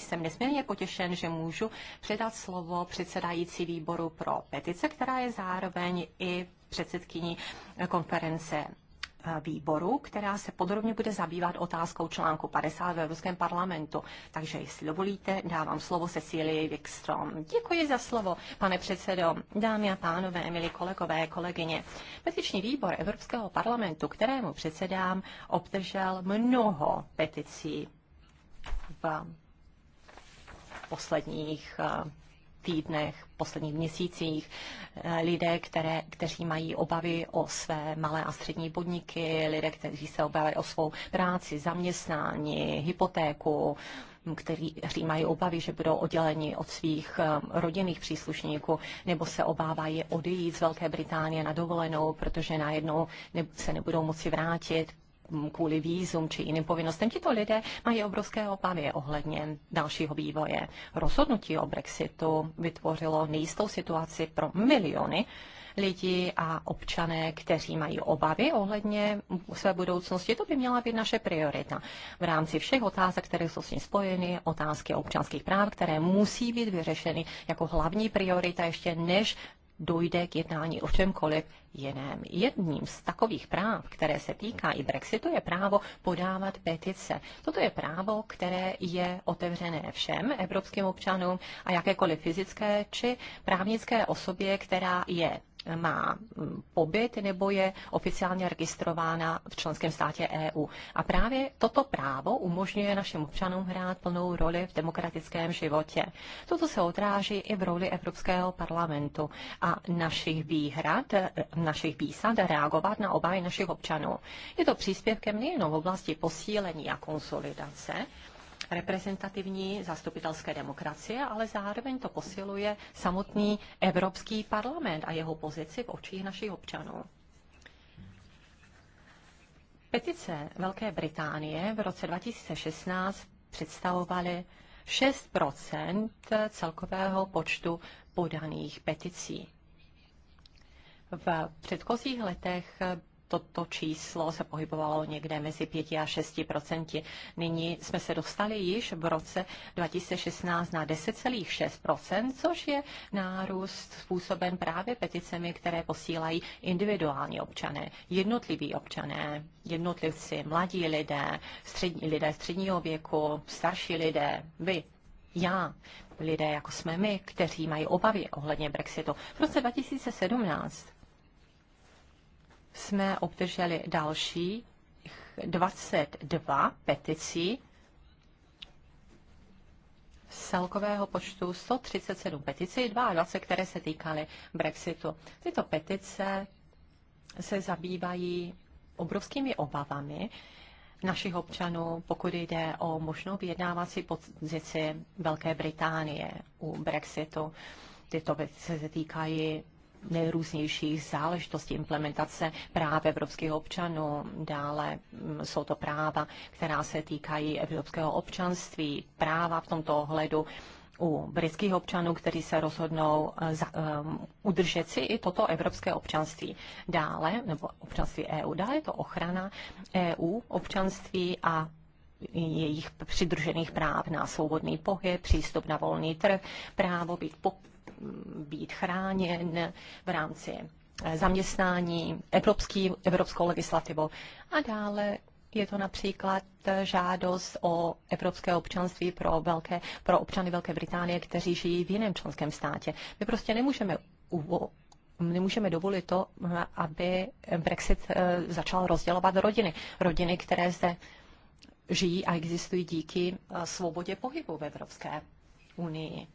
Jsem nesmírně potěšen, že můžu předat slovo předsedající výboru pro petice, která je zároveň i předsedkyní konference eh, výboru, která se podrobně bude zabývat otázkou článku 50 v Evropském parlamentu. Takže jestli dovolíte, dávám slovo Cecílii Wikstrom. Děkuji za slovo, pane předsedo, dámy a pánové, milí kolegové, kolegyně. Petiční výbor Evropského parlamentu, kterému předsedám, obdržel mnoho peticí v posledních eh, týdnech, posledních měsících. Eh, lidé, které, kteří mají obavy o své malé a střední podniky, lidé, kteří se obávají o svou práci, zaměstnání, hypotéku, kteří mají obavy, že budou odděleni od svých eh, rodinných příslušníků, nebo se obávají odejít z Velké Británie na dovolenou, protože najednou se nebudou moci vrátit kvůli vízum či jiným povinnostem. Tito lidé mají obrovské obavy ohledně dalšího vývoje. Rozhodnutí o Brexitu vytvořilo nejistou situaci pro miliony lidi a občané, kteří mají obavy ohledně své budoucnosti. To by měla být naše priorita. V rámci všech otázek, které jsou s tím spojeny, otázky občanských práv, které musí být vyřešeny jako hlavní priorita ještě než dojde k jednání o čemkoliv jiném. Jedním z takových práv, které se týká i Brexitu, je právo podávat petice. Toto je právo, které je otevřené všem evropským občanům a jakékoliv fyzické či právnické osobě, která je má pobyt nebo je oficiálně registrována v členském státě EU. A právě toto právo umožňuje našim občanům hrát plnou roli v demokratickém životě. Toto se odráží i v roli Evropského parlamentu a našich výhrad, našich výsad reagovat na obavy našich občanů. Je to příspěvkem nejenom v oblasti posílení a konsolidace, reprezentativní zastupitelské demokracie, ale zároveň to posiluje samotný Evropský parlament a jeho pozici v očích našich občanů. Petice Velké Británie v roce 2016 představovaly 6 celkového počtu podaných peticí. V předchozích letech toto číslo se pohybovalo někde mezi 5 a 6 Nyní jsme se dostali již v roce 2016 na 10,6 což je nárůst způsoben právě peticemi, které posílají individuální občané, jednotliví občané, jednotlivci, mladí lidé, střední, lidé středního věku, starší lidé, vy, já, lidé jako jsme my, kteří mají obavy ohledně Brexitu. V roce 2017 jsme obdrželi další 22 peticí z celkového počtu 137 peticí, 22, které se týkaly Brexitu. Tyto petice se zabývají obrovskými obavami našich občanů, pokud jde o možnou vyjednávací pozici Velké Británie u Brexitu. Tyto petice se týkají nejrůznějších záležitostí implementace práv evropských občanů. Dále mm, jsou to práva, která se týkají evropského občanství, práva v tomto ohledu u britských občanů, kteří se rozhodnou eh, za, um, udržet si i toto evropské občanství. Dále, nebo občanství EU, dále je to ochrana EU občanství a jejich přidružených práv na svobodný pohyb, přístup na volný trh, právo být po, být chráněn v rámci eh, zaměstnání evropský, evropskou legislativou. A dále je to například eh, žádost o evropské občanství pro, velké, pro občany Velké Británie, kteří žijí v jiném členském státě. My prostě nemůžeme uvo- nemůžeme dovolit to, eh, aby Brexit začal rozdělovat rodiny. Rodiny, které zde žijí a existují díky svobodě pohybu v Evropské unii.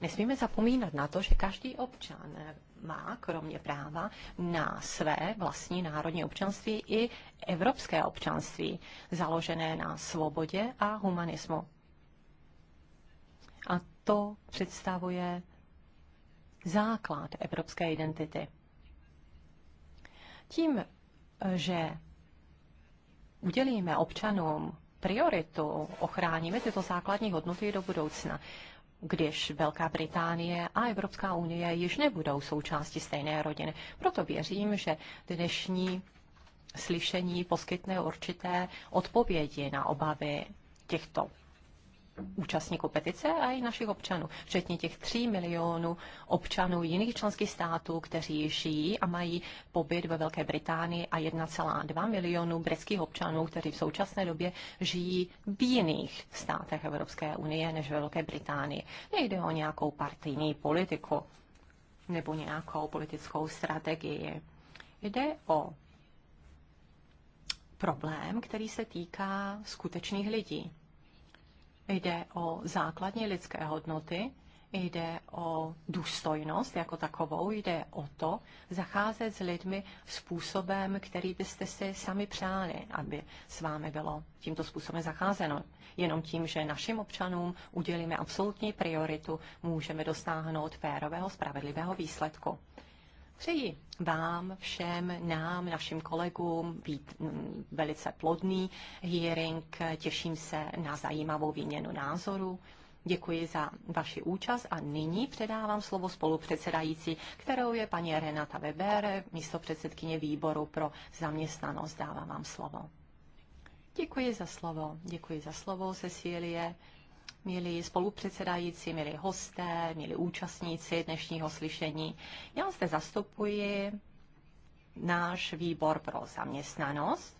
Nesmíme zapomínat na to, že každý občan má kromě práva na své vlastní národní občanství i evropské občanství, založené na svobodě a humanismu. A to představuje základ evropské identity. Tím, že udělíme občanům prioritu, ochráníme tyto základní hodnoty do budoucna když Velká Británie a Evropská unie již nebudou součástí stejné rodiny. Proto věřím, že dnešní slyšení poskytne určité odpovědi na obavy těchto účastníků petice a i našich občanů, včetně těch 3 milionů občanů jiných členských států, kteří žijí a mají pobyt ve Velké Británii a 1,2 milionů britských občanů, kteří v současné době žijí v jiných státech Evropské unie než ve Velké Británii. Nejde o nějakou partijní politiku nebo nějakou politickou strategii. Jde o problém, který se týká skutečných lidí. Jde o základní lidské hodnoty, jde o důstojnost jako takovou, jde o to zacházet s lidmi způsobem, který byste si sami přáli, aby s vámi bylo tímto způsobem zacházeno. Jenom tím, že našim občanům udělíme absolutní prioritu, můžeme dosáhnout férového, spravedlivého výsledku. Přeji vám, všem, nám, našim kolegům být mm, velice plodný hearing. Těším se na zajímavou výměnu názoru. Děkuji za vaši účast a nyní předávám slovo spolupředsedající, kterou je paní Renata Weber, místo předsedkyně výboru pro zaměstnanost. Dávám vám slovo. Děkuji za slovo. Děkuji za slovo, Cecílie milí spolupředsedající, milí hosté, milí účastníci dnešního slyšení. Já zde zastupuji náš výbor pro zaměstnanost.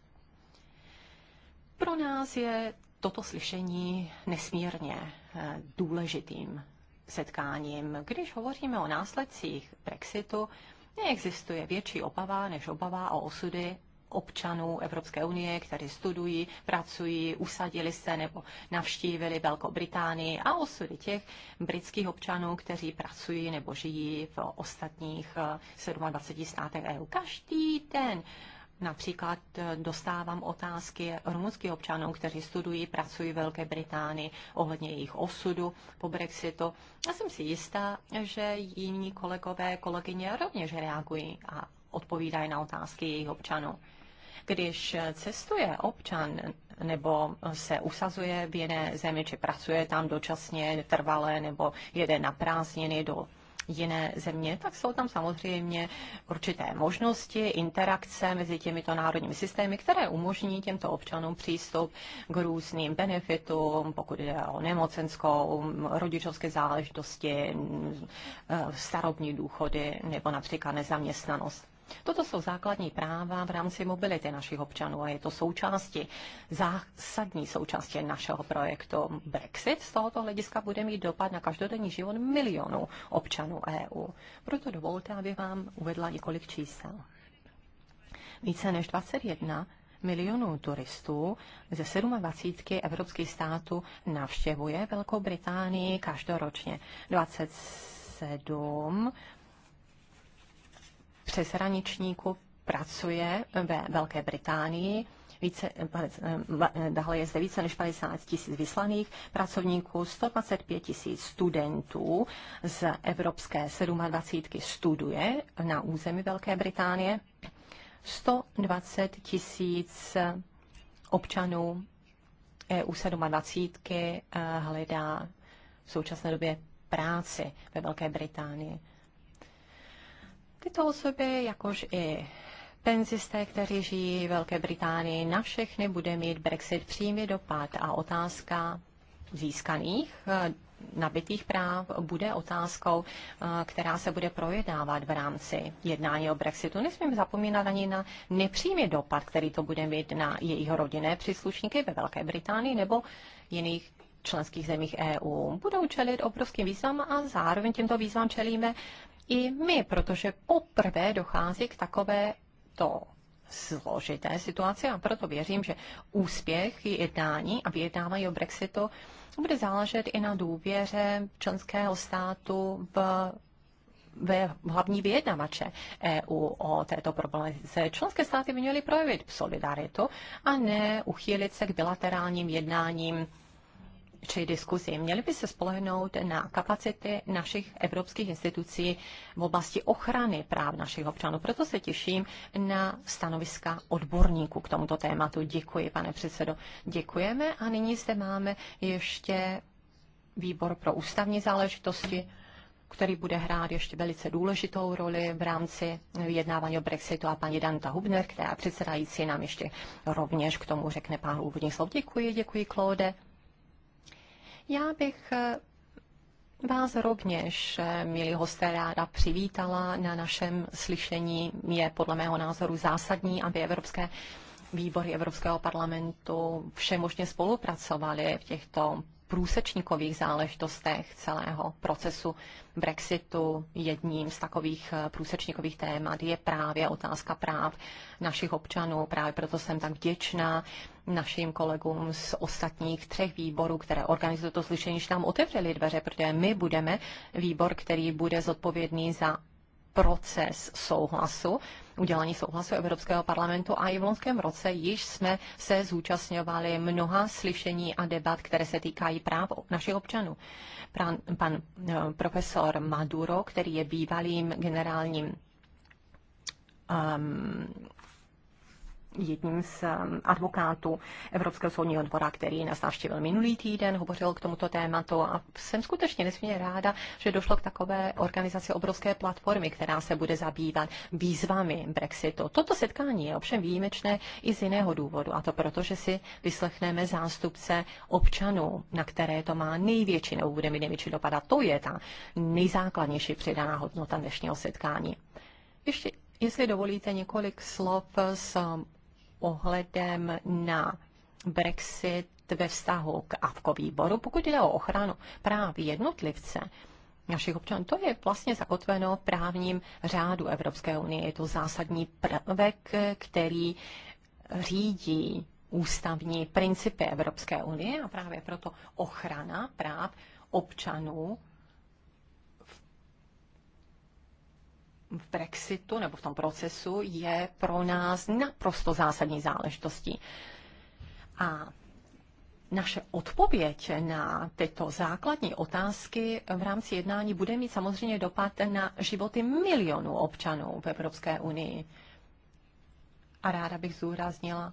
Pro nás je toto slyšení nesmírně eh, důležitým setkáním. Když hovoříme o následcích Brexitu, neexistuje větší obava než obava o osudy občanů Evropské unie, kteří studují, pracují, usadili se nebo navštívili Velkou Británii a osudy těch britských občanů, kteří pracují nebo žijí v ostatních 27 eh, státech EU. Každý den Například eh, dostávám otázky rumunských občanů, kteří studují, pracují v Velké Británii ohledně jejich osudu po Brexitu. Já jsem si jistá, že jiní kolegové, kolegyně rovněž reagují a odpovídají na otázky jejich občanů. Když cestuje občan nebo se usazuje v jiné zemi, či pracuje tam dočasně, trvale, nebo jede na prázdniny do jiné země, tak jsou tam samozřejmě určité možnosti interakce mezi těmito národními systémy, které umožní těmto občanům přístup k různým benefitům, pokud jde o nemocenskou, rodičovské záležitosti, e, starobní důchody nebo například nezaměstnanost. Toto jsou základní práva v rámci mobility našich občanů a je to součástí, zásadní součástí našeho projektu. Brexit z tohoto hlediska bude mít dopad na každodenní život milionů občanů EU. Proto dovolte, aby vám uvedla několik čísel. Více než 21 milionů turistů ze 27 evropských států navštěvuje Velkou Británii každoročně. 27 přeshraničníků pracuje ve Velké Británii. Více, eh, dále je zde více než 50 tisíc vyslaných pracovníků, 125 tisíc studentů z Evropské 27 studuje na území Velké Británie, 120 tisíc občanů EU 27 eh, hledá v současné době práci ve Velké Británii. Tyto osoby, jakož i penzisté, kteří žijí v Velké Británii, na všechny bude mít Brexit přímý dopad a otázka získaných eh, nabitých práv bude otázkou, eh, která se bude projednávat v rámci jednání o Brexitu. Nesmím zapomínat ani na nepřímý dopad, který to bude mít na jejich rodinné příslušníky ve Velké Británii nebo jiných členských zemích EU. Budou čelit obrovským výzvám a zároveň těmto výzvám čelíme i my, protože poprvé dochází k takové to složité situaci a proto věřím, že úspěch jednání a vyjednávání o Brexitu bude záležet i na důvěře členského státu v ve hlavní vyjednavače EU o této problematice. Členské státy by měly projevit solidaritu a ne uchýlit se k bilaterálním jednáním či diskuzi. Měli by se spolehnout na kapacity našich evropských institucí v oblasti ochrany práv našich občanů. Proto se těším na stanoviska odborníků k tomuto tématu. Děkuji, pane předsedo. Děkujeme a nyní zde máme ještě výbor pro ústavní záležitosti který bude hrát ještě velice důležitou roli v rámci vyjednávání o Brexitu a paní Danta Hubner, která předsedající nám ještě rovněž k tomu řekne pár úvodních slov. Děkuji, děkuji, Claude. Já bych eh, Vás rovněž, eh, milí hosté, ráda přivítala na našem slyšení. Je podle mého názoru zásadní, aby evropské výbory Evropského parlamentu všemožně spolupracovaly v těchto průsečníkových záležitostech celého procesu Brexitu. Jedním z takových eh, průsečníkových témat je právě otázka práv našich občanů. Právě proto jsem tak vděčná našim kolegům z ostatních třech výborů, které organizují to slyšení, že nám otevřeli dveře, protože my budeme výbor, který bude zodpovědný za proces souhlasu, udělení souhlasu Evropského parlamentu a i v loňském roce již jsme se zúčastňovali mnoha slyšení a debat, které se týkají práv našich občanů. Pan, pan eh, profesor Maduro, který je bývalým generálním um, jedním z um, advokátů Evropského soudního dvora, který nás navštívil minulý týden, hovořil k tomuto tématu a jsem skutečně nesmírně ráda, že došlo k takové organizaci obrovské platformy, která se bude zabývat výzvami Brexitu. Toto setkání je ovšem výjimečné i z jiného důvodu, a to proto, že si vyslechneme zástupce občanů, na které to má největší nebo bude mít největší dopad. A to je ta nejzákladnější přidaná hodnota dnešního setkání. Ještě Jestli dovolíte několik slov z ohledem na Brexit ve vztahu k AVKO výboru, pokud jde o ochranu práv jednotlivce, našich občanů. To je vlastně zakotveno v právním řádu Evropské unie. Je to zásadní prvek, který řídí ústavní principy Evropské unie a právě proto ochrana práv občanů v Brexitu nebo v tom procesu je pro nás naprosto zásadní záležitostí. A naše odpověď na tyto základní otázky v rámci jednání bude mít samozřejmě dopad na životy milionů občanů v Evropské unii. A ráda bych zúraznila,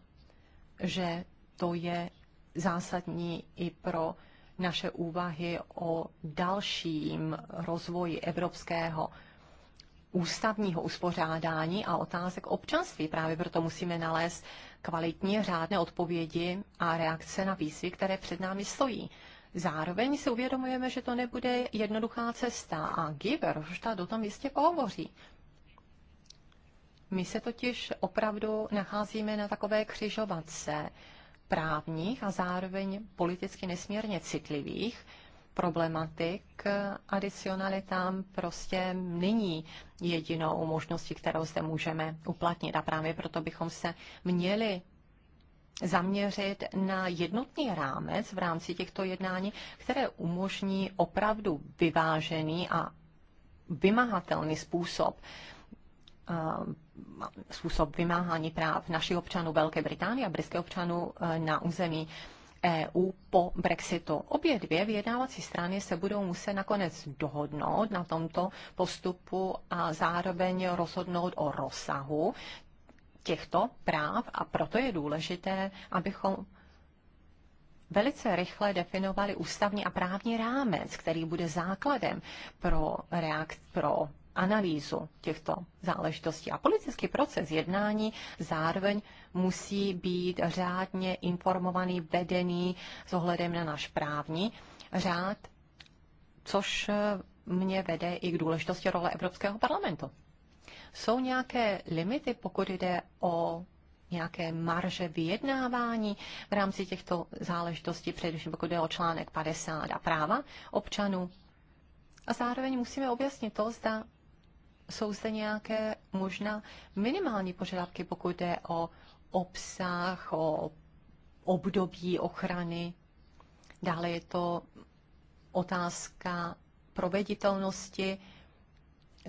že to je zásadní i pro naše úvahy o dalším rozvoji evropského ústavního uspořádání a otázek občanství. Právě proto musíme nalézt kvalitní řádné odpovědi a reakce na výzvy, které před námi stojí. Zároveň si uvědomujeme, že to nebude jednoduchá cesta a Giver ta do tom jistě pohovoří. My se totiž opravdu nacházíme na takové křižovatce právních a zároveň politicky nesmírně citlivých, problematik Adicionalita prostě není jedinou možností, kterou zde můžeme uplatnit. A právě proto bychom se měli zaměřit na jednotný rámec v rámci těchto jednání, které umožní opravdu vyvážený a vymahatelný způsob způsob vymáhání práv našich občanů Velké Británie a britských občanů e, na území EU po Brexitu. Obě dvě vyjednávací strany se budou muset nakonec dohodnout na tomto postupu a zároveň rozhodnout o rozsahu těchto práv a proto je důležité, abychom velice rychle definovali ústavní a právní rámec, který bude základem pro, reakt, pro analýzu těchto záležitostí. A politický proces jednání zároveň musí být řádně informovaný, vedený s ohledem na náš právní řád, což eh, mě vede i k důležitosti role Evropského parlamentu. Jsou nějaké limity, pokud jde o nějaké marže vyjednávání v rámci těchto záležitostí, především pokud jde o článek 50 a práva občanů. A zároveň musíme objasnit to, zda jsou zde nějaké možná minimální požadavky, pokud jde o obsah, o období ochrany. Dále je to otázka proveditelnosti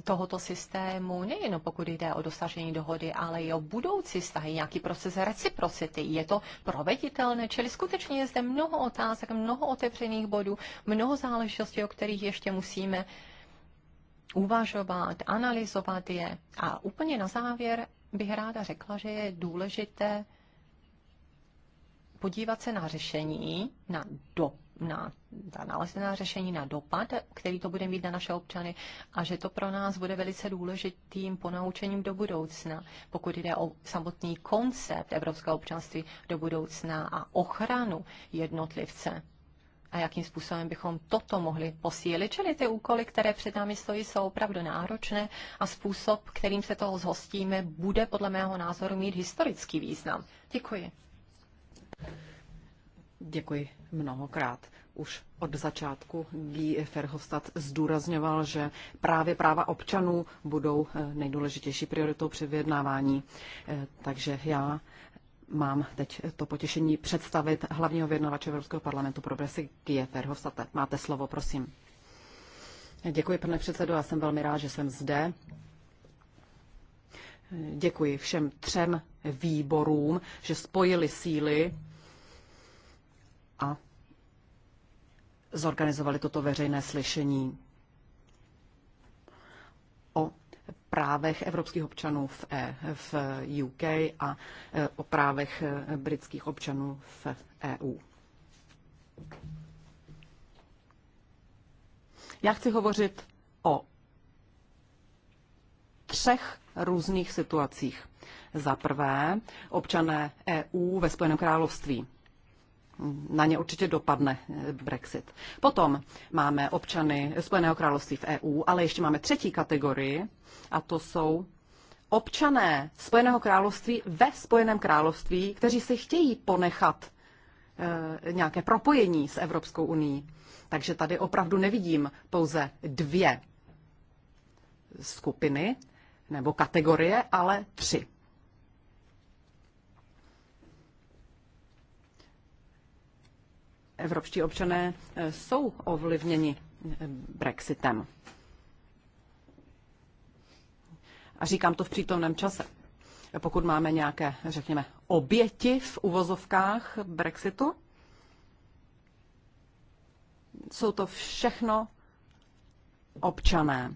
tohoto systému, nejen pokud jde o dosažení dohody, ale i o budoucí vztahy, nějaký proces reciprocity. Je to proveditelné, čili skutečně je zde mnoho otázek, mnoho otevřených bodů, mnoho záležitostí, o kterých ještě musíme uvažovat, analyzovat je. A úplně na závěr bych ráda řekla, že je důležité podívat se na řešení, na do, na ta nalezená řešení, na dopad, který to bude mít na naše občany a že to pro nás bude velice důležitým ponaučením do budoucna, pokud jde o samotný koncept evropského občanství do budoucna a ochranu jednotlivce a jakým způsobem bychom toto mohli posílit. Čili ty úkoly, které před námi stojí, jsou opravdu náročné a způsob, kterým se toho zhostíme, bude podle mého názoru mít historický význam. Děkuji. Děkuji mnohokrát. Už od začátku Guy Ferhofstadt zdůrazňoval, že právě práva občanů budou eh, nejdůležitější prioritou při vyjednávání. Eh, takže já mám teď to potěšení představit hlavního vědnovače Evropského parlamentu pro Brexit Kije Verhofstadte. Máte slovo, prosím. Děkuji, pane předsedo, já jsem velmi rád, že jsem zde. Děkuji všem třem výborům, že spojili síly a zorganizovali toto veřejné slyšení. právech evropských občanů v, e, v UK a e, o právech e, britských občanů v EU. Já chci hovořit o třech různých situacích. Za prvé, občané EU ve Spojeném království na ně určitě dopadne eh, Brexit. Potom máme občany Spojeného království v EU, ale ještě máme třetí kategorii a to jsou občané Spojeného království ve Spojeném království, kteří si chtějí ponechat e, nějaké propojení s Evropskou unii. Takže tady opravdu nevidím pouze dvě skupiny nebo kategorie, ale tři. evropští občané eh, jsou ovlivněni eh, Brexitem. A říkám to v přítomném čase. Pokud máme nějaké, řekněme, oběti v uvozovkách Brexitu, jsou to všechno občané,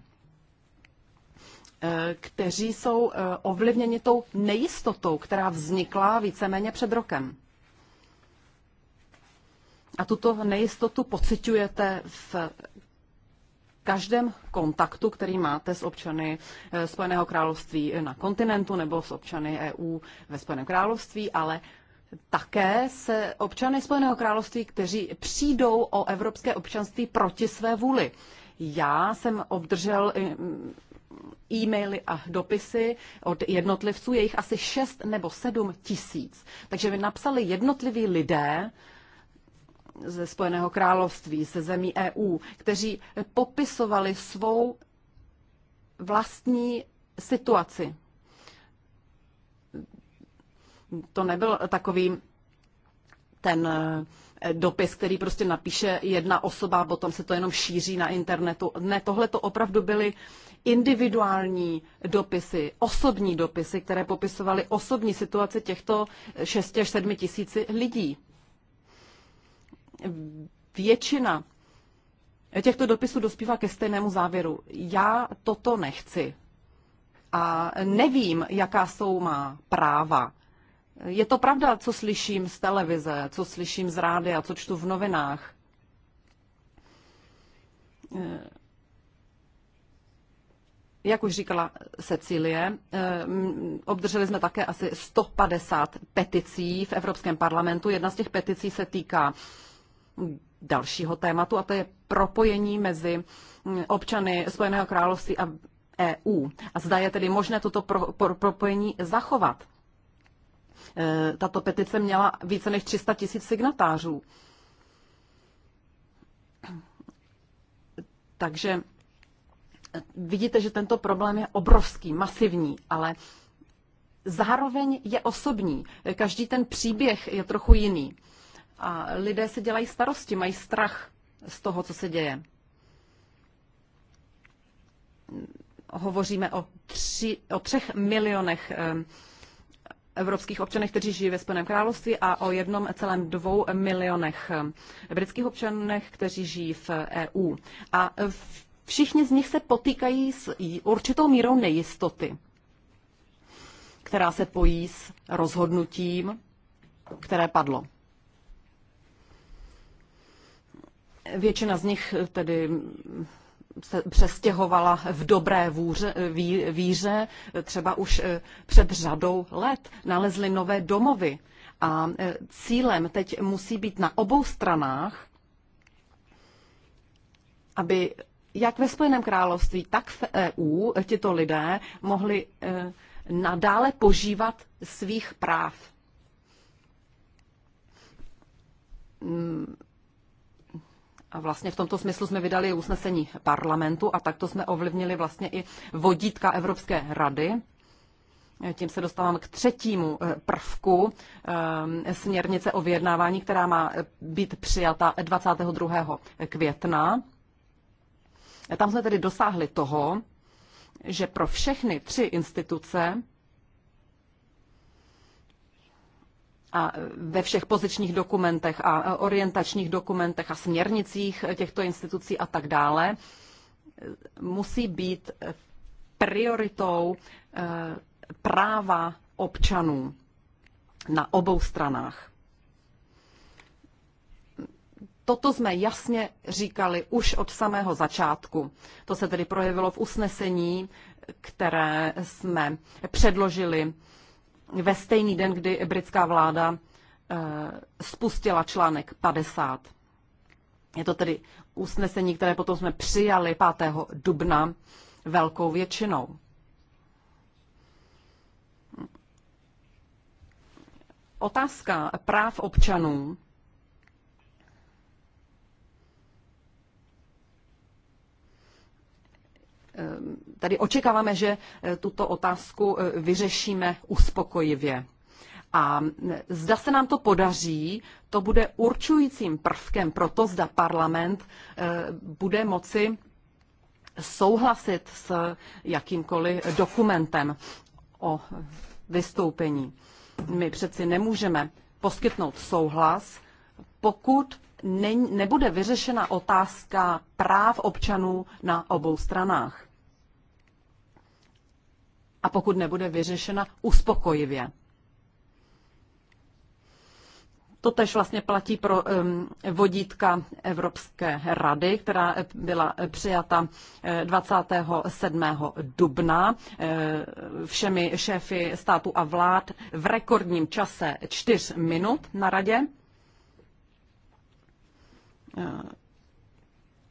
eh, kteří jsou ovlivněni tou nejistotou, která vznikla víceméně před rokem. A tuto nejistotu pociťujete v každém kontaktu, který máte s občany eh, Spojeného království na kontinentu nebo s občany EU ve Spojeném království, ale také se občany Spojeného království, kteří přijdou o evropské občanství proti své vůli. Já jsem obdržel eh, e-maily a dopisy od jednotlivců, je asi 6 nebo 7 tisíc. Takže mi napsali jednotliví lidé, ze Spojeného království, se zemí EU, kteří popisovali svou vlastní situaci. To nebyl takový ten eh, dopis, který prostě napíše jedna osoba, potom se to jenom šíří na internetu. Ne, tohle to opravdu byly individuální dopisy, osobní dopisy, které popisovaly osobní situace těchto 6 až 7 tisíci lidí většina těchto dopisů dospívá ke stejnému závěru. Já toto nechci a nevím, jaká jsou má práva. Je to pravda, co slyším z televize, co slyším z rády a co čtu v novinách. Eh, jak už říkala Cecílie, eh, obdrželi jsme také asi 150 peticí v Evropském parlamentu. Jedna z těch peticí se týká dalšího tématu, a to je propojení mezi občany Spojeného království a EU. A zda je tedy možné toto pro, pro, propojení zachovat. E, tato petice měla více než 300 tisíc signatářů. Takže vidíte, že tento problém je obrovský, masivní, ale zároveň je osobní. Každý ten příběh je trochu jiný. A lidé se dělají starosti, mají strach z toho, co se děje. Hovoříme o, tři, o třech milionech eh, evropských občanech, kteří žijí ve Spojeném království a o jednom celém dvou milionech eh, britských občanech, kteří žijí v EU. A všichni z nich se potýkají s určitou mírou nejistoty, která se pojí s rozhodnutím, které padlo. Většina z nich tedy se přestěhovala v dobré vůře, ví, víře, třeba už eh, před řadou let nalezly nové domovy. A eh, cílem teď musí být na obou stranách, aby jak ve Spojeném království, tak v EU tito lidé mohli eh, nadále požívat svých práv hmm. A vlastně v tomto smyslu jsme vydali usnesení parlamentu a takto jsme ovlivnili vlastně i vodítka Evropské rady. Tím se dostávám k třetímu eh, prvku eh, směrnice o vyjednávání, která má eh, být přijata 22. května. Tam jsme tedy dosáhli toho, že pro všechny tři instituce a ve všech pozičních dokumentech a orientačních dokumentech a směrnicích těchto institucí a tak dále, musí být prioritou eh, práva občanů na obou stranách. Toto jsme jasně říkali už od samého začátku. To se tedy projevilo v usnesení, které jsme předložili ve stejný den, kdy britská vláda eh, spustila článek 50. Je to tedy usnesení, které potom jsme přijali 5. dubna velkou většinou. Otázka práv občanů Ehm, tady očekáváme, že eh, tuto otázku eh, vyřešíme uspokojivě. A zda se nám to podaří, to bude určujícím prvkem pro to, zda parlament eh, bude moci souhlasit s jakýmkoliv dokumentem o vystoupení. My přeci nemůžeme poskytnout souhlas, pokud ne, nebude vyřešena otázka práv občanů na obou stranách. A pokud nebude vyřešena uspokojivě. To tež vlastně platí pro um, vodítka Evropské rady, která eh, byla eh, přijata 27. Eh, dubna všemi šéfy států a vlád v rekordním čase čtyř minut na radě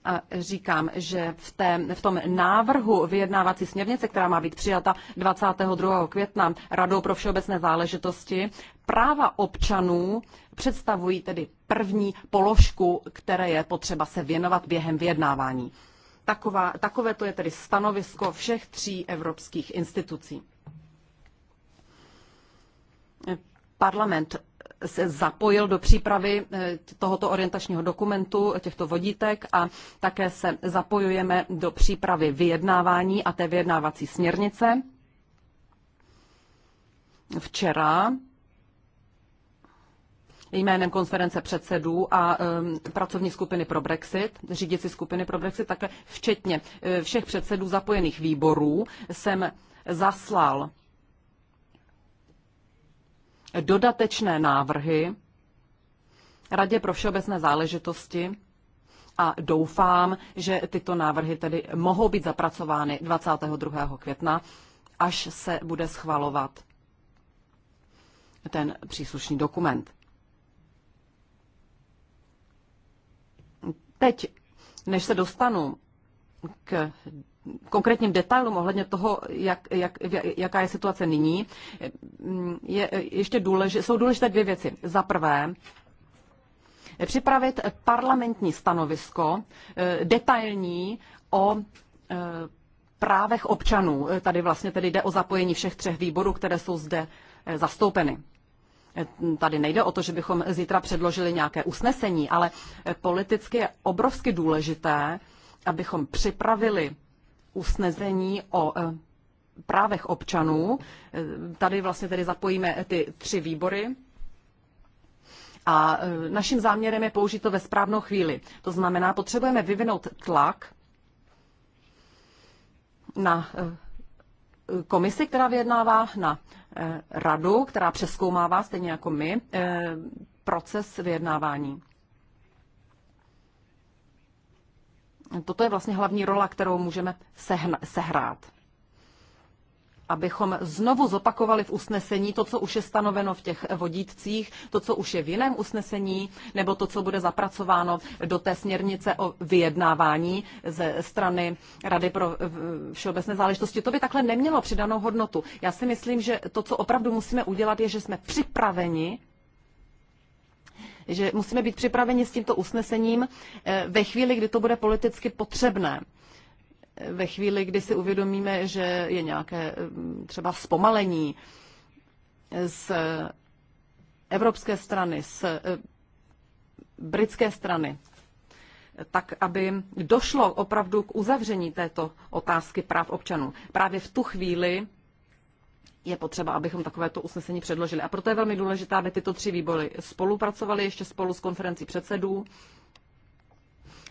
a říkám, že v, té, v tom návrhu vyjednávací směrnice, která má být přijata 22. května Radou pro všeobecné záležitosti, práva občanů představují tedy první položku, které je potřeba se věnovat během vyjednávání. Taková, takové to je tedy stanovisko všech tří evropských institucí. Parlament se zapojil do přípravy eh, tohoto orientačního dokumentu, těchto vodítek a také se zapojujeme do přípravy vyjednávání a té vyjednávací směrnice. Včera jménem konference předsedů a um, pracovní skupiny pro Brexit, řídící skupiny pro Brexit, také včetně eh, všech předsedů zapojených výborů jsem zaslal dodatečné návrhy Radě pro všeobecné záležitosti a doufám, že tyto návrhy tedy mohou být zapracovány 22. května, až se bude schvalovat ten příslušný dokument. Teď, než se dostanu k konkrétním detailům ohledně toho, jak, jak, jaká je situace nyní, je ještě důležité, jsou důležité dvě věci. Za prvé, připravit parlamentní stanovisko eh, detailní o eh, právech občanů. Tady vlastně tedy jde o zapojení všech třech výborů, které jsou zde eh, zastoupeny. Tady nejde o to, že bychom zítra předložili nějaké usnesení, ale politicky je obrovsky důležité, abychom připravili usnesení o e, právech občanů. E, tady vlastně tedy zapojíme ty tři výbory. A e, naším záměrem je použít to ve správnou chvíli. To znamená, potřebujeme vyvinout tlak na komisi, která vyjednává, na radu, která přeskoumává, stejně jako my, proces vyjednávání. toto je vlastně hlavní rola, kterou můžeme sehrát. Abychom znovu zopakovali v usnesení to, co už je stanoveno v těch vodítcích, to, co už je v jiném usnesení, nebo to, co bude zapracováno do té směrnice o vyjednávání ze strany Rady pro všeobecné záležitosti. To by takhle nemělo přidanou hodnotu. Já si myslím, že to, co opravdu musíme udělat, je, že jsme připraveni že musíme být připraveni s tímto usnesením eh, ve chvíli, kdy to bude politicky potřebné. Eh, ve chvíli, kdy si uvědomíme, že je nějaké eh, třeba zpomalení z evropské strany, z britské strany, tak aby došlo opravdu k uzavření této otázky práv občanů. Právě v tu chvíli je potřeba, abychom takovéto usnesení předložili. A proto je velmi důležité, aby tyto tři výbory spolupracovaly ještě spolu s konferencí předsedů,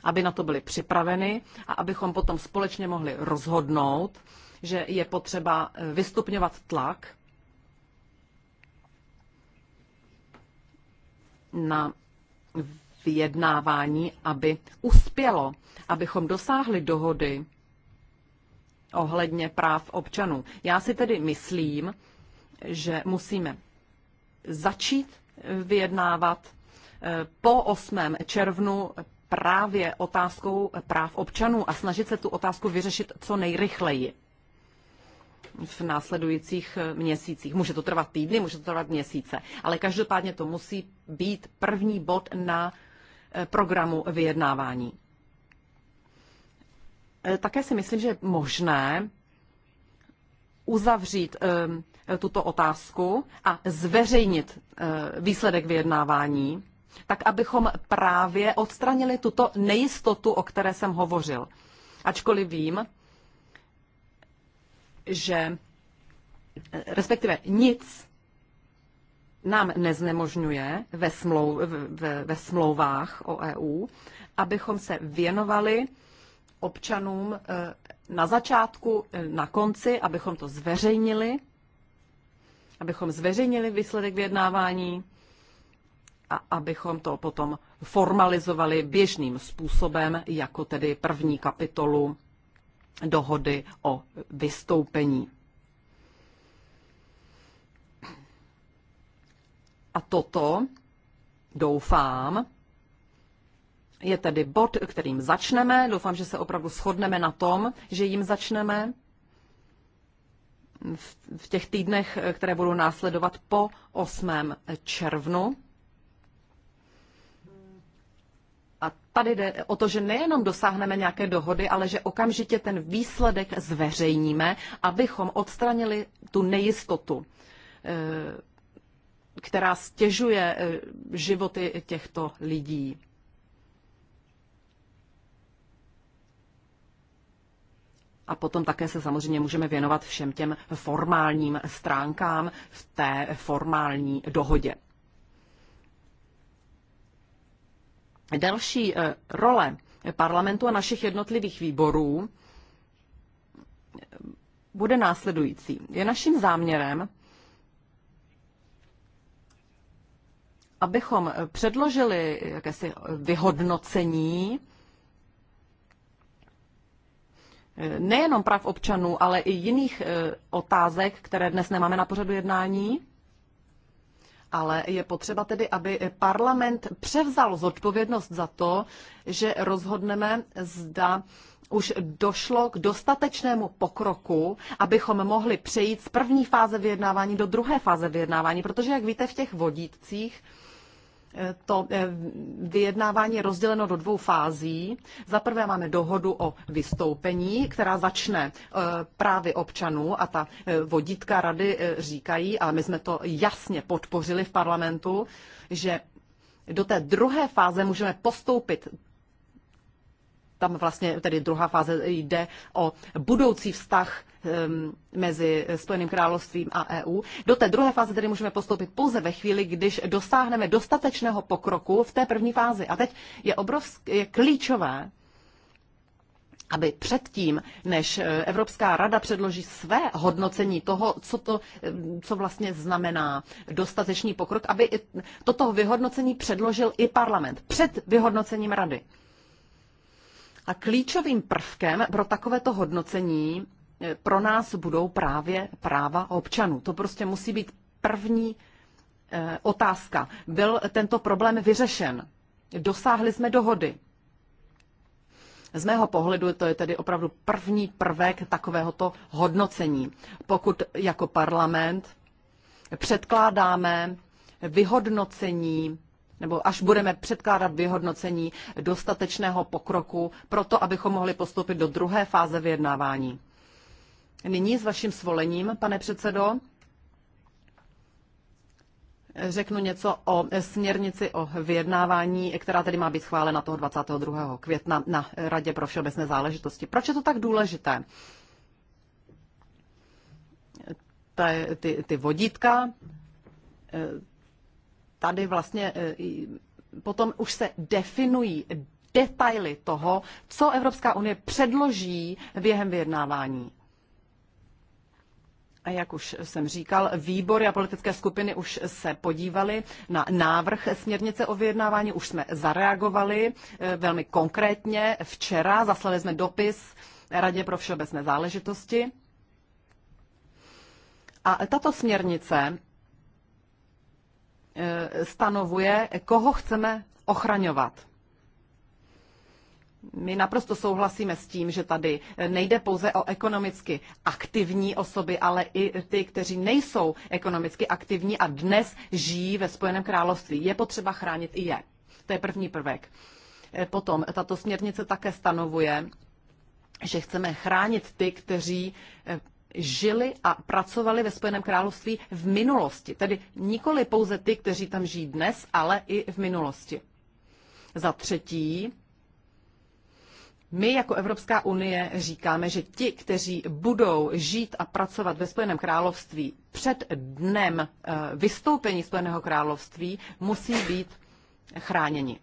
aby na to byly připraveny a abychom potom společně mohli rozhodnout, že je potřeba eh, vystupňovat tlak na vyjednávání, aby uspělo, abychom dosáhli dohody ohledně práv občanů. Já si tedy myslím, že musíme začít vyjednávat eh, po 8. červnu právě otázkou práv občanů a snažit se tu otázku vyřešit co nejrychleji v následujících eh, měsících. Může to trvat týdny, může to trvat měsíce, ale každopádně to musí být první bod na eh, programu vyjednávání. Eh, také si myslím, že je možné uzavřít eh, tuto otázku a zveřejnit eh, výsledek vyjednávání, tak abychom právě odstranili tuto nejistotu, o které jsem hovořil. Ačkoliv vím, že respektive nic nám neznemožňuje ve, smlou, ve, ve smlouvách o EU, abychom se věnovali občanům eh, na začátku, eh, na konci, abychom to zveřejnili, abychom zveřejnili výsledek vyjednávání a abychom to potom formalizovali běžným způsobem, jako tedy první kapitolu dohody o vystoupení. A toto, doufám, je tedy bod, kterým začneme. Doufám, že se opravdu shodneme na tom, že jim začneme v těch týdnech, které budou následovat po 8. červnu. A tady jde o to, že nejenom dosáhneme nějaké dohody, ale že okamžitě ten výsledek zveřejníme, abychom odstranili tu nejistotu, eh, která stěžuje eh, životy těchto lidí. A potom také se samozřejmě můžeme věnovat všem těm formálním stránkám v té formální dohodě. Další eh, role parlamentu a našich jednotlivých výborů eh, bude následující. Je naším záměrem, abychom předložili jakési vyhodnocení nejenom práv občanů, ale i jiných e, otázek, které dnes nemáme na pořadu jednání. Ale je potřeba tedy, aby parlament převzal zodpovědnost za to, že rozhodneme, zda už došlo k dostatečnému pokroku, abychom mohli přejít z první fáze vyjednávání do druhé fáze vyjednávání, protože, jak víte, v těch vodítcích to eh, vyjednávání je rozděleno do dvou fází. Za prvé máme dohodu o vystoupení, která začne eh, právě občanů a ta eh, vodítka rady říkají, a my jsme to jasně podpořili v parlamentu, že do té druhé fáze můžeme postoupit tam vlastně tedy druhá fáze jde o budoucí vztah mezi Spojeným královstvím a EU. Do té druhé fáze tedy můžeme postoupit pouze ve chvíli, když dosáhneme dostatečného pokroku v té první fázi. A teď je, obrovské, je klíčové, aby předtím, než eh, Evropská rada předloží své hodnocení toho, co, to, co vlastně znamená dostatečný pokrok, aby toto vyhodnocení předložil i parlament před vyhodnocením rady. A klíčovým prvkem pro takovéto hodnocení eh, pro nás budou právě práva občanů. To prostě musí být první eh, otázka. Byl tento problém vyřešen? Dosáhli jsme dohody? Z mého pohledu to je tedy opravdu první prvek takovéhoto hodnocení. Pokud jako parlament předkládáme vyhodnocení nebo až budeme předkládat vyhodnocení dostatečného pokroku, pro to, abychom mohli postoupit do druhé fáze vyjednávání. Nyní s vaším svolením, pane předsedo, řeknu něco o směrnici o vyjednávání, která tedy má být schválena toho 22. května na Radě pro všeobecné záležitosti. Proč je to tak důležité? Ty, ty, ty vodítka tady vlastně e, potom už se definují detaily toho, co Evropská unie předloží během vyjednávání. A jak už jsem říkal, výbory a politické skupiny už se podívali na návrh směrnice o vyjednávání, už jsme zareagovali e, velmi konkrétně. Včera zaslali jsme dopis Radě pro všeobecné záležitosti. A tato směrnice Eh, stanovuje, koho chceme ochraňovat. My naprosto souhlasíme s tím, že tady nejde pouze o ekonomicky aktivní osoby, ale i ty, kteří nejsou ekonomicky aktivní a dnes žijí ve Spojeném království. Je potřeba chránit i je. To je první prvek. Eh, potom tato směrnice také stanovuje, že chceme chránit ty, kteří eh, žili a pracovali ve Spojeném království v minulosti. Tedy nikoli pouze ty, kteří tam žijí dnes, ale i v minulosti. Za třetí, my jako Evropská unie říkáme, že ti, kteří budou žít a pracovat ve Spojeném království před dnem eh, vystoupení Spojeného království, musí být chráněni.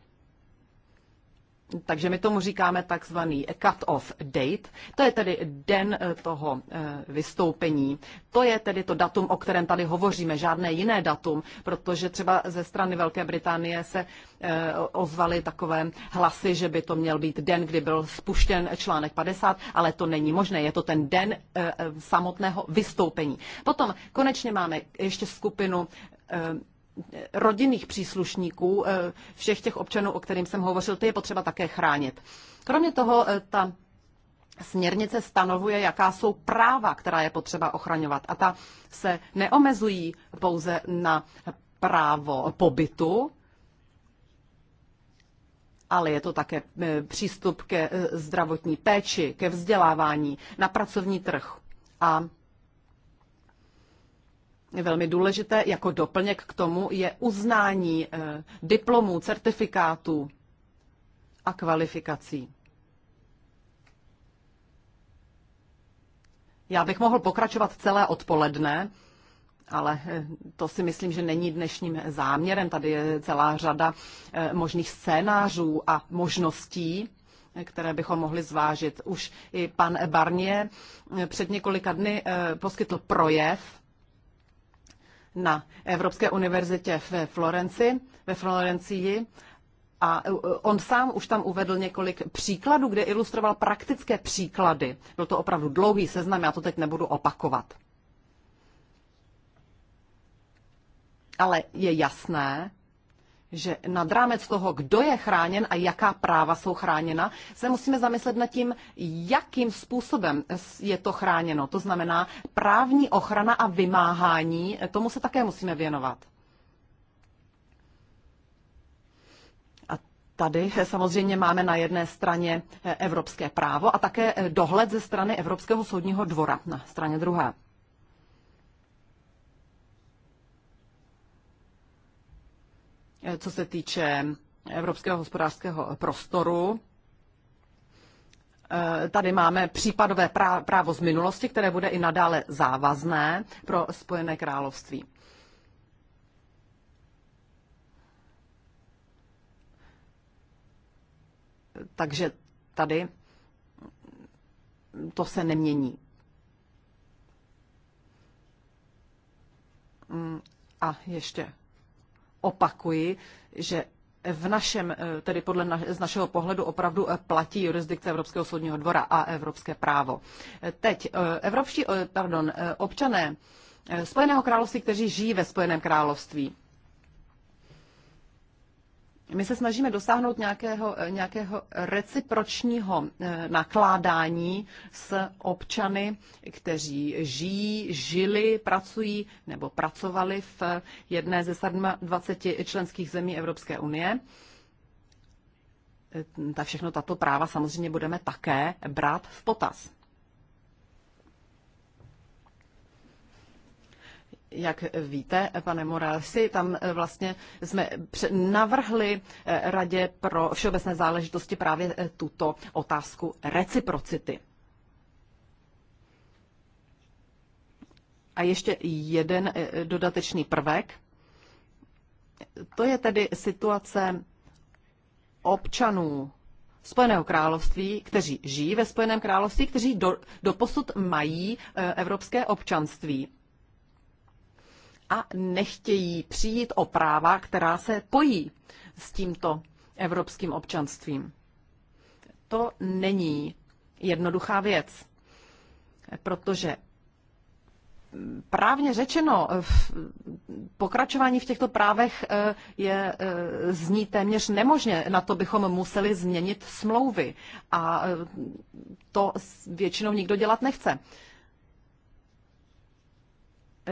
Takže my tomu říkáme takzvaný cut-off date. To je tedy den eh, toho eh, vystoupení. To je tedy to datum, o kterém tady hovoříme, žádné jiné datum, protože třeba ze strany Velké Británie se eh, ozvaly takové hlasy, že by to měl být den, kdy byl spuštěn článek 50, ale to není možné. Je to ten den samotného vystoupení. Potom konečně máme ještě skupinu rodinných příslušníků, eh, všech těch občanů, o kterým jsem hovořil, ty je potřeba také chránit. Kromě toho eh, ta směrnice stanovuje, jaká jsou práva, která je potřeba ochraňovat. A ta se neomezují pouze na právo pobytu, ale je to také eh, přístup ke zdravotní péči, ke vzdělávání, na pracovní trh. A velmi důležité jako doplněk k tomu je uznání eh, diplomů, certifikátů a kvalifikací. Já bych mohl pokračovat celé odpoledne, ale eh, to si myslím, že není dnešním záměrem. Tady je celá řada eh, možných scénářů a možností, které bychom mohli zvážit. Už i pan Barnier před několika dny poskytl projev na Evropské univerzitě ve Florenci, ve Florencii a e, on sám už tam uvedl několik příkladů, kde ilustroval praktické příklady. Byl to opravdu dlouhý seznam, já to teď nebudu opakovat. Ale je jasné, že nad rámec toho, kdo je chráněn a jaká práva jsou chráněna, se musíme zamyslet nad tím, jakým způsobem je to chráněno. To znamená právní ochrana a vymáhání, tomu se také musíme věnovat. A Tady samozřejmě máme na jedné straně evropské právo a také dohled ze strany Evropského soudního dvora na straně druhé. Eh, co se týče evropského hospodářského prostoru. Eh, tady máme případové právo z minulosti, které bude i nadále závazné pro Spojené království. Takže tady to se nemění. Mm, a ještě opakuji, že v našem, eh, tedy podle na, z našeho pohledu opravdu eh, platí jurisdikce Evropského soudního dvora a evropské právo. Eh, teď evropští, pardon, občané Spojeného království, kteří žijí ve Spojeném království, my se snažíme dosáhnout nějakého, eh, nějakého recipročního eh, nakládání s občany, kteří žijí, žili, pracují nebo pracovali v eh, jedné ze 27 členských zemí Evropské unie. Ta všechno tato práva samozřejmě budeme také brát v potaz. Jak víte, pane Morálsi, tam eh, vlastně jsme navrhli eh, Radě pro všeobecné záležitosti právě eh, tuto otázku reciprocity. A ještě jeden dodatečný prvek. To je tedy situace občanů Spojeného království, kteří žijí ve Spojeném království, kteří do, doposud mají evropské občanství a nechtějí přijít o práva, která se pojí s tímto evropským občanstvím. To není jednoduchá věc, protože právně řečeno, v pokračování v těchto právech eh, je, eh, zní téměř nemožně. Na to bychom museli změnit smlouvy a eh, to většinou nikdo dělat nechce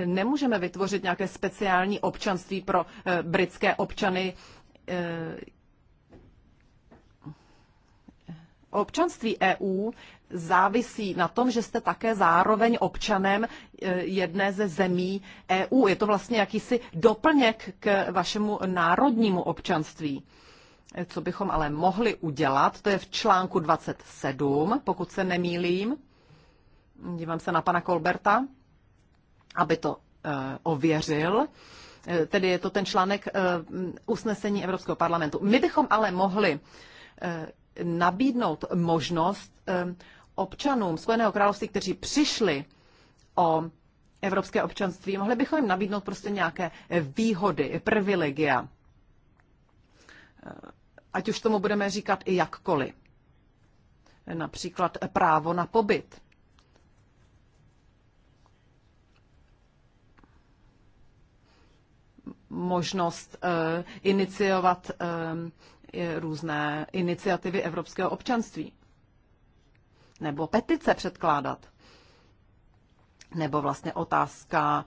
nemůžeme vytvořit nějaké speciální občanství pro eh, britské občany. Eh, občanství EU závisí na tom, že jste také zároveň občanem eh, jedné ze zemí EU. Je to vlastně jakýsi doplněk k vašemu národnímu občanství. Co bychom ale mohli udělat, to je v článku 27, pokud se nemýlím. Dívám se na pana Kolberta aby to eh, ověřil. Eh, tedy je to ten článek eh, usnesení Evropského parlamentu. My bychom ale mohli nabídnout možnost občanům Spojeného království, kteří přišli o evropské občanství, mohli bychom jim nabídnout prostě nějaké výhody, privilegia. Ať už tomu budeme říkat i jakkoliv. Například právo na pobyt. možnost eh, iniciovat eh, různé iniciativy evropského občanství. Nebo petice předkládat. Nebo vlastně otázka,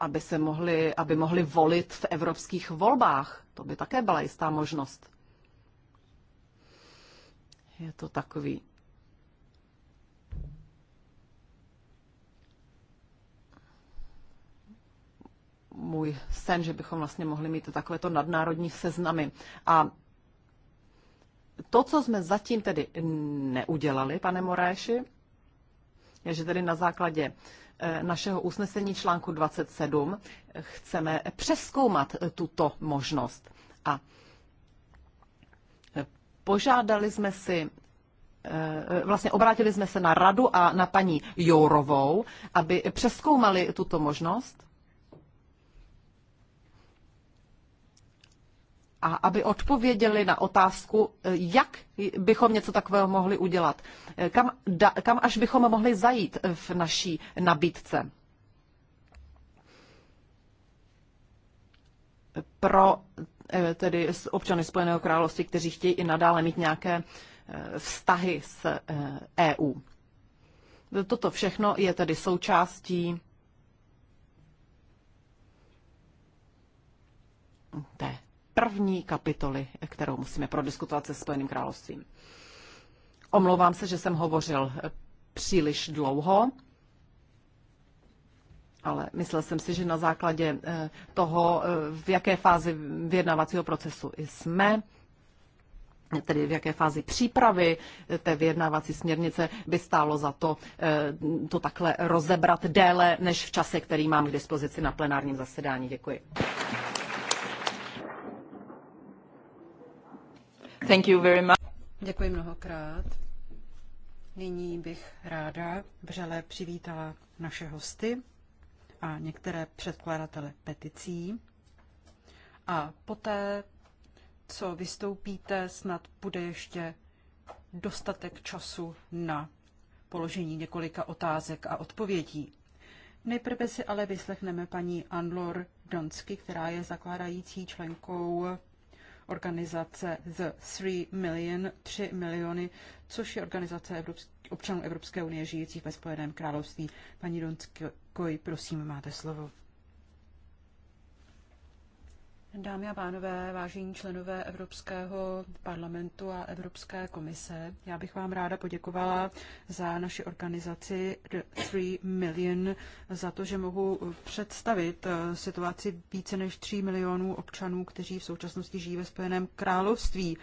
aby, se mohli, aby mohli volit v evropských volbách. To by také byla jistá možnost. Je to takový můj sen, že bychom vlastně mohli mít takovéto nadnárodní seznamy. A to, co jsme zatím tedy neudělali, pane Moréši, je, že tedy na základě eh, našeho usnesení článku 27 eh, chceme přeskoumat eh, tuto možnost. A požádali jsme si, vlastně obrátili jsme se na radu a na paní Jourovou, aby přeskoumali tuto možnost a aby odpověděli na otázku, eh, jak bychom něco takového mohli udělat, eh, kam, da, kam až bychom mohli zajít v naší nabídce. Pro eh, tedy občany Spojeného království, kteří chtějí i nadále mít nějaké vztahy s EU. E Toto všechno je tedy součástí té první kapitoly, kterou musíme prodiskutovat se Spojeným královstvím. Omlouvám se, že jsem hovořil eh, příliš dlouho, ale myslel jsem si, že na základě eh, toho, eh, v jaké fázi vyjednávacího procesu jsme, tedy v jaké fázi přípravy té vyjednávací směrnice by stálo za to to takhle rozebrat déle než v čase, který mám k dispozici na plenárním zasedání. Děkuji. Děkuji mnohokrát. Nyní bych ráda vřele přivítala naše hosty a některé předkladatele peticí. A poté, co vystoupíte, snad bude ještě dostatek času na položení několika otázek a odpovědí. Nejprve si ale vyslechneme paní Anlor Donsky, která je zakládající členkou organizace The 3 Million, 3 miliony, což je organizace Evropsk- občanů Evropské unie žijících ve Spojeném království. Paní Donskoj, prosím, máte slovo. Dámy a pánové, vážení členové Evropského parlamentu a Evropské komise, já bych vám ráda poděkovala za naši organizaci The 3 Million, za to, že mohu představit eh, situaci více než 3 milionů občanů, kteří v současnosti žijí ve Spojeném království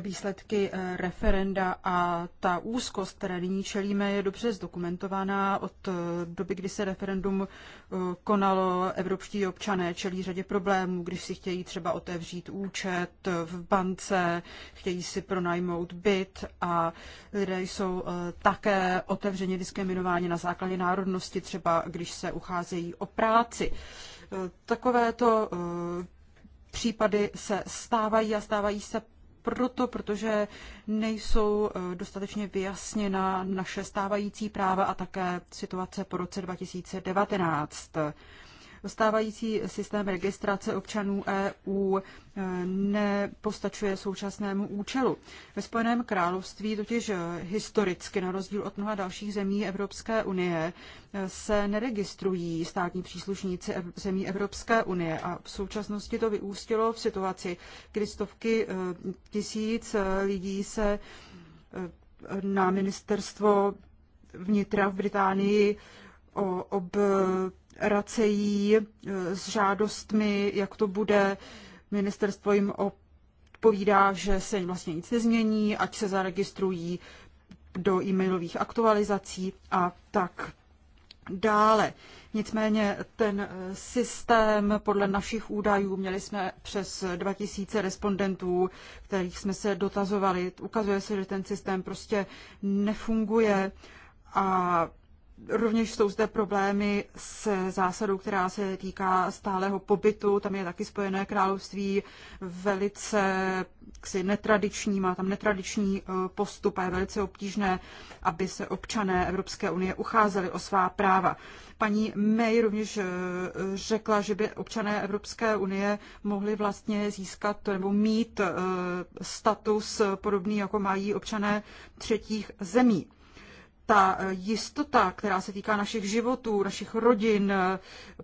výsledky eh, referenda a ta úzkost, které nyní čelíme, je dobře zdokumentovaná od eh, doby, kdy se referendum eh, konalo. Evropští občané čelí řadě problémů, když si chtějí třeba otevřít účet v bance, chtějí si pronajmout byt a lidé jsou také otevřeně diskriminováni na základě národnosti, třeba když se ucházejí o práci. Takovéto případy se stávají a stávají se proto, protože nejsou eh, dostatečně vyjasněna naše stávající práva a také situace po roce 2019. Stávající systém registrace občanů EU eh, nepostačuje současnému účelu. Ve Spojeném království totiž eh, historicky, na rozdíl od mnoha dalších zemí Evropské unie, eh, se neregistrují státní příslušníci zemí Evropské unie a v současnosti to vyústilo v situaci, kdy stovky tisíc lidí se na ministerstvo vnitra v Británii ob racejí eh, s žádostmi, jak to bude. Ministerstvo jim odpovídá, že se vlastně nic nezmění, ať se zaregistrují do e-mailových aktualizací a tak dále. Nicméně ten eh, systém podle našich údajů, měli jsme přes 2000 respondentů, kterých jsme se dotazovali, ukazuje se, že ten systém prostě nefunguje a Rovněž jsou zde problémy s zásadou, která se týká stáleho pobytu. Tam je taky Spojené království velice ksi, netradiční, má tam netradiční eh, postup a je velice obtížné, aby se občané Evropské unie ucházeli o svá práva. Paní May rovněž eh, řekla, že by občané Evropské unie mohli vlastně získat nebo mít eh, status podobný, jako mají občané třetích zemí ta eh, jistota, která se týká našich životů, našich rodin, eh,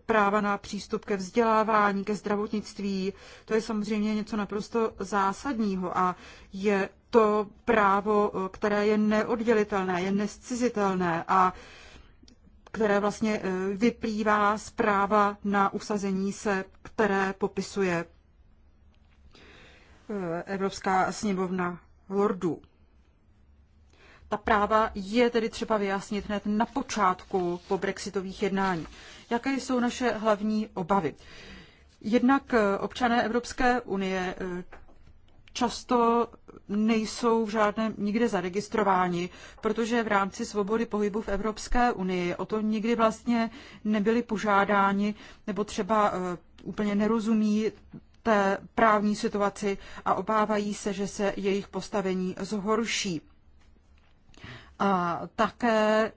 práva na přístup ke vzdělávání, ke zdravotnictví, to je samozřejmě něco naprosto zásadního a je to právo, eh, které je neoddělitelné, je nescizitelné a které vlastně vyplývá z práva na usazení se, které popisuje Evropská sněmovna lordů ta práva je tedy třeba vyjasnit hned na počátku po brexitových jednání. Jaké jsou naše hlavní obavy? Jednak eh, občané Evropské unie eh, často nejsou v žádném nikde zaregistrováni, protože v rámci svobody pohybu v Evropské unii o to nikdy vlastně nebyli požádáni nebo třeba eh, úplně nerozumí té právní situaci a obávají se, že se jejich postavení zhorší. A také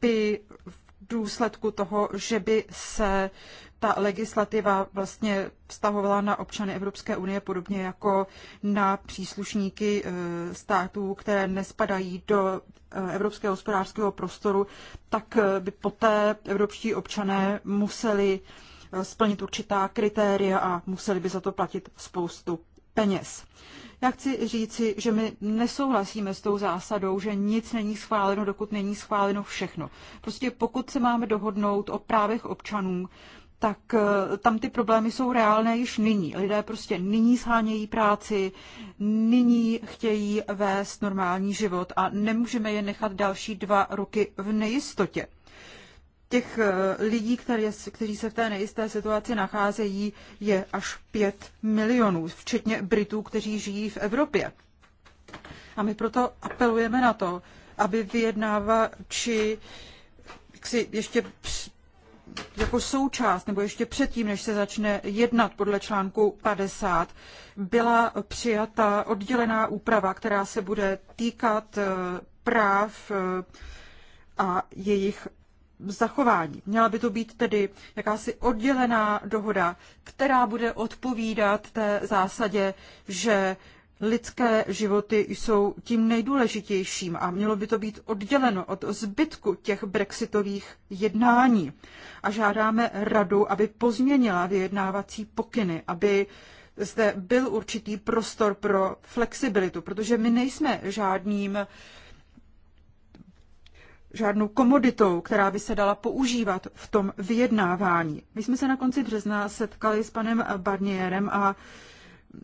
by v důsledku toho, že by se ta legislativa vlastně vztahovala na občany Evropské unie podobně jako na příslušníky eh, států, které nespadají do eh, Evropského hospodářského prostoru, tak eh, by poté evropští občané museli splnit určitá kritéria a museli by za to platit spoustu peněz. Já chci říci, že my nesouhlasíme s tou zásadou, že nic není schváleno, dokud není schváleno všechno. Prostě pokud se máme dohodnout o právech občanů, tak eh, tam ty problémy jsou reálné již nyní. Lidé prostě nyní shánějí práci, nyní chtějí vést normální život a nemůžeme je nechat další dva roky v nejistotě těch eh, lidí, které, kteří se v té nejisté situaci nacházejí, je až 5 milionů, včetně Britů, kteří žijí v Evropě. A my proto apelujeme na to, aby vyjednávači si ještě jako součást, nebo ještě předtím, než se začne jednat podle článku 50, byla přijata oddělená úprava, která se bude týkat eh, práv eh, a jejich zachování. Měla by to být tedy jakási oddělená dohoda, která bude odpovídat té zásadě, že lidské životy jsou tím nejdůležitějším a mělo by to být odděleno od zbytku těch brexitových jednání. A žádáme radu, aby pozměnila vyjednávací pokyny, aby zde byl určitý prostor pro flexibilitu, protože my nejsme žádným uh, žádnou komoditou, která by se dala používat v tom vyjednávání. My jsme se na konci března setkali s panem Barnierem a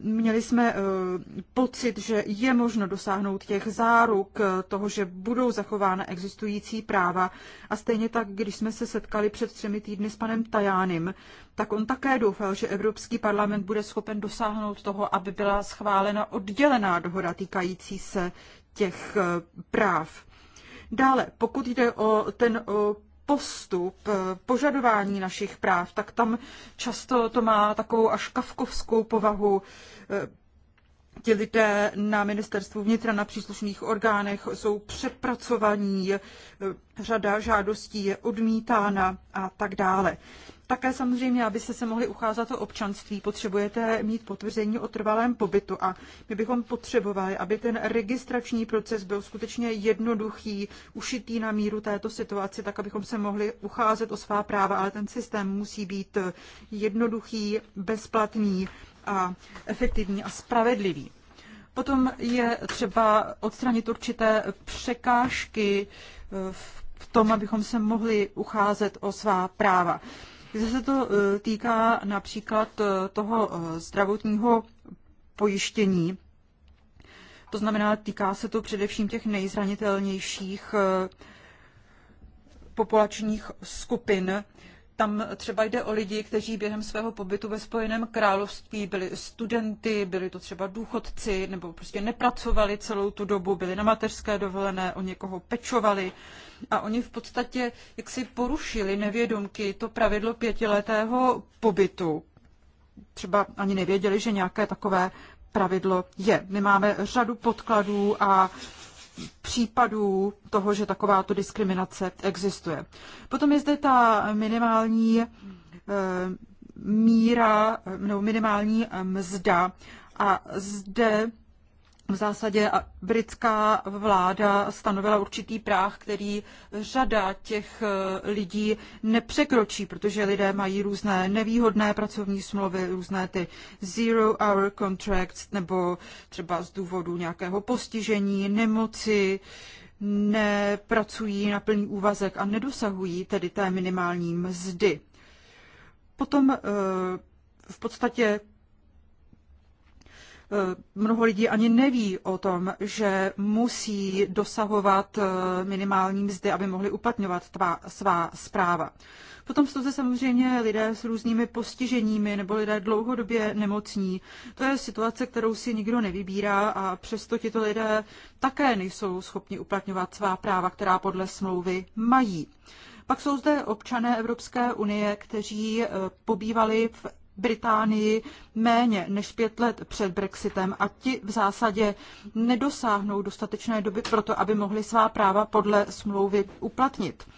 měli jsme eh, pocit, že je možno dosáhnout těch záruk eh, toho, že budou zachována existující práva. A stejně tak, když jsme se setkali před třemi týdny s panem Tajánem, tak on také doufal, že Evropský parlament bude schopen dosáhnout toho, aby byla schválena oddělená dohoda týkající se těch eh, práv. Dále, pokud jde o ten postup e, požadování našich práv, tak tam často to má takovou až kavkovskou povahu. E, ti lidé na ministerstvu vnitra, na příslušných orgánech jsou přepracovaní, e, řada žádostí je odmítána a tak dále. Také samozřejmě, abyste se mohli ucházet o občanství, potřebujete mít potvrzení o trvalém pobytu a my bychom potřebovali, aby ten registrační proces byl skutečně jednoduchý, ušitý na míru této situaci, tak abychom se mohli ucházet o svá práva, ale ten systém musí být jednoduchý, bezplatný a efektivní a spravedlivý. Potom je třeba odstranit určité překážky v tom, abychom se mohli ucházet o svá práva že se to e, týká například e, toho e, zdravotního pojištění. To znamená, týká se to především těch nejzranitelnějších populačních skupin. Tam třeba jde o lidi, kteří během svého pobytu ve Spojeném království byli studenty, byli to třeba důchodci, nebo prostě nepracovali celou tu dobu, byli na mateřské dovolené, o někoho pečovali a oni v podstatě jaksi porušili nevědomky to pravidlo pětiletého pobytu. Třeba ani nevěděli, že nějaké takové pravidlo je. My máme řadu podkladů a případů toho, že takováto diskriminace existuje. Potom je zde ta minimální eh, míra eh, nebo minimální eh, mzda a zde v zásadě britská vláda stanovila určitý práh, který řada těch eh, lidí nepřekročí, protože lidé mají různé nevýhodné pracovní smlouvy, různé ty zero hour contracts nebo třeba z důvodu nějakého postižení, nemoci, nepracují na plný úvazek a nedosahují tedy té minimální mzdy. Potom eh, v podstatě Eh, mnoho lidí ani neví o tom, že musí dosahovat eh, minimální mzdy, aby mohli uplatňovat tvá, svá zpráva. Potom jsou to samozřejmě lidé s různými postiženími nebo lidé dlouhodobě nemocní. To je situace, kterou si nikdo nevybírá a přesto tito lidé také nejsou schopni uplatňovat svá práva, která podle smlouvy mají. Pak jsou zde občané Evropské unie, kteří eh, pobývali v Británii méně než pět let před Brexitem a ti v zásadě nedosáhnou dostatečné doby pro to, aby mohli svá práva podle smlouvy uplatnit.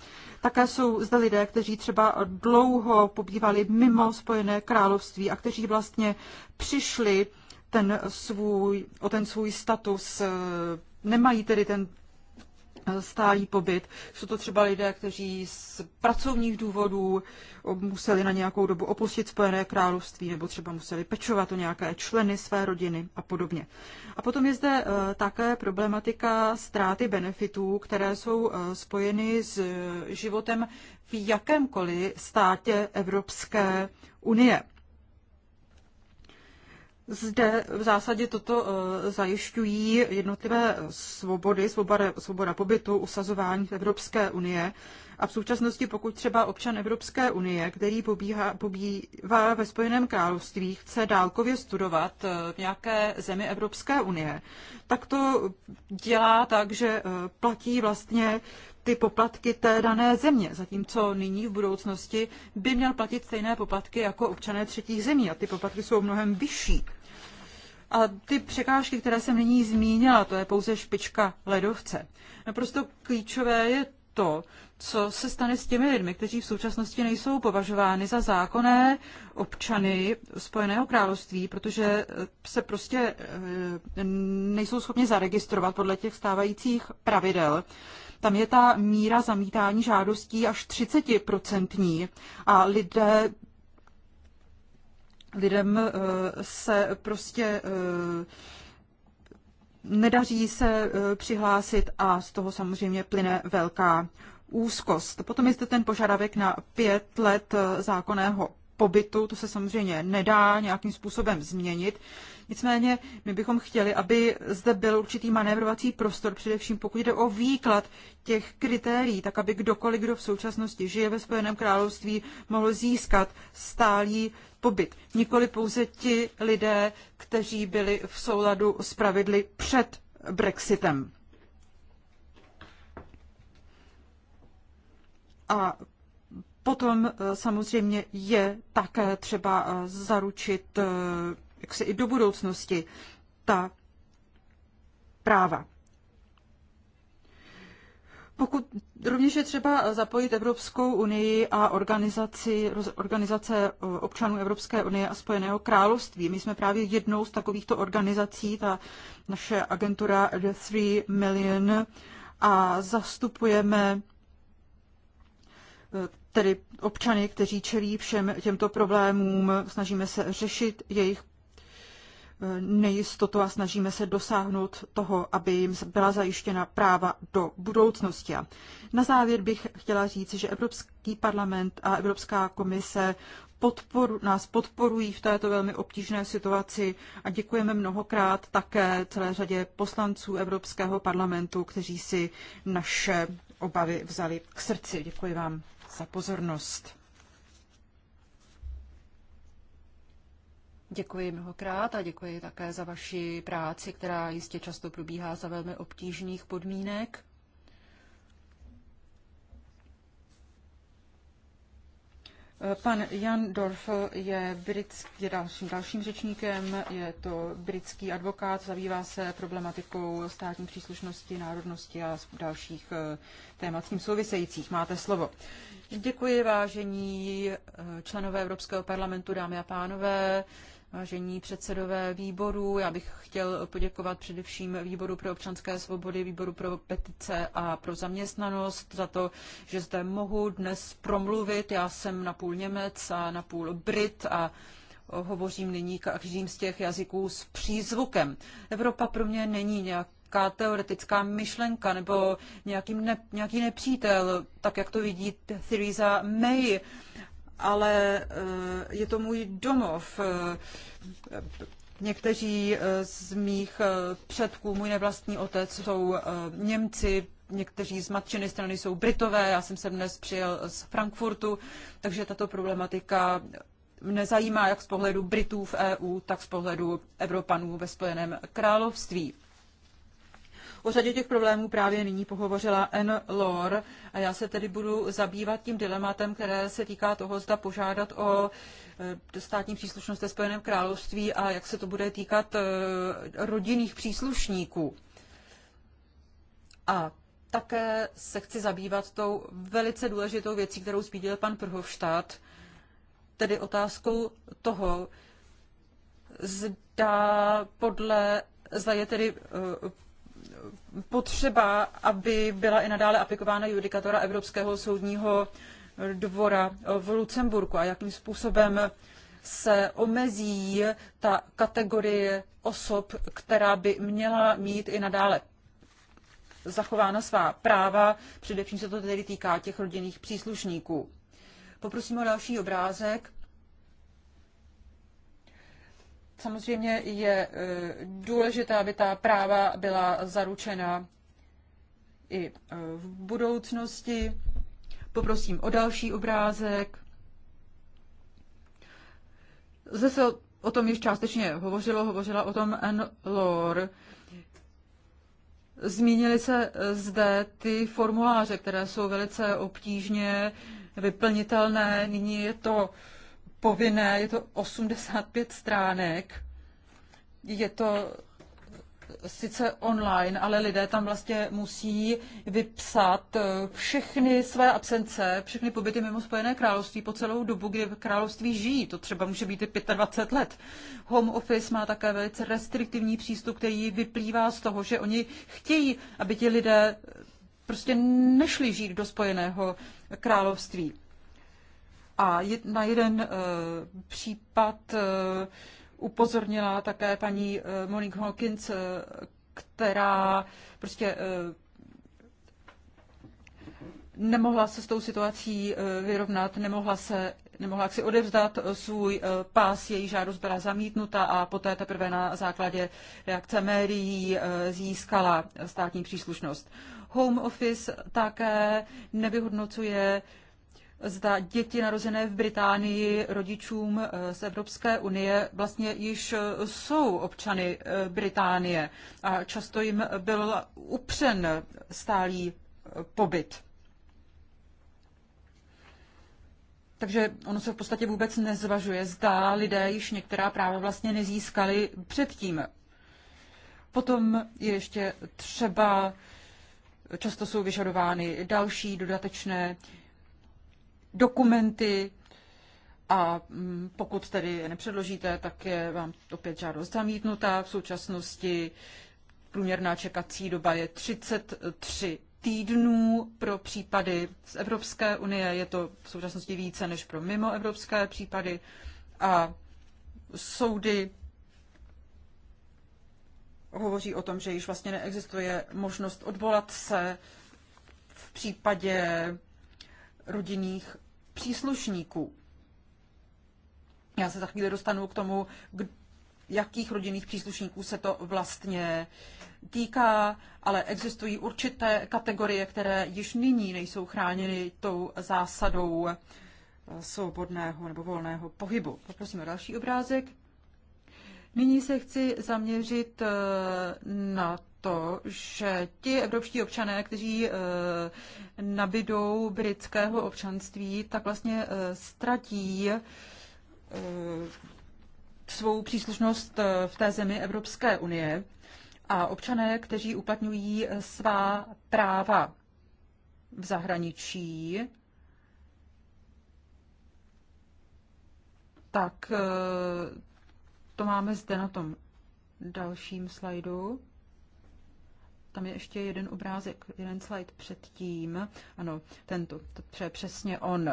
Také jsou zde lidé, kteří třeba dlouho pobývali mimo Spojené království a kteří vlastně přišli ten svůj, o ten svůj status, eh, nemají tedy ten stálý pobyt. Jsou to třeba lidé, kteří z pracovních důvodů museli na nějakou dobu opustit Spojené království nebo třeba museli pečovat o nějaké členy své rodiny a podobně. A potom je zde eh, také problematika ztráty benefitů, které jsou eh, spojeny s eh, životem v jakémkoliv státě Evropské unie. Zde v zásadě toto eh, zajišťují jednotlivé svobody, svoboda, svoboda pobytu, usazování v Evropské unie. A v současnosti, pokud třeba občan Evropské unie, který pobíhá, pobývá ve Spojeném království, chce dálkově studovat eh, v nějaké zemi Evropské unie, tak to dělá tak, že eh, platí vlastně ty poplatky té dané země, zatímco nyní v budoucnosti by měl platit stejné poplatky jako občané třetích zemí a ty poplatky jsou mnohem vyšší. A ty překážky, které jsem nyní zmínila, to je pouze špička ledovce. Naprosto klíčové je to, co se stane s těmi lidmi, kteří v současnosti nejsou považováni za zákonné občany Spojeného království, protože eh, se prostě eh, nejsou schopni zaregistrovat podle těch stávajících pravidel tam je ta míra zamítání žádostí až 30% a lidé lidem eh, se prostě eh, nedaří se eh, přihlásit a z toho samozřejmě plyne velká úzkost. Potom je zde ten požadavek na pět let zákonného pobytu, to se samozřejmě nedá nějakým způsobem změnit. Nicméně my bychom chtěli, aby zde byl určitý manévrovací prostor, především pokud jde o výklad těch kritérií, tak aby kdokoliv, kdo v současnosti žije ve Spojeném království, mohl získat stálý pobyt. Nikoli pouze ti lidé, kteří byli v souladu s pravidly před Brexitem. A potom eh, samozřejmě je také třeba eh, zaručit eh, jak se i do budoucnosti ta práva. Pokud rovněž je třeba zapojit Evropskou unii a organizaci, organizace občanů Evropské unie a Spojeného království. My jsme právě jednou z takovýchto organizací, ta naše agentura The 3 Million a zastupujeme e, tedy občany, kteří čelí všem těmto problémům, snažíme se řešit jejich nejistotu a snažíme se dosáhnout toho, aby jim byla zajištěna práva do budoucnosti. na závěr bych chtěla říct, že Evropský parlament a Evropská komise podporu, nás podporují v této velmi obtížné situaci a děkujeme mnohokrát také celé řadě poslanců Evropského parlamentu, kteří si naše obavy vzali k srdci. Děkuji vám za pozornost. Děkuji mnohokrát a děkuji také za vaši práci, která jistě často probíhá za velmi obtížných podmínek. Pan Jan Dorf je, britský, je dalším, dalším řečníkem, je to britský advokát, zabývá se problematikou státní příslušnosti, národnosti a dalších eh, témat s tím souvisejících. Máte slovo. Děkuji, vážení eh, členové Evropského parlamentu, dámy a pánové. Vážení předsedové výborů, já bych chtěl poděkovat především výboru pro občanské svobody, výboru pro petice a pro zaměstnanost za to, že zde mohu dnes promluvit. Já jsem napůl Němec a napůl Brit a hovořím nyní každým z těch jazyků s přízvukem. Evropa pro mě není nějaká teoretická myšlenka nebo nějaký, ne, nějaký nepřítel, tak jak to vidí Theresa May ale eh, je to můj domov. Eh, někteří eh, z mých předků, můj nevlastní otec, jsou Němci, někteří z matčiny strany jsou Britové, já jsem se dnes přijel z Frankfurtu, takže tato problematika mne zajímá jak z pohledu Britů v EU, tak z pohledu Evropanů ve Spojeném království. O řadě těch problémů právě nyní pohovořila N. Lor a já se tedy budu zabývat tím dilematem, které se týká toho, zda požádat o e, státní příslušnost ve Spojeném království a jak se to bude týkat e, rodinných příslušníků. A také se chci zabývat tou velice důležitou věcí, kterou zpídil pan Prhovštát, tedy otázkou toho, zda podle, zda je tedy e, potřeba, aby byla i nadále aplikována judikatura Evropského soudního dvora v Lucemburku a jakým způsobem se omezí ta kategorie osob, která by měla mít i nadále zachována svá práva. Především se to tedy týká těch rodinných příslušníků. Poprosím o další obrázek. Samozřejmě je e, důležité, aby ta práva byla zaručena i e, v budoucnosti. Poprosím o další obrázek. Zde se o tom již částečně hovořilo, hovořila o tom N. Lor. Zmínili se e, zde ty formuláře, které jsou velice obtížně vyplnitelné. Nyní je to uh, povinné, je to 85 stránek. Je to sice online, ale lidé tam vlastně musí vypsat eh, všechny své absence, všechny pobyty mimo Spojené království po celou dobu, kdy v království žijí. To třeba může být i 25 let. Home office má také velice restriktivní přístup, který vyplývá z toho, že oni chtějí, aby ti lidé prostě nešli žít do Spojeného království. A na jeden eh, případ eh, upozornila také paní eh, Monique Hawkins, která prostě nemohla se s tou situací vyrovnat, nemohla se nemohla si odevzdat svůj pás, její žádost byla zamítnuta a poté teprve na základě reakce médií získala státní příslušnost. Home Office také nevyhodnocuje zda děti narozené v Británii rodičům eh, z Evropské unie vlastně již eh, jsou občany eh, Británie a často jim byl upřen stálý pobyt. Takže ono se v podstatě vůbec nezvažuje, zda lidé již některá práva vlastně nezískali předtím. Potom je ještě třeba, často jsou vyžadovány další dodatečné dokumenty a mm, pokud tedy je nepředložíte, tak je vám opět žádost zamítnutá. V současnosti průměrná čekací doba je 33 týdnů pro případy z Evropské unie. Je to v současnosti více než pro mimoevropské případy. A soudy hovoří o tom, že již vlastně neexistuje možnost odvolat se v případě rodinných příslušníků. Já se za chvíli dostanu k tomu, k jakých rodinných příslušníků se to vlastně týká, ale existují určité kategorie, které již nyní nejsou chráněny tou zásadou eh, svobodného nebo volného pohybu. Poprosím o další obrázek. Nyní se chci zaměřit eh, na to, že ti evropští občané, kteří eh, nabidou britského občanství, tak vlastně eh, ztratí eh, svou příslušnost v té zemi Evropské unie a občané, kteří uplatňují svá práva v zahraničí, tak to máme zde na tom dalším slajdu tam je ještě jeden obrázek, jeden slide předtím. Ano, tento, to je přesně on.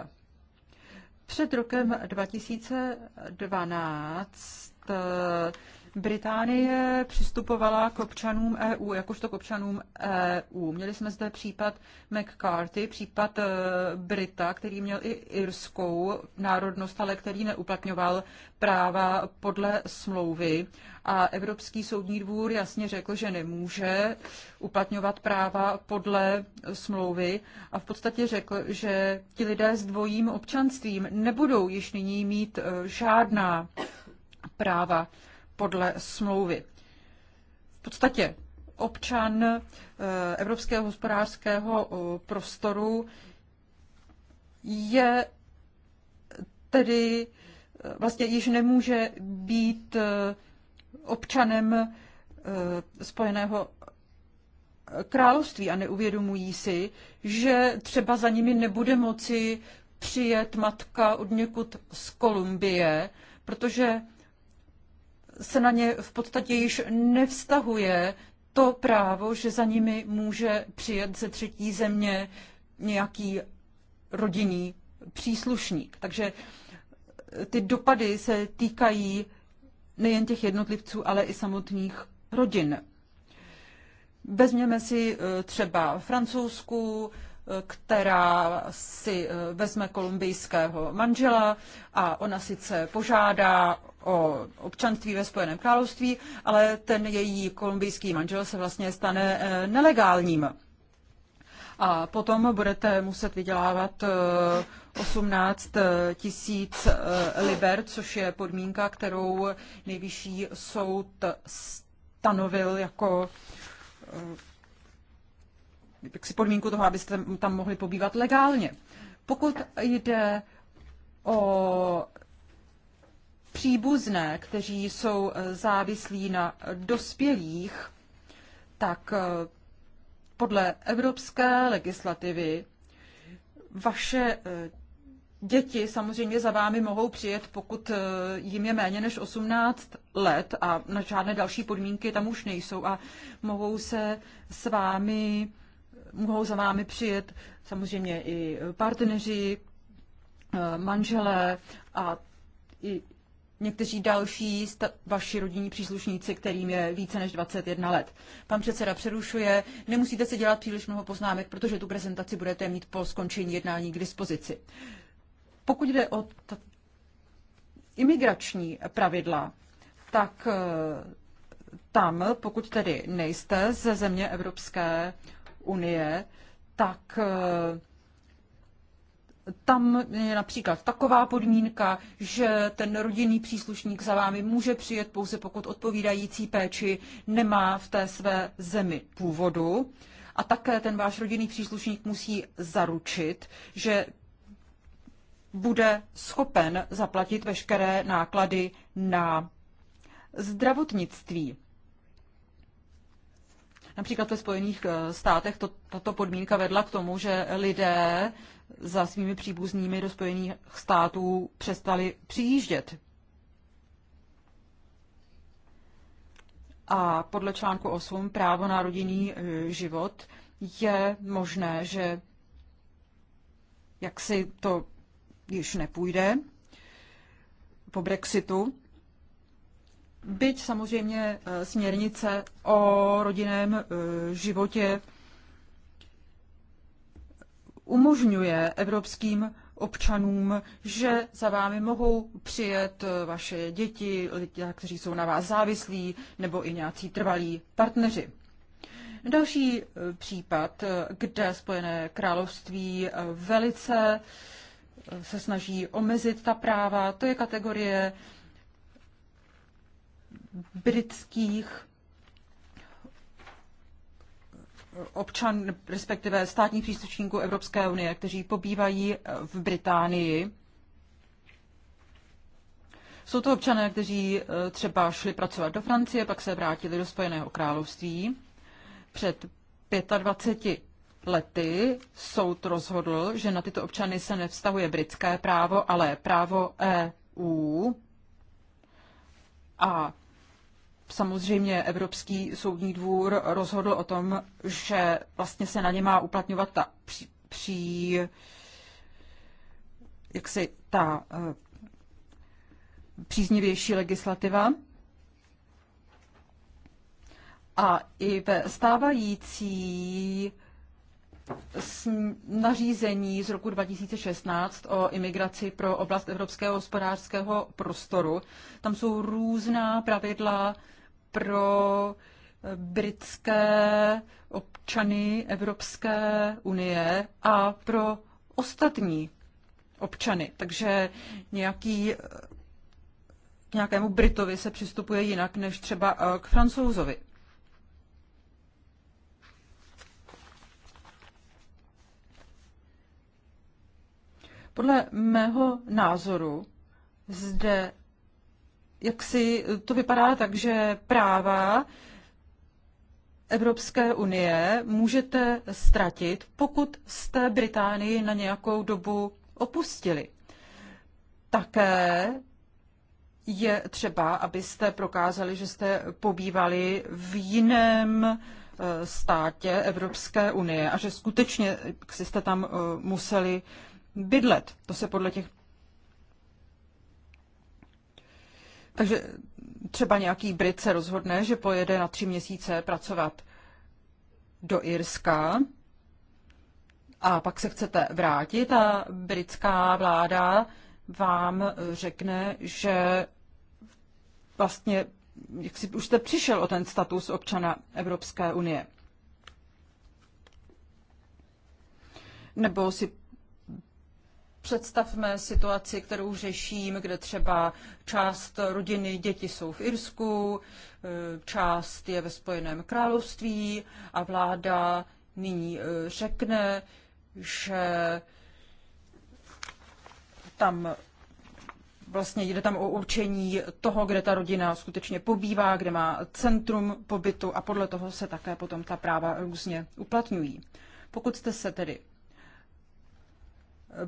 Před rokem 2012 Británie přistupovala k občanům EU, jakožto k občanům EU. Měli jsme zde případ McCarthy, případ e, Brita, který měl i irskou národnost, ale který neuplatňoval práva podle smlouvy. A Evropský soudní dvůr jasně řekl, že nemůže uplatňovat práva podle smlouvy a v podstatě řekl, že ti lidé s dvojím občanstvím nebudou již nyní mít e, žádná práva podle smlouvy. V podstatě občan eh, Evropského hospodářského eh, prostoru je tedy eh, vlastně již nemůže být občanem Spojeného království a neuvědomují si, že třeba za nimi nebude moci přijet matka od někud z Kolumbie, protože se na ně v podstatě již nevztahuje to právo, že za nimi může přijet ze třetí země nějaký rodinný příslušník. Takže eh, ty dopady se týkají nejen těch jednotlivců, ale i samotných rodin. Vezměme si eh, třeba Francouzsku, eh, která si vezme kolumbijského manžela a ona sice požádá o občanství ve Spojeném království, ale ten její kolumbijský manžel se vlastně stane eh, nelegálním. A potom budete muset vydělávat 18 eh, eh, tisíc liber, což je podmínka, kterou nejvyšší soud stanovil jako si podmínku toho, abyste tam mohli pobývat legálně. Pokud jde o příbuzné, kteří jsou eh, závislí na dospělých, tak eh, podle evropské legislativy vaše eh, děti samozřejmě za vámi mohou přijet, pokud jim je méně než 18 let a na žádné další podmínky tam už nejsou a mohou se s vámi, mohou za vámi přijet samozřejmě i partneři, manželé a i někteří další vaši rodinní příslušníci, kterým je více než 21 let. Pan předseda přerušuje, nemusíte se dělat příliš mnoho poznámek, protože tu prezentaci budete mít po skončení jednání k dispozici. Pokud jde o imigrační pravidla, tak eh, tam, pokud tedy nejste ze země Evropské unie, tak eh, tam je například taková podmínka, že ten rodinný příslušník za vámi může přijet pouze pokud odpovídající péči nemá v té své zemi původu. A také ten váš rodinný příslušník musí zaručit, že bude schopen zaplatit veškeré náklady na zdravotnictví. Například ve Spojených eh, státech to, tato podmínka vedla k tomu, že lidé za svými příbuznými do Spojených států přestali přijíždět. A podle článku 8 právo na rodinný e, život je možné, že jak si to již nepůjde po Brexitu. Byť samozřejmě e, směrnice o rodinném e, životě umožňuje evropským občanům, že za vámi mohou přijet vaše děti, lidé, kteří jsou na vás závislí, nebo i nějací trvalí partneři. Další eh, případ, kde Spojené království eh, velice eh, se snaží omezit ta práva, to je kategorie britských občan, respektive státních příslušníků Evropské unie, kteří pobývají eh, v Británii. Jsou to občané, kteří eh, třeba šli pracovat do Francie, pak se vrátili do Spojeného království. Před 25 lety soud rozhodl, že na tyto občany se nevztahuje britské právo, ale právo EU. A samozřejmě Evropský soudní dvůr rozhodl o tom, že vlastně se na ně má uplatňovat ta při, při jaksi ta eh, příznivější legislativa. A i ve stávající nařízení z roku 2016 o imigraci pro oblast evropského hospodářského prostoru. Tam jsou různá pravidla pro britské občany Evropské unie a pro ostatní občany. Takže nějaký, nějakému Britovi se přistupuje jinak než třeba eh, k Francouzovi. Podle mého názoru zde jak si to vypadá tak, že práva Evropské unie můžete ztratit, pokud jste Británii na nějakou dobu opustili. Také je třeba, abyste prokázali, že jste pobývali v jiném eh, státě Evropské unie a že skutečně jste tam eh, museli bydlet. To se podle těch Takže třeba nějaký Brit se rozhodne, že pojede na tři měsíce pracovat do Irska a pak se chcete vrátit a britská vláda vám řekne, že vlastně jak si, už jste přišel o ten status občana Evropské unie. Nebo si Představme situaci, kterou řeším, kde třeba část rodiny, děti jsou v Irsku, eh, část je ve Spojeném království a vláda nyní eh, řekne, že tam vlastně jde tam o určení toho, kde ta rodina skutečně pobývá, kde má centrum pobytu a podle toho se také potom ta práva různě uplatňují. Pokud jste se tedy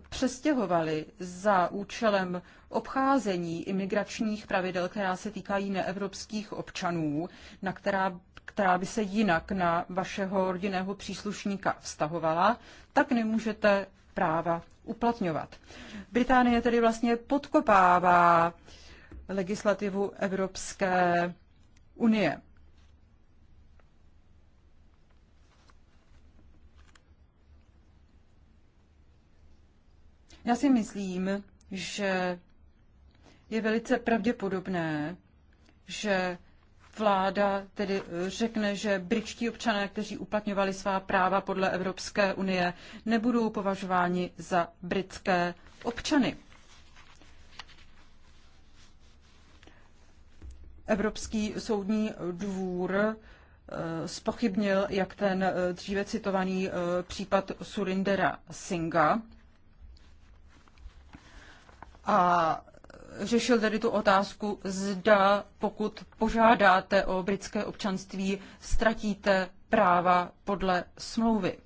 přestěhovali za účelem obcházení imigračních pravidel, která se týkají neevropských občanů, na která, která by se jinak na vašeho rodinného příslušníka vztahovala, tak nemůžete práva uplatňovat. Británie tedy vlastně podkopává legislativu Evropské unie. Já si myslím, že je velice pravděpodobné, že vláda tedy eh, řekne, že britští občané, kteří uplatňovali svá práva podle Evropské unie, nebudou považováni za britské občany. Evropský soudní dvůr eh, spochybnil, jak ten eh, dříve citovaný případ Surindera Singa a řešil tedy tu otázku, zda pokud požádáte o britské občanství, ztratíte práva podle smlouvy.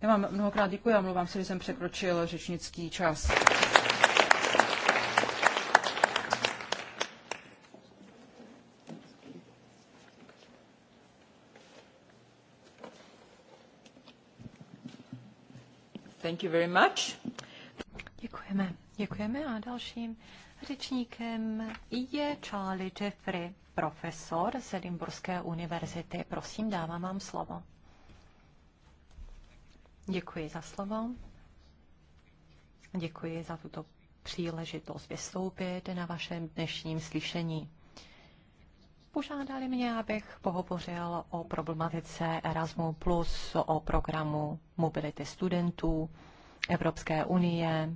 Já vám mnohokrát děkuji a mluvám se, že jsem překročil řečnický čas. Thank you very much. Děkujeme. a dalším řečníkem je Charlie Jeffrey, profesor z Edinburghské univerzity. Prosím, dávám vám slovo. Děkuji za slovo. Děkuji za tuto příležitost vystoupit na vašem dnešním slyšení. Požádali mě, abych pohovořil o problematice Erasmu+, o programu mobility studentů Evropské unie,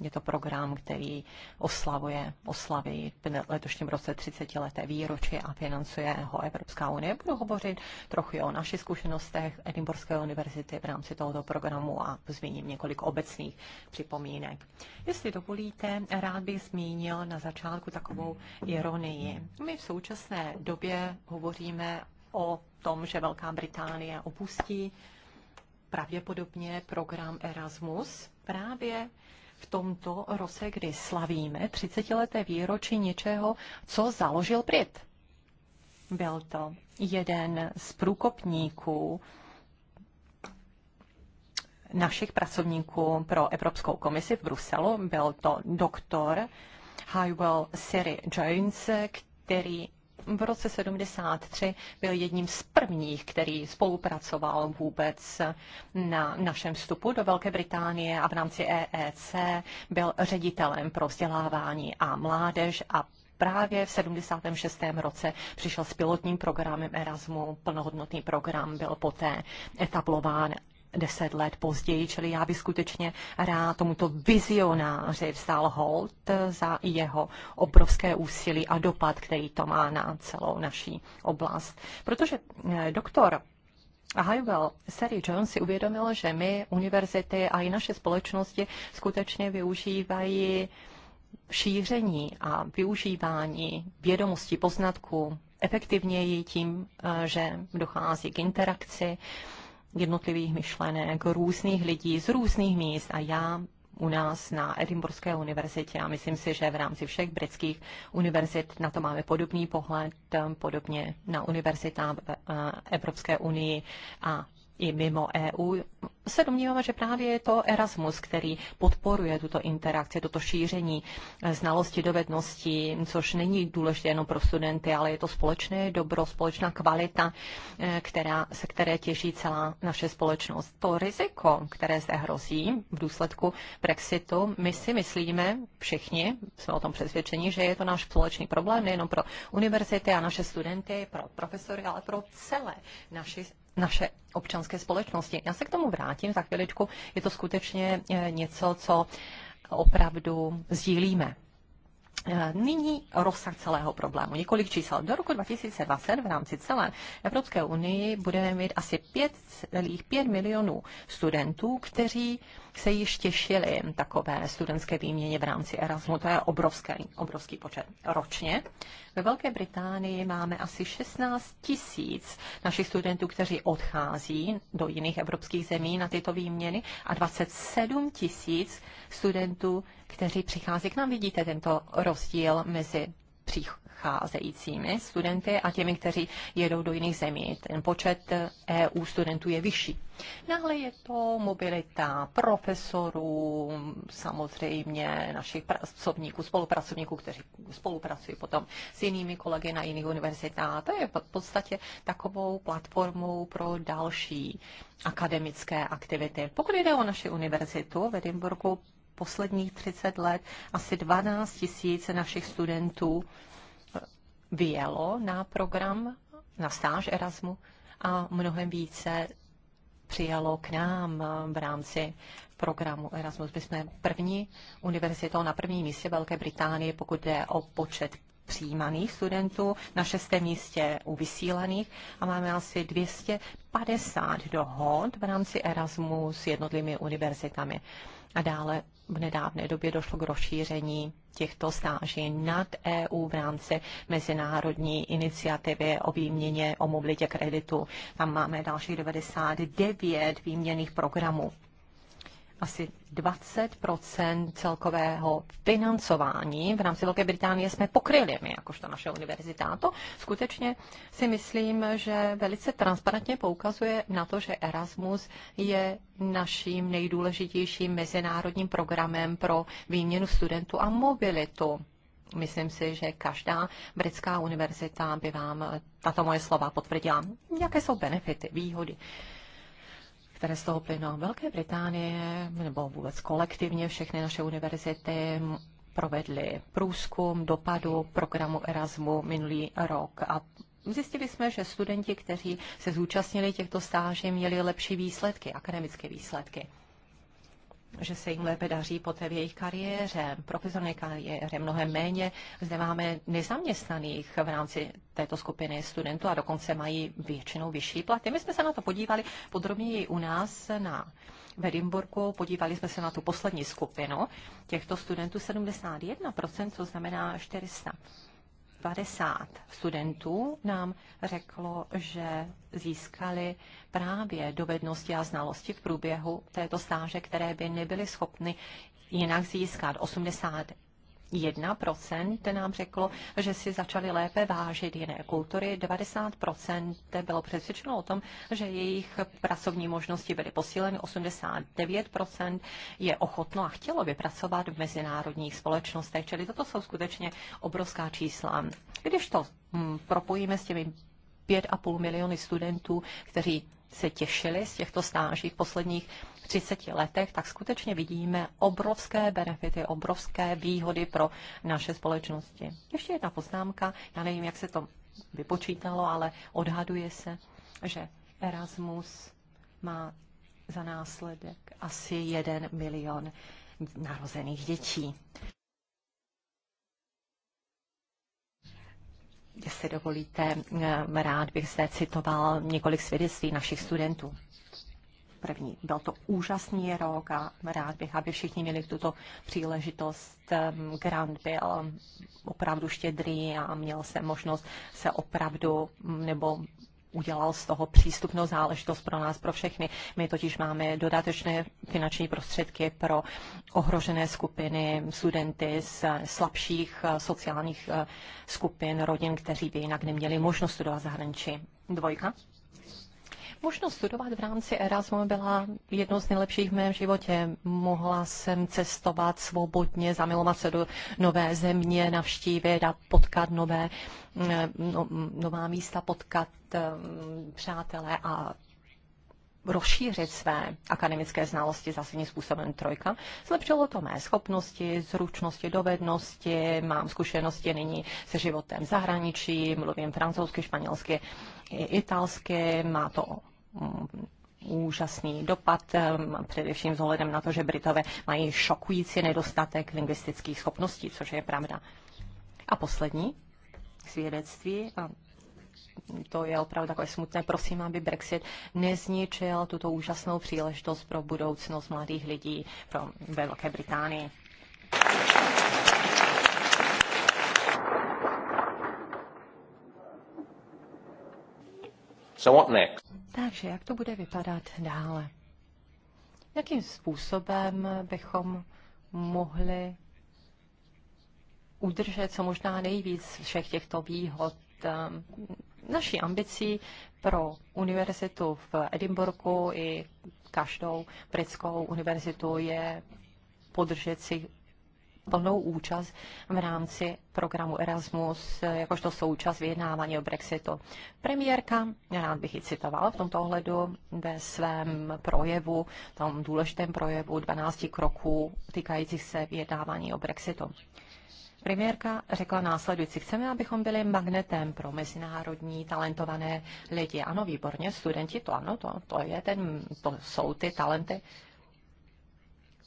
je to program, který oslavuje, oslaví v letošním roce 30 leté výročí a financuje ho Evropská unie. Budu hovořit trochu o našich zkušenostech Edinburghské univerzity v rámci tohoto programu a zmíním několik obecných připomínek. Jestli dovolíte, rád bych zmínil na začátku takovou ironii. My v současné době hovoříme o tom, že Velká Británie opustí pravděpodobně program Erasmus právě v tomto roce, kdy slavíme 30-leté výročí něčeho, co založil Brit. Byl to jeden z průkopníků našich pracovníků pro Evropskou komisi v Bruselu. Byl to doktor Highwell Siri Jones, který v roce 73 byl jedním z prvních, který spolupracoval vůbec na našem vstupu do Velké Británie a v rámci EEC byl ředitelem pro vzdělávání a mládež a právě v 76. roce přišel s pilotním programem Erasmu, plnohodnotný program byl poté etablován deset let později, čili já bych skutečně rád tomuto vizionáři vzdal hold za jeho obrovské úsilí a dopad, který to má na celou naší oblast. Protože eh, doktor a Hajvel, Sary Jones si uvědomil, že my, univerzity a i naše společnosti skutečně využívají šíření a využívání vědomostí, poznatků efektivněji tím, eh, že dochází k interakci jednotlivých myšlenek různých lidí z různých míst a já u nás na Edinburghské univerzitě a myslím si, že v rámci všech britských univerzit na to máme podobný pohled, podobně na univerzitách v eh, Evropské unii a i mimo EU, se domníváme, že právě je to Erasmus, který podporuje tuto interakci, toto šíření eh, znalosti, dovedností, což není důležité jenom pro studenty, ale je to společné dobro, společná kvalita, eh, která, se které těší celá naše společnost. To riziko, které zde hrozí v důsledku Brexitu, my si myslíme, všichni jsme o tom přesvědčeni, že je to náš společný problém nejenom pro univerzity a naše studenty, pro profesory, ale pro celé naši naše občanské společnosti. Já se k tomu vrátím za chviličku. Je to skutečně eh, něco, co opravdu sdílíme. Eh, nyní rozsah celého problému. Několik čísel. Do roku 2020 v rámci celé Evropské unii budeme mít asi 5,5 milionů studentů, kteří se již těšili takové studentské výměně v rámci Erasmu. To je obrovský, obrovský počet ročně. Ve Velké Británii máme asi 16 tisíc našich studentů, kteří odchází do jiných evropských zemí na tyto výměny a 27 tisíc studentů, kteří přichází k nám. Vidíte tento rozdíl mezi přicházejícími studenty a těmi, kteří jedou do jiných zemí. Ten počet EU studentů je vyšší. Dále je to mobilita profesorů, samozřejmě našich pracovníků, spolupracovníků, kteří spolupracují potom s jinými kolegy na jiných univerzitách. To je v podstatě takovou platformou pro další akademické aktivity. Pokud jde o naši univerzitu v Edinburghu posledních 30 let asi 12 tisíc našich studentů vyjelo na program, na stáž Erasmu a mnohem více přijalo k nám v rámci programu Erasmus. My jsme první univerzitou na prvním místě Velké Británie, pokud jde o počet přijímaných studentů, na šestém místě u vysílaných a máme asi 250 dohod v rámci Erasmu s jednotlivými univerzitami. A dále v nedávné době došlo k rozšíření těchto stáží nad EU v rámci mezinárodní iniciativy o výměně, o mobilitě kreditu. Tam máme dalších 99 výměných programů asi 20 celkového financování v rámci Velké Británie jsme pokryli my, jakožto naše univerzita. A to skutečně si myslím, že velice transparentně poukazuje na to, že Erasmus je naším nejdůležitějším mezinárodním programem pro výměnu studentů a mobilitu. Myslím si, že každá britská univerzita by vám tato moje slova potvrdila. Jaké jsou benefity, výhody? které z toho plynou. Velké Británie nebo vůbec kolektivně všechny naše univerzity provedly průzkum dopadu programu Erasmu minulý rok a Zjistili jsme, že studenti, kteří se zúčastnili těchto stáží, měli lepší výsledky, akademické výsledky že se jim lépe daří poté v jejich kariéře, profesionální kariéře, mnohem méně. Zde máme nezaměstnaných v rámci této skupiny studentů a dokonce mají většinou vyšší platy. My jsme se na to podívali podrobněji u nás na v Edimburku Podívali jsme se na tu poslední skupinu těchto studentů 71%, co znamená 400 50 studentů nám řeklo, že získali právě dovednosti a znalosti v průběhu této stáže, které by nebyly schopny jinak získat. 80 1% nám řeklo, že si začali lépe vážit jiné kultury, 90% bylo přesvědčeno o tom, že jejich pracovní možnosti byly posíleny, 89% je ochotno a chtělo vypracovat v mezinárodních společnostech, čili toto jsou skutečně obrovská čísla. Když to hm, propojíme s těmi 5,5 miliony studentů, kteří se těšili z těchto stáží v posledních 30 letech, tak skutečně vidíme obrovské benefity, obrovské výhody pro naše společnosti. Ještě jedna poznámka, já nevím, jak se to vypočítalo, ale odhaduje se, že Erasmus má za následek asi 1 milion narozených dětí. Jestli dovolíte, rád bych se citoval několik svědectví našich studentů první. Byl to úžasný rok a rád bych, aby všichni měli tuto příležitost. Grant byl opravdu štědrý a měl se možnost se opravdu mm, nebo udělal z toho přístupnou záležitost pro nás, pro všechny. My totiž máme dodatečné finanční prostředky pro ohrožené skupiny, studenty z slabších eh, sociálních eh, skupin, rodin, kteří by jinak neměli možnost studovat zahraničí. Dvojka. Možnost studovat v rámci Erasmu byla jednou z nejlepších v mém životě. Mohla jsem cestovat svobodně, zamilovat se do nové země, navštívit a potkat nové, mm, no, mm, nová místa, potkat um, přátelé a rozšířit své akademické znalosti zásadním způsobem trojka. Zlepšilo to mé schopnosti, zručnosti, dovednosti, mám zkušenosti nyní se životem zahraničí, mluvím francouzsky, španělsky, italsky, má to Mm, úžasný dopad, mm, především vzhledem na to, že Britové mají šokující nedostatek lingvistických schopností, což je pravda. A poslední svědectví, a to je opravdu takové smutné, prosím, aby Brexit nezničil tuto úžasnou příležitost pro budoucnost mladých lidí pro Velké Británii. So what next? Takže jak to bude vypadat dále? Jakým způsobem bychom mohli udržet co možná nejvíc všech těchto výhod. Ehm, naší ambicí pro univerzitu v Edinburgu i každou britskou univerzitu je podržet si plnou účast v rámci programu Erasmus, eh, jakožto součást vyjednávání o Brexitu. Premiérka, rád bych ji citoval v tomto ohledu ve svém projevu, tom důležitém projevu 12 kroků týkajících se vyjednávání o Brexitu. Premiérka řekla následující, chceme, abychom byli magnetem pro mezinárodní talentované lidi. Ano, výborně, studenti, to ano, to, to, je ten, to jsou ty talenty,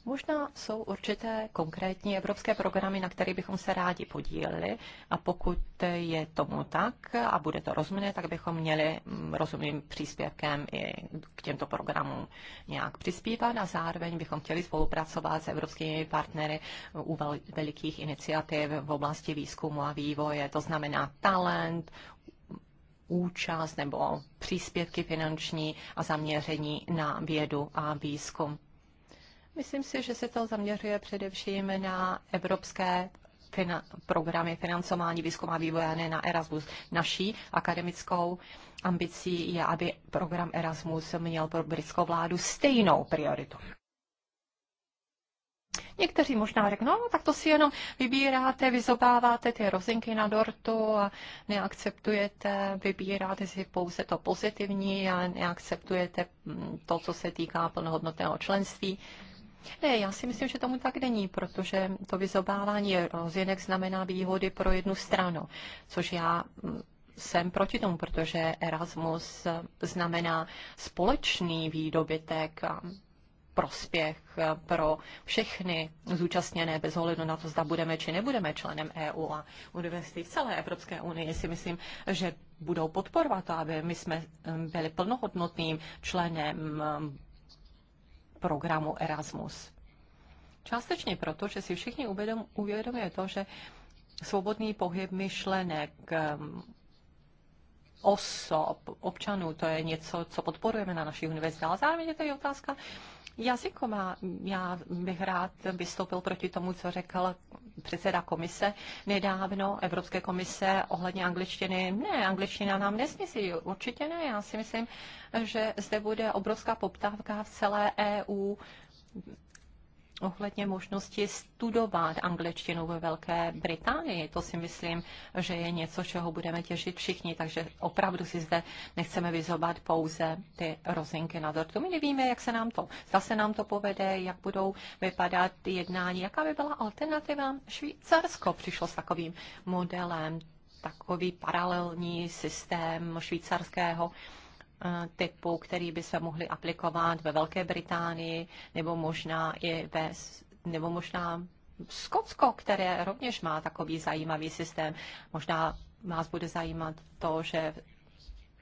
Možná jsou určité konkrétní evropské programy, na které bychom se rádi podíleli a pokud je tomu tak a bude to rozumné, tak bychom měli mm, rozumným příspěvkem i k těmto programům nějak přispívat a zároveň bychom chtěli spolupracovat s evropskými partnery u velikých iniciativ v oblasti výzkumu a vývoje, to znamená talent, účast nebo příspěvky finanční a zaměření na vědu a výzkum. Myslím si, že se to zaměřuje především na evropské fina- programy financování výzkumu a vývoje, ne na Erasmus. Naší akademickou ambicí je, aby program Erasmus měl pro britskou vládu stejnou prioritu. Někteří možná řeknou, no, tak to si jenom vybíráte, vyzobáváte ty rozinky na dortu a neakceptujete, vybíráte si pouze to pozitivní a neakceptujete mm, to, co se týká plnohodnotného členství. Ne, já si myslím, že tomu tak není, protože to vyzobávání rozjenek znamená výhody pro jednu stranu, což já mm, jsem proti tomu, protože Erasmus znamená společný výdobytek a prospěch pro všechny zúčastněné bez ohledu na to, zda budeme či nebudeme členem EU a univerzity v celé Evropské unii si myslím, že budou podporovat, aby my jsme byli plnohodnotným členem programu Erasmus. Částečně proto, že si všichni uvědomuje to, že svobodný pohyb myšlenek, um, osob, občanů, to je něco, co podporujeme na našich univerzitách. A zároveň je to i otázka koma, Já bych rád vystoupil proti tomu, co řekl předseda komise nedávno, Evropské komise ohledně angličtiny. Ne, angličtina nám nesmyslí, určitě ne. Já si myslím, že zde bude obrovská poptávka v celé EU ohledně možnosti studovat angličtinu ve Velké Británii. To si myslím, že je něco, čeho budeme těžit všichni, takže opravdu si zde nechceme vyzobat pouze ty rozinky na dortu. My nevíme, jak se nám to, zda se nám to povede, jak budou vypadat jednání, jaká by byla alternativa. Švýcarsko přišlo s takovým modelem, takový paralelní systém švýcarského Eh, typu, který by se mohly aplikovat ve Velké Británii nebo možná i ve, nebo možná Skotsko, které rovněž má takový zajímavý systém. Možná vás bude zajímat to, že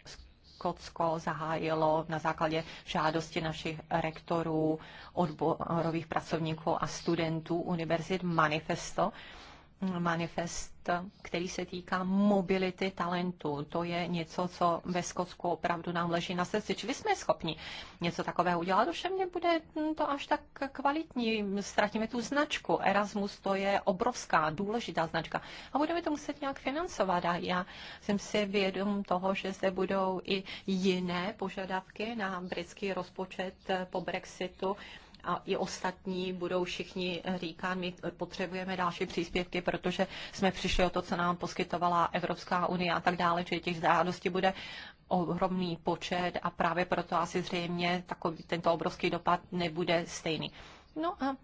Skotsko zahájilo na základě žádosti našich rektorů, odborových pracovníků a studentů univerzit manifesto, manifest, který se týká mobility talentů. To je něco, co ve Skotsku opravdu nám leží na srdci. Čili jsme schopni něco takového udělat, ovšem nebude to až tak kvalitní. Ztratíme tu značku. Erasmus to je obrovská, důležitá značka. A budeme to muset nějak financovat. A já jsem si vědom toho, že zde budou i jiné požadavky na britský rozpočet po Brexitu a i ostatní budou všichni říkat, my potřebujeme další příspěvky, protože jsme přišli o to, co nám poskytovala Evropská unie a tak dále, že těch žádostí bude ohromný počet a právě proto asi zřejmě takový tento obrovský dopad nebude stejný. No a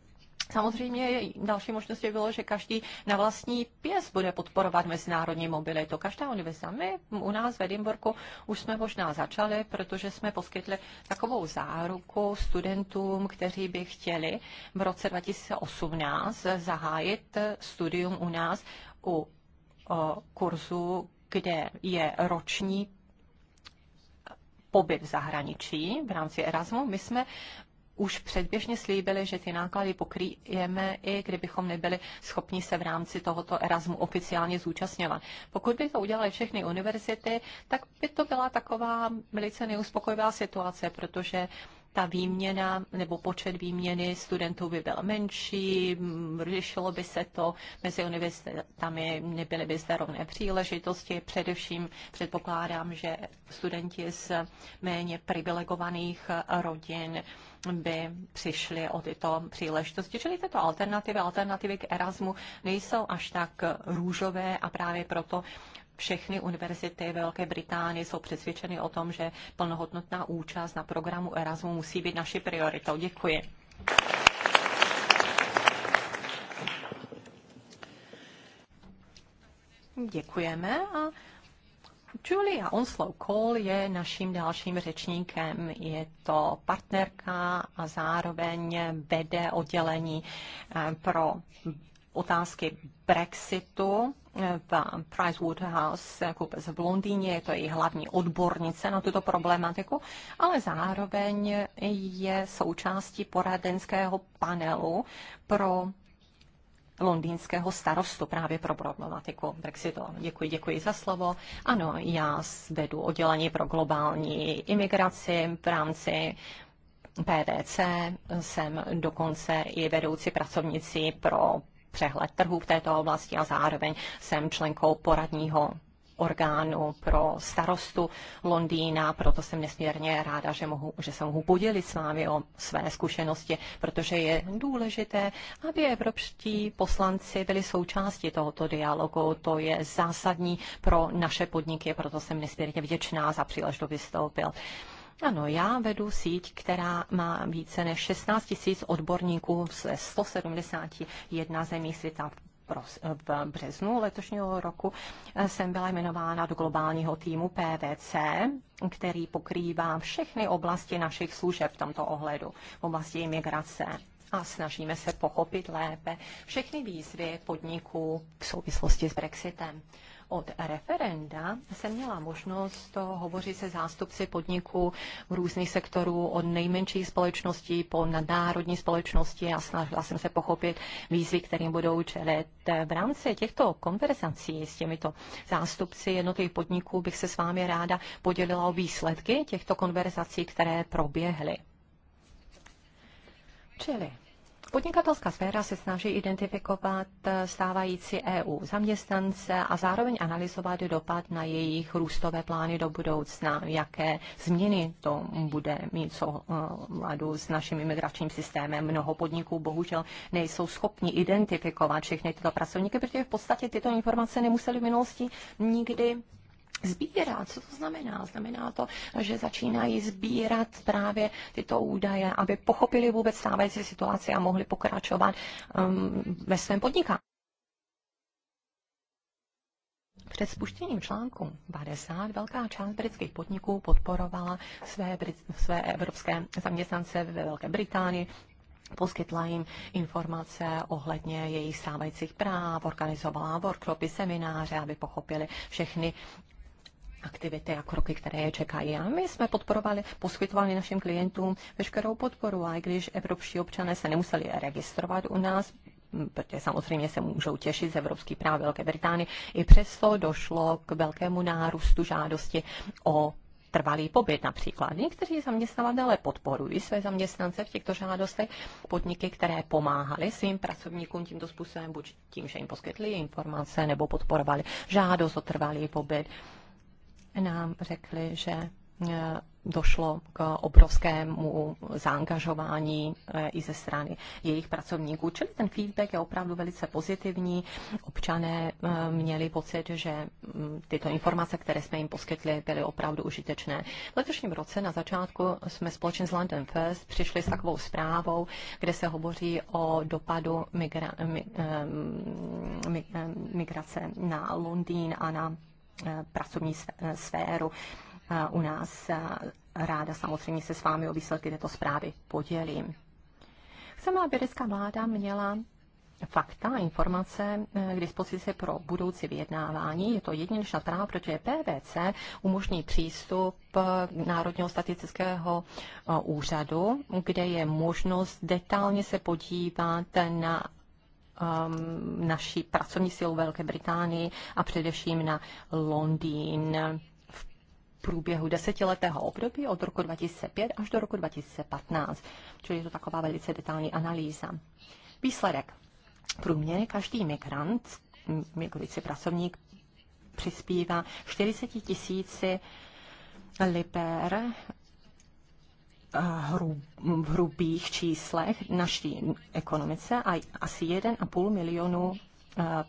Samozřejmě další možnost, je bylo, že každý na vlastní pěs bude podporovat mezinárodní mobilitu. Každá univerzita. My u nás v Edinburgu už jsme možná začali, protože jsme poskytli takovou záruku studentům, kteří by chtěli v roce 2018 zahájit studium u nás u o, kurzu, kde je roční pobyt v zahraničí v rámci Erasmu. My jsme už předběžně slíbili, že ty náklady pokryjeme, i kdybychom nebyli schopni se v rámci tohoto Erasmu oficiálně zúčastňovat. Pokud by to udělali všechny univerzity, tak by to byla taková velice neuspokojivá situace, protože ta výměna nebo počet výměny studentů by byl menší, řešilo by se to mezi univerzitami, nebyly by zde rovné příležitosti. Především předpokládám, že studenti z méně privilegovaných rodin by přišli o tyto příležitosti. Čili tyto alternativy, alternativy k Erasmu nejsou až tak růžové a právě proto všechny univerzity Velké Británie jsou přesvědčeny o tom, že plnohodnotná účast na programu Erasmus musí být naší prioritou. Děkuji. Děkujeme a Julia Onslow Cole je naším dalším řečníkem. Je to partnerka a zároveň vede oddělení eh, pro otázky Brexitu v PricewaterhouseCoopers v Londýně, je to její hlavní odbornice na tuto problematiku, ale zároveň je součástí poradenského panelu pro londýnského starostu právě pro problematiku Brexitu. Děkuji, děkuji za slovo. Ano, já vedu oddělení pro globální imigraci v rámci PDC, jsem dokonce i vedoucí pracovnici pro přehled trhu v této oblasti a zároveň jsem členkou poradního orgánu pro starostu Londýna, proto jsem nesmírně ráda, že, mohu, že se mohu podělit s vámi o své zkušenosti, protože je důležité, aby evropští poslanci byli součástí tohoto dialogu. To je zásadní pro naše podniky, proto jsem nesmírně vděčná za příležitost vystoupil. Ano, já vedu síť, která má více než 16 000 odborníků ze 171 zemí světa v březnu letošního roku eh, jsem byla jmenována do globálního týmu PVC, který pokrývá všechny oblasti našich služeb v tomto ohledu, v oblasti imigrace. A snažíme se pochopit lépe všechny výzvy podniků v souvislosti s Brexitem od referenda jsem měla možnost hovořit se zástupci podniků v různých sektorů, od nejmenších společností po nadnárodní společnosti a snažila jsem se pochopit výzvy, kterým budou čelit. V rámci těchto konverzací s těmito zástupci jednotlivých podniků bych se s vámi ráda podělila o výsledky těchto konverzací, které proběhly. Čili Podnikatelská sféra se snaží identifikovat eh, stávající EU zaměstnance a zároveň analyzovat dopad na jejich růstové plány do budoucna, jaké změny to bude mít co vládu s naším imigračním systémem. Mnoho podniků bohužel nejsou schopni identifikovat všechny tyto pracovníky, protože v podstatě tyto informace nemuseli v minulosti nikdy sbírat. Co to znamená? Znamená to, že začínají sbírat právě tyto údaje, aby pochopili vůbec stávající situaci a mohli pokračovat um, ve svém podnikání. Před spuštěním článku 50 velká část britských podniků podporovala své, brit, své evropské zaměstnance ve Velké Británii, poskytla jim informace ohledně jejich stávajících práv, organizovala workshopy, semináře, aby pochopili všechny aktivity a kroky, které je čekají. A my jsme podporovali, poskytovali našim klientům veškerou podporu, a i když evropští občané se nemuseli registrovat u nás, protože samozřejmě se můžou těšit z evropský práv Velké Británie. I přesto došlo k velkému nárůstu žádosti o trvalý pobyt například. Někteří zaměstnavatele podporují své zaměstnance v těchto žádostech, podniky, které pomáhali svým pracovníkům tímto způsobem, buď tím, že jim poskytli informace nebo podporovali žádost o trvalý pobyt nám řekli, že eh, došlo k obrovskému zaangažování eh, i ze strany jejich pracovníků. Čili ten feedback je opravdu velice pozitivní. Občané eh, měli pocit, že mm, tyto informace, které jsme jim poskytli, byly opravdu užitečné. V letošním roce na začátku jsme společně s London First přišli s takovou zprávou, kde se hovoří o dopadu migra- mm, migrace na Londýn a na Eh, pracovní eh, sféru eh, u nás. Ráda samozřejmě se s vámi o výsledky této zprávy podělím. Chceme, aby řecká vláda měla fakta, informace k dispozici pro budoucí vyjednávání. Je to jedinečná zpráva, protože PVC umožní přístup Národního statistického úřadu, kde je možnost detailně se podívat na um, naší pracovní silu Velké Británii a především na Londýn v průběhu desetiletého období od roku 2005 až do roku 2015. Čili je to taková velice detailní analýza. Výsledek. Průměrně každý migrant, migrující pracovník, přispívá 40 tisíci liber v hrubých číslech naší ekonomice a asi 1,5 milionu e,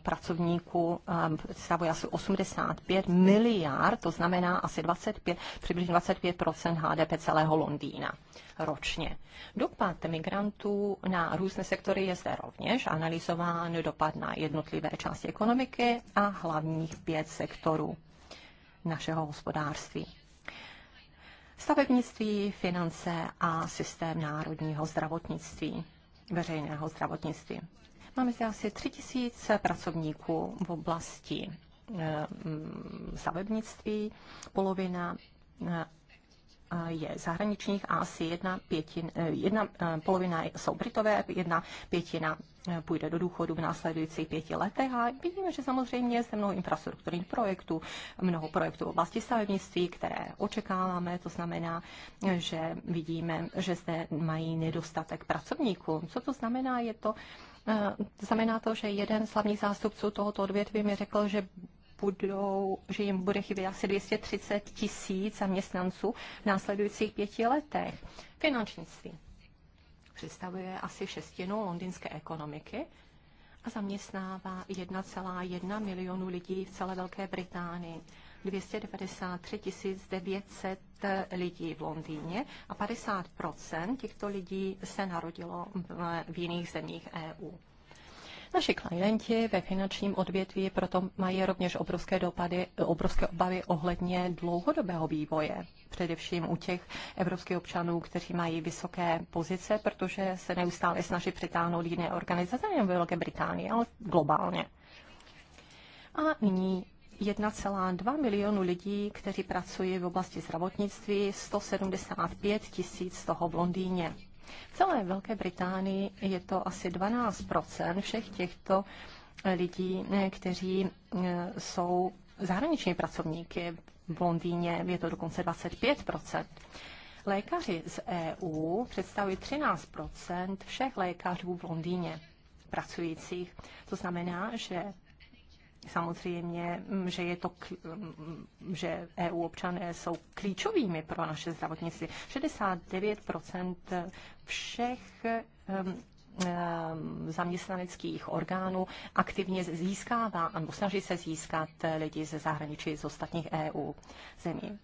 pracovníků e, představuje asi 85 miliard, to znamená asi 25, přibližně 25 HDP celého Londýna ročně. Dopad migrantů na různé sektory je zde rovněž analyzován dopad na jednotlivé části ekonomiky a hlavních pět sektorů našeho hospodářství stavebnictví, finance a systém národního zdravotnictví, veřejného zdravotnictví. Máme zde asi 3000 pracovníků v oblasti eh, stavebnictví, polovina eh, je zahraničních a asi jedna, pětin, eh, jedna eh, polovina jsou Britové, jedna pětina eh, půjde do důchodu v následujících pěti letech a vidíme, že samozřejmě se mnoho infrastrukturních projektů, mnoho projektů v oblasti stavebnictví, které očekáváme, to znamená, že vidíme, že zde mají nedostatek pracovníků. Co to znamená? Je to Znamená to, že jeden z hlavních zástupců tohoto odvětví mi řekl, že budou, že jim bude chybět asi 230 tisíc zaměstnanců v následujících pěti letech. Finančnictví představuje asi šestinu londýnské ekonomiky a zaměstnává 1,1 milionu lidí v celé Velké Británii. 293 900 lidí v Londýně a 50 těchto lidí se narodilo v jiných zemích EU. Naši klienti ve finančním odvětví proto mají rovněž obrovské dopady, obrovské obavy ohledně dlouhodobého vývoje, především u těch evropských občanů, kteří mají vysoké pozice, protože se neustále snaží přitáhnout jiné organizace, nejen ve Velké Británii, ale globálně. A nyní 1,2 milionu lidí, kteří pracují v oblasti zdravotnictví, 175 tisíc z toho v Londýně. V celé Velké Británii je to asi 12 všech těchto lidí, eh, kteří eh, jsou zahraniční pracovníky. V Londýně je to dokonce 25 Lékaři z EU představují 13 všech lékařů v Londýně pracujících. To znamená, že samozřejmě, mm, že, je to, mm, že EU občané jsou klíčovými pro naše zdravotnictví. 69% všech mm, zaměstnaneckých orgánů aktivně získává nebo snaží se získat lidi ze zahraničí, z ostatních EU zemí.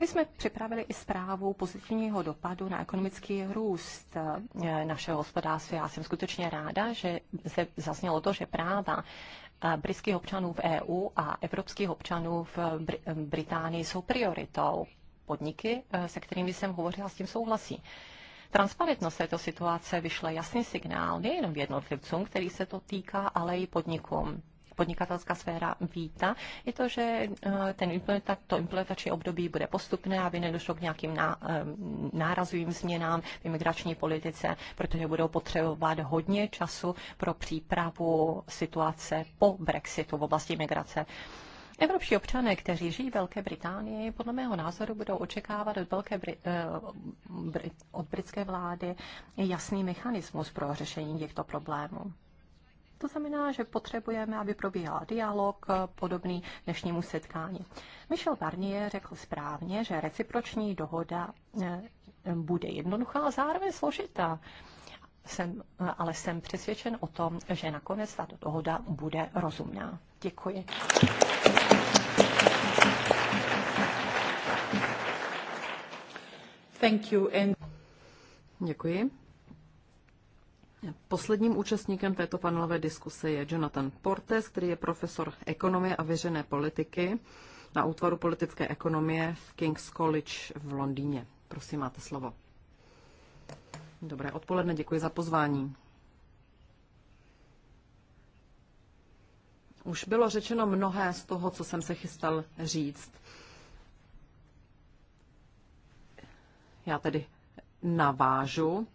My jsme připravili i zprávu pozitivního dopadu na ekonomický růst eh, našeho hospodářství. Já jsem skutečně ráda, že se zaznělo to, že práva britských občanů v EU a evropských občanů v Británii jsou prioritou. Podniky, eh, se kterými jsem hovořila, s tím souhlasí. Transparentnost této situace vyšle jasný signál nejenom jednotlivcům, který se to týká, ale i podnikům podnikatelská sféra víta, je to, že eh, ten implementa, to implementační období bude postupné, aby nedošlo k nějakým ná, eh, nárazovým změnám v imigrační politice, protože budou potřebovat hodně času pro přípravu situace po Brexitu v oblasti imigrace. Evropští občané, kteří žijí v Velké Británii, podle mého názoru budou očekávat od, Velké Bri- eh, od britské vlády jasný mechanismus pro řešení těchto problémů. To znamená, že potřebujeme, aby probíhal dialog eh, podobný dnešnímu setkání. Michel Barnier řekl správně, že reciproční dohoda eh, bude jednoduchá a zároveň složitá jsem, eh, ale jsem přesvědčen o tom, že nakonec tato dohoda bude rozumná. Děkuji. Thank you and... Děkuji. Posledním účastníkem této panelové diskuse je Jonathan Portes, který je profesor ekonomie a věřené politiky na útvaru politické ekonomie v King's College v Londýně. Prosím, máte slovo. Dobré odpoledne, děkuji za pozvání. Už bylo řečeno mnohé z toho, co jsem se chystal říct. Já tedy navážu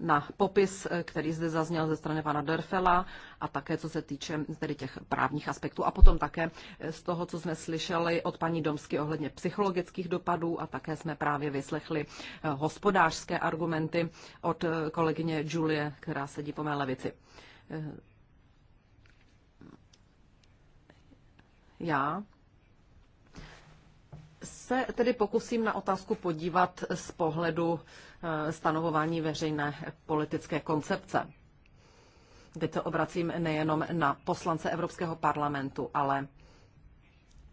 na popis, eh, který zde zazněl ze strany pana Derfela a také co se týče tedy těch právních aspektů a potom také eh, z toho, co jsme slyšeli od paní Domsky ohledně psychologických dopadů a také jsme právě vyslechli eh, hospodářské argumenty od kolegyně Julie, která sedí po mé levici. Já se tedy pokusím na otázku podívat z pohledu eh, stanovování veřejné politické koncepce. Teď se obracím nejenom na poslance Evropského parlamentu, ale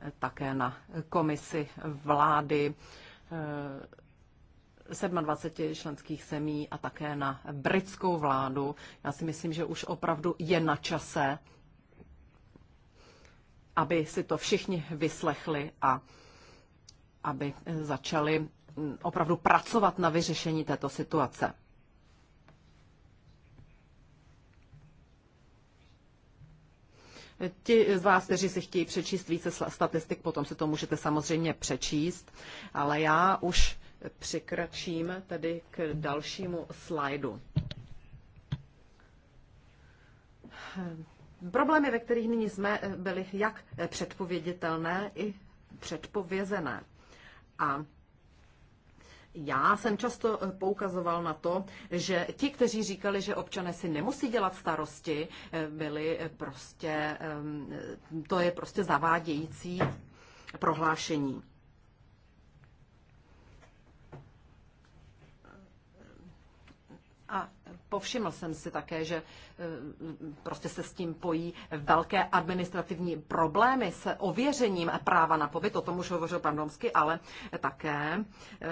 eh, také na komisi vlády 27 eh, členských semí a také na britskou vládu. Já si myslím, že už opravdu je na čase, aby si to všichni vyslechli a aby eh, začali mm, opravdu pracovat na vyřešení této situace. Ti z vás, kteří si chtějí přečíst více statistik, potom si to můžete samozřejmě přečíst, ale já už přikračím tedy k dalšímu slajdu. Problémy, ve kterých nyní jsme, eh, byly jak předpověditelné, i předpovězené. A já jsem často eh, poukazoval na to, že ti, kteří říkali, že občané si nemusí dělat starosti, eh, byli eh, prostě, ehm, to je prostě zavádějící prohlášení. A Povšiml jsem si také, že eh, prostě se s tím pojí velké administrativní problémy s ověřením práva na pobyt, o tom už hovořil pan Domsky, ale také eh,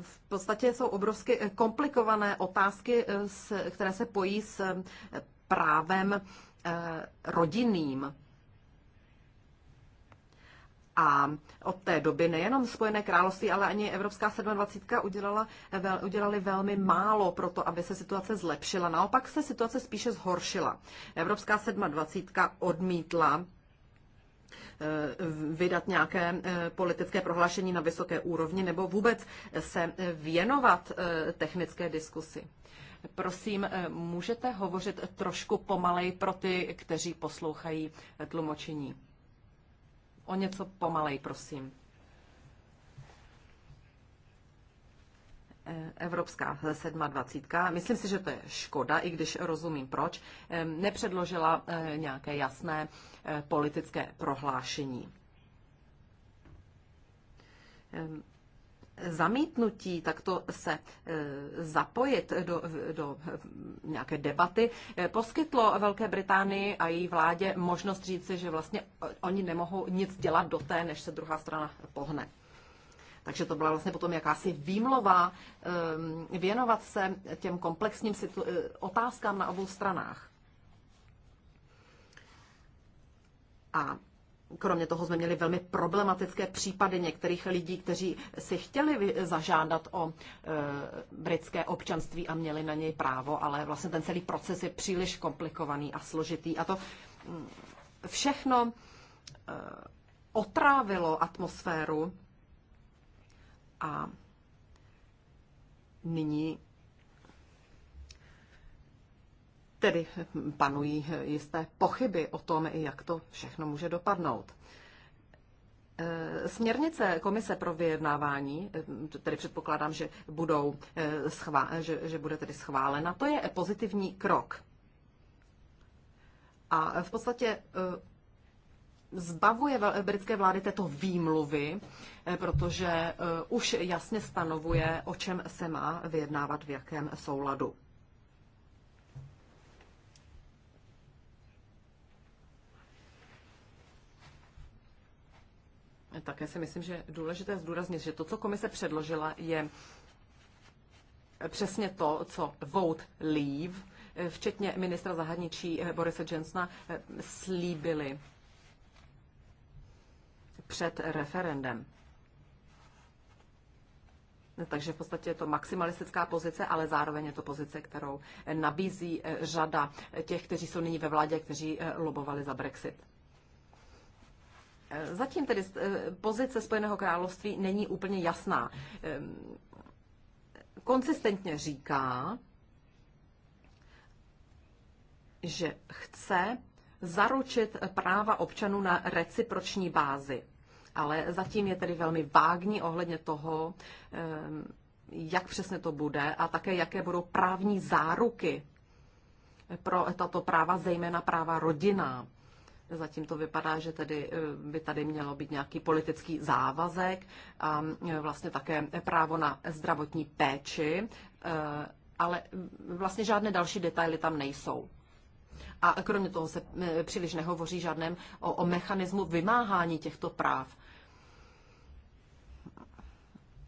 v podstatě jsou obrovsky komplikované otázky, eh, které se pojí s právem rodinným. A od té doby nejenom Spojené království, ale ani Evropská 27 udělala, udělali velmi málo pro to, aby se situace zlepšila. Naopak se situace spíše zhoršila. Evropská 27 odmítla eh, vydat nějaké eh, politické prohlášení na vysoké úrovni nebo vůbec se eh, věnovat technické diskusi. Prosím, můžete hovořit trošku pomalej pro ty, kteří poslouchají tlumočení o něco pomalej, prosím. Eh, Evropská 27. Myslím si, že to je škoda, i když rozumím proč, eh, nepředložila eh, nějaké jasné politické prohlášení zamítnutí, takto se e, zapojit do, do nějaké debaty, e, poskytlo Velké Británii a její vládě možnost říci, že vlastně oni nemohou nic dělat do té, než se druhá strana pohne. Takže to byla vlastně potom jakási výmlova e, věnovat se těm komplexním otázkám na obou stranách. A Kromě toho jsme měli velmi problematické případy některých lidí, kteří si chtěli zažádat o e, britské občanství a měli na něj právo, ale vlastně ten celý proces je příliš komplikovaný a složitý. A to mm, všechno e, otrávilo atmosféru a nyní Tedy panují jisté pochyby o tom, jak to všechno může dopadnout. E, směrnice komise pro vyjednávání, e, tedy předpokládám, že, budou e, schvá- že, že bude tedy schválena, to je pozitivní krok. A v podstatě zbavuje britské vlády této výmluvy, protože už jasně stanovuje, o čem se má vyjednávat v jakém souladu. Také si myslím, že je důležité zdůraznit, že to, co komise předložila, je přesně to, co vote leave, eh, včetně ministra zahraničí eh, Borise Jensna, eh, slíbili před referendem. Takže v podstatě je to maximalistická pozice, ale zároveň je to pozice, kterou nabízí řada těch, kteří jsou nyní ve vládě, kteří lobovali za Brexit. Zatím tedy eh, pozice Spojeného království není úplně jasná. Ehm, konsistentně říká, že chce zaručit práva občanů na reciproční bázi. Ale zatím je tedy velmi vágní ohledně toho, ehm, jak přesně to bude a také jaké budou právní záruky pro tato práva, zejména práva rodina. Zatím to vypadá, že tedy eh, by tady mělo být nějaký politický závazek a eh, vlastně také právo na zdravotní péči, eh, ale mm, vlastně žádné další detaily tam nejsou. A kromě toho se příliš nehovoří žádném o, o mechanismu vymáhání těchto práv.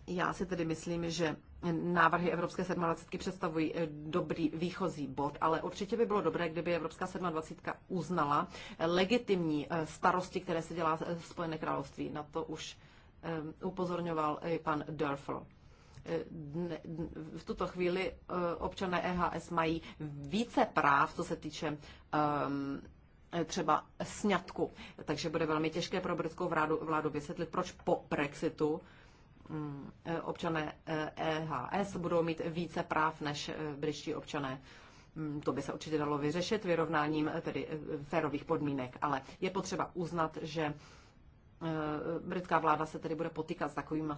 Já si tedy myslím, že návrhy Evropské 27 představují eh, dobrý výchozí bod, ale určitě by bylo dobré, kdyby Evropská 27 uznala eh, legitimní eh, starosti, které se dělá Spojené království. Na to už upozorňoval i pan Dörfl. V tuto chvíli občané EHS mají více práv, co se týče třeba sňatku. Takže bude velmi těžké pro britskou vládu, vládu vysvětlit, proč po Brexitu Eh, občané EHS e budou mít více práv než eh, britští občané. Mm, to by se určitě dalo vyřešit vyrovnáním eh, tedy férových podmínek, ale je potřeba uznat, že britská vláda se tedy bude potýkat s, takovými,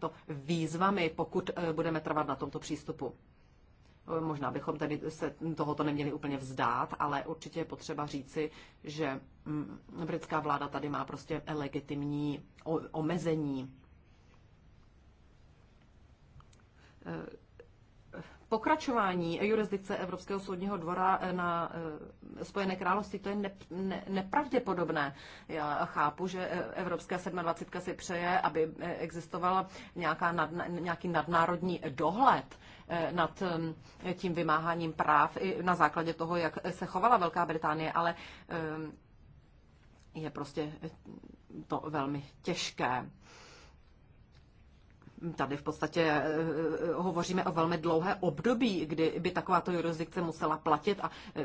s výzvami, pokud budeme trvat na tomto přístupu. Možná bychom tedy se tohoto neměli úplně vzdát, ale určitě je potřeba říci, že mm, britská vláda tady má prostě legitimní omezení pokračování jurisdikce Evropského soudního dvora na eh, Spojené království, to je ne, ne, nepravděpodobné. Já chápu, že eh, Evropská 27 si přeje, aby eh, existoval nějaká nad, nějaký nadnárodní dohled nad tím vymáháním práv i na základě toho, jak se chovala Velká Británie, ale je prostě to velmi těžké. Tady v podstatě eh, eh, hovoříme o velmi dlouhé období, kdy by takováto jurisdikce musela platit a eh,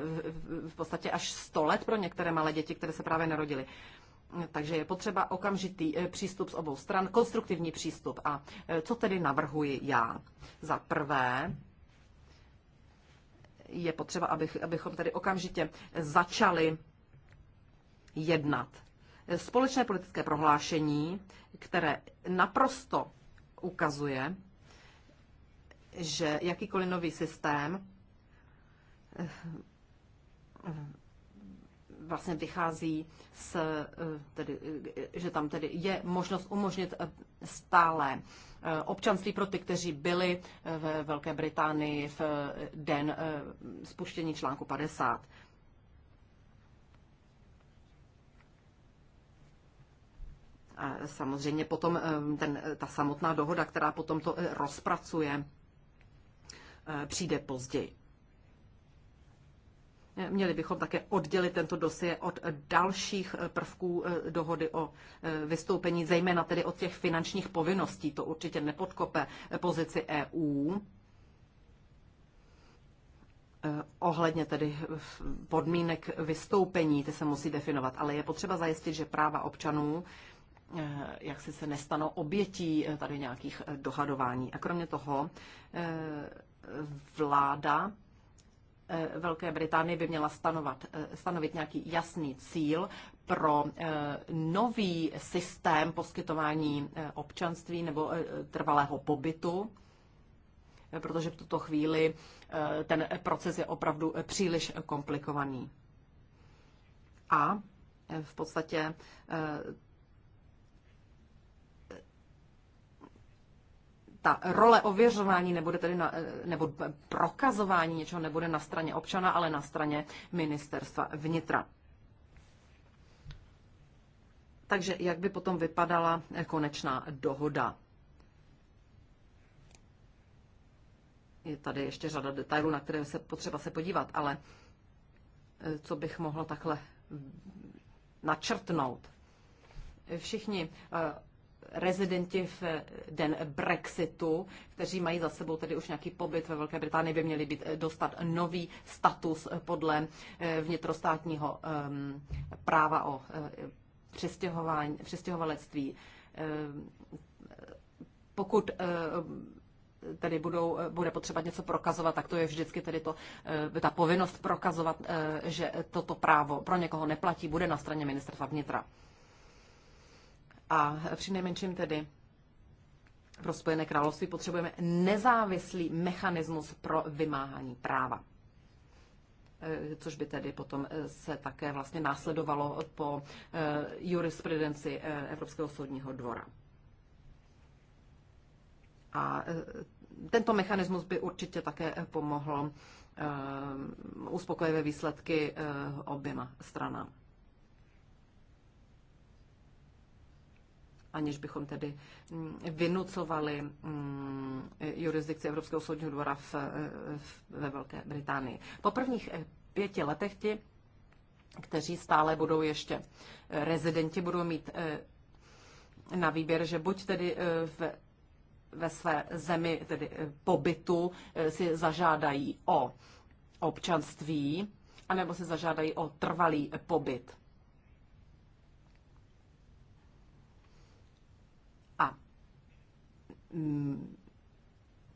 v podstatě až 100 let pro některé malé děti, které se právě narodily. Takže je potřeba okamžitý přístup z obou stran, konstruktivní přístup. A co tedy navrhuji já? Za prvé, je potřeba, abych, abychom tedy okamžitě začali jednat. Společné politické prohlášení, které naprosto ukazuje, že jakýkoliv nový systém eh, vlastně vychází s, eh, tedy, eh, že tam tedy je možnost umožnit stále občanství pro ty, kteří byli ve Velké Británii v den spuštění článku 50. A samozřejmě potom ten, ta samotná dohoda, která potom to e, rozpracuje, e, přijde později. E, měli bychom také oddělit tento dosie od dalších prvků dohody o vystoupení, zejména tedy od těch finančních povinností. To určitě nepodkope pozici EU ohledně tedy podmínek vystoupení, ty se musí definovat, ale je potřeba zajistit, že práva občanů Eh, jak si se nestanou obětí eh, tady nějakých eh, dohadování. A kromě toho vláda Velké Británie by měla stanovat, stanovit nějaký jasný cíl pro nový systém poskytování občanství nebo trvalého pobytu, protože v tuto chvíli ten proces je opravdu příliš komplikovaný. A v podstatě ta role ověřování nebude tedy na, eh, nebo prokazování něčeho nebude na straně občana, ale na straně ministerstva vnitra. Takže jak by potom vypadala eh, konečná dohoda? Je tady ještě řada detailů, na které se potřeba se podívat, ale eh, co bych mohla takhle načrtnout? Všichni rezidenti v den Brexitu, kteří mají za sebou tedy už nějaký pobyt ve Velké Británii, by měli být, eh, dostat nový status podle eh, vnitrostátního ehm, práva o eh, přestěhování, přestěhovalectví. Ehm, pokud tedy budou, bude potřeba něco prokazovat, tak to je vždycky tedy to, ta povinnost prokazovat, že toto právo pro někoho neplatí, bude na straně ministerstva vnitra a nejmenším tedy pro Spojené království potřebujeme nezávislý mechanismus pro vymáhání práva eh, což by tedy potom eh, se také vlastně následovalo po eh, jurisprudenci Evropského soudního dvora. A tento mechanismus by určitě také pomohl uspokojivé výsledky oběma stranám. aniž bychom tedy mm, vynucovali mm, jurisdikci Evropského soudního dvora v, ve Velké Británii. Po prvních eh, pěti letech ti, kteří stále budou ještě eh, rezidenti, budou mít eh, na výběr, že buď tedy v ve své zemi, tedy pobytu, si zažádají o občanství, anebo si zažádají o trvalý pobyt.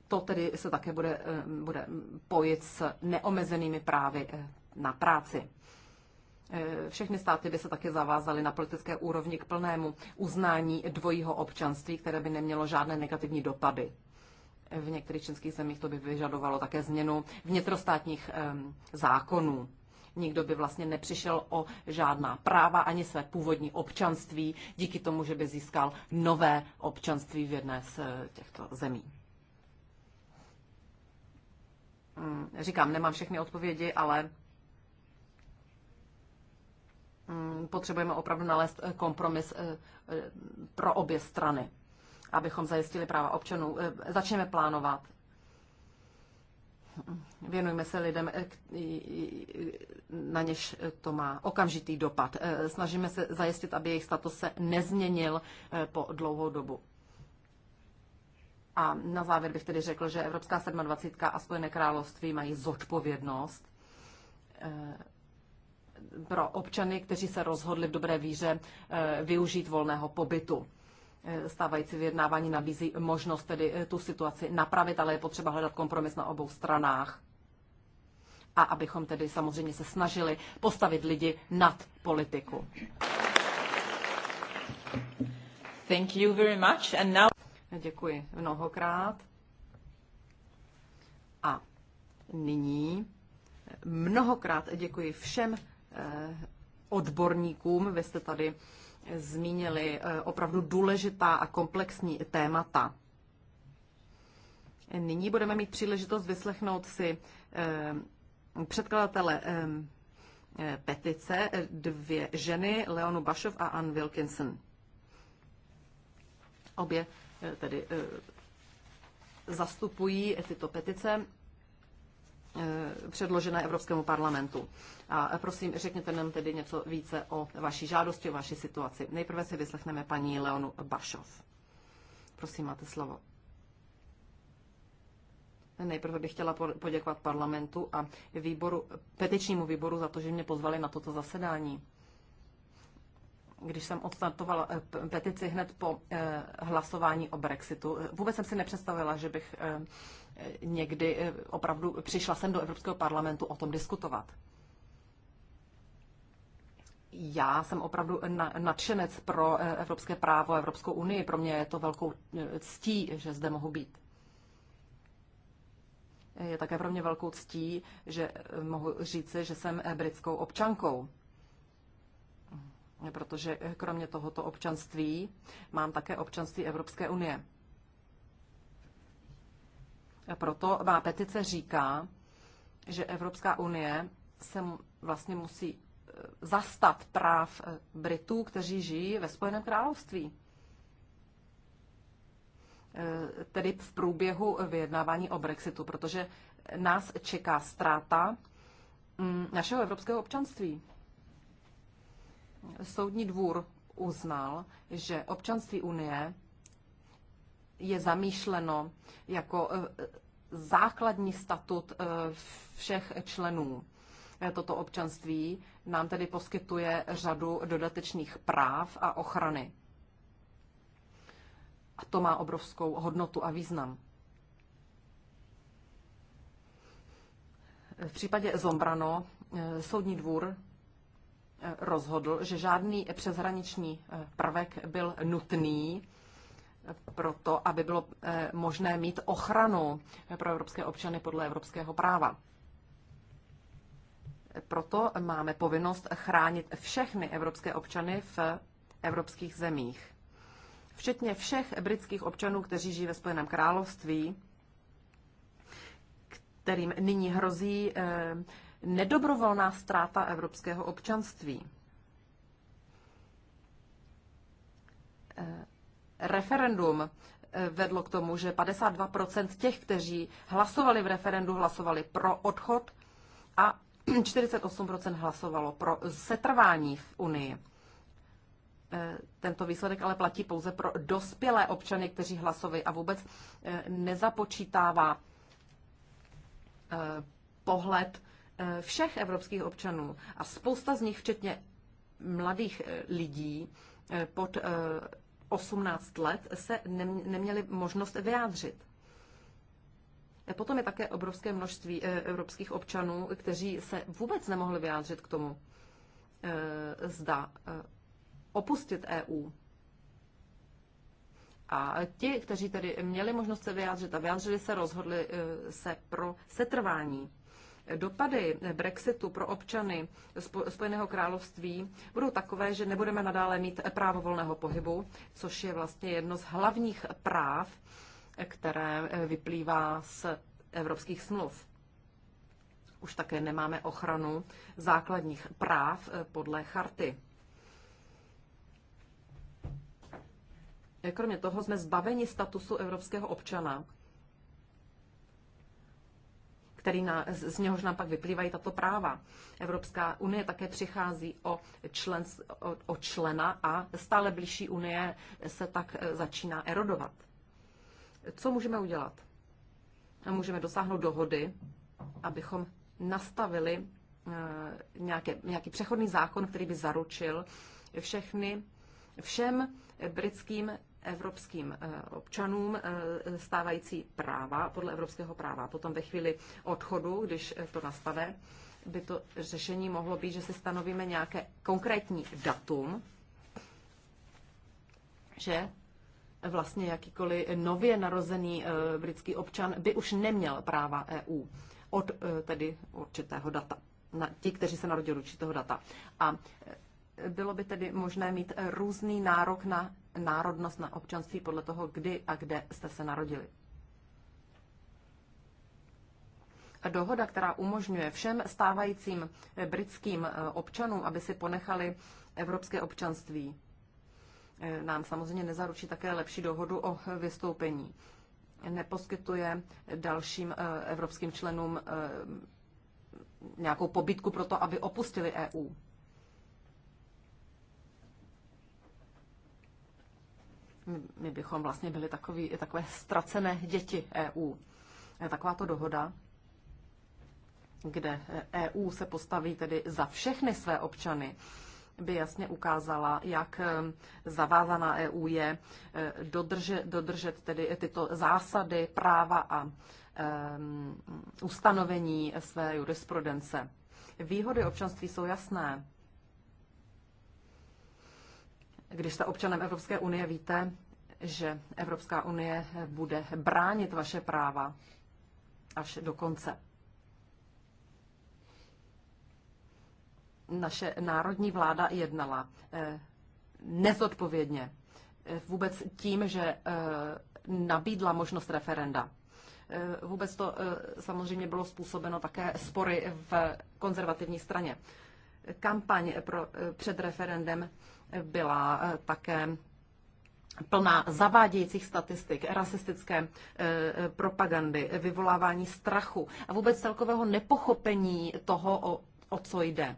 to tedy se také bude, eh, bude pojit s neomezenými právy eh, na práci. Eh, všechny státy by se také zavázaly na politické úrovni k plnému uznání dvojího občanství, které by nemělo žádné negativní dopady. V některých českých zemích to by vyžadovalo také změnu vnitrostátních ehm, zákonů nikdo by vlastně nepřišel o žádná práva ani své původní občanství díky tomu, že by získal nové občanství v jedné z eh, těchto zemí. Mm, říkám, nemám všechny odpovědi, ale mm, potřebujeme opravdu nalézt eh, kompromis eh, pro obě strany, abychom zajistili práva občanů. Začneme plánovat. Mm. Věnujme se lidem, eh, na něž eh, to má okamžitý dopad. Eh, snažíme se zajistit, aby jejich status se nezměnil po dlouhou dobu. A na závěr bych tedy řekl, že Evropská 27. a Spojené království mají zodpovědnost pro občany, kteří se rozhodli v dobré víře využít volného pobytu. Stávající vyjednávání nabízí možnost tedy tu situaci napravit, ale je potřeba hledat kompromis na obou stranách a abychom tedy samozřejmě se snažili postavit lidi nad politiku. Thank you very much. And now... Děkuji mnohokrát. A nyní mnohokrát děkuji všem eh, odborníkům. Vy jste tady zmínili eh, opravdu důležitá a komplexní témata. Nyní budeme mít příležitost vyslechnout si eh, předkladatele e, petice e, dvě ženy, Leonu Bašov a Ann Wilkinson. Obě e, tedy zastupují tyto petice předložené Evropskému parlamentu. A prosím, řekněte nám tedy něco více o vaší žádosti, o vaší situaci. Nejprve si vyslechneme paní Leonu Bašov. Prosím, máte slovo. Nejprve bych chtěla poděkovat parlamentu a výboru, petičnímu výboru za to, že mě pozvali na toto zasedání. Když jsem odstartovala eh, petici hned po eh, hlasování o Brexitu, eh, vůbec jsem si nepředstavila, že bych někdy opravdu přišla sem do Evropského parlamentu o tom diskutovat. Já jsem opravdu nadšenec pro evropské právo a Evropskou unii. Pro mě je to velkou ctí, že zde mohu být. Je také pro mě velkou ctí, že eh, mohu říci, že jsem eh, britskou občankou. Eh, protože kromě tohoto občanství mám také občanství Evropské unie. A proto má petice říká, že Evropská unie se vlastně musí zastat práv Britů, kteří žijí ve Spojeném království. Eh, tedy v průběhu vyjednávání o Brexitu, protože nás čeká ztráta mm, našeho evropského občanství. Soudní dvůr uznal, že občanství Unie je zamýšleno jako eh, základní statut eh, všech členů. Toto občanství nám tedy poskytuje řadu dodatečných práv a ochrany. A to má obrovskou hodnotu a význam. V případě Zombrano eh, soudní dvůr eh, rozhodl, že žádný přeshraniční eh, prvek byl nutný proto, aby bylo možné mít ochranu pro evropské občany podle evropského práva. Proto máme povinnost chránit všechny evropské občany v evropských zemích včetně všech britských občanů, kteří žijí ve Spojeném království, kterým nyní hrozí eh, nedobrovolná ztráta evropského občanství. Eh, referendum eh, vedlo k tomu, že 52% těch, kteří hlasovali v referendu, hlasovali pro odchod a 48% hlasovalo pro setrvání v Unii. Eh, tento výsledek ale platí pouze pro dospělé občany, kteří hlasovali a vůbec eh, nezapočítává eh, pohled všech evropských občanů a spousta z nich, včetně mladých lidí pod 18 let, se neměli možnost vyjádřit. Potom je také obrovské množství evropských občanů, kteří se vůbec nemohli vyjádřit k tomu, zda opustit EU. A ti, kteří tedy měli možnost se vyjádřit a vyjádřili se, rozhodli eh, se pro setrvání. Dopady Brexitu pro občany Spojeného království budou takové, že nebudeme nadále mít právo volného pohybu, což je vlastně jedno z hlavních práv, které eh, vyplývá z evropských smluv. Už také nemáme ochranu základních práv eh, podle charty. E, kromě toho jsme zbaveni statusu evropského občana, který na, z něhož nám pak vyplývají tato práva. Evropská unie také přichází o, člen, o, o člena a stále blížší unie se tak e, začíná erodovat. Co můžeme udělat? Můžeme dosáhnout dohody, abychom nastavili e, nějaké, nějaký přechodný zákon, který by zaručil všechny, všem britským evropským eh, občanům eh, stávající práva podle evropského práva. Potom ve chvíli odchodu, když eh, to nastane, by to řešení mohlo být, že si stanovíme nějaké konkrétní datum, že vlastně jakýkoliv nově narozený britský občan by už neměl práva EU od tedy určitého data. Na, ti, kteří se narodili určitého data. A bylo by tedy možné mít různý nárok na národnost, na občanství podle toho, kdy a kde jste se narodili. Dohoda, která umožňuje všem stávajícím britským občanům, aby si ponechali evropské občanství, nám samozřejmě nezaručí také lepší dohodu o vystoupení. Neposkytuje dalším eh, evropským členům eh, nějakou pobytku pro to, aby opustili EU. My bychom vlastně byli takový, takové ztracené děti EU. Taková to dohoda, kde EU se postaví tedy za všechny své občany, by jasně ukázala, jak ehm, zavázaná EU je eh, dodržet, dodržet tedy tyto zásady, práva a um, ustanovení své jurisprudence. Výhody občanství jsou jasné. Když jste občanem Evropské unie, víte, že Evropská unie bude bránit vaše práva až do konce. Naše národní vláda jednala eh, nezodpovědně, eh, vůbec tím, že eh, nabídla možnost referenda. Vůbec to samozřejmě bylo způsobeno také spory v konzervativní straně. Kampaň pro, před referendem byla eh, také plná zavádějících statistik, rasistické e, propagandy, vyvolávání strachu a vůbec celkového nepochopení toho, o, o co jde.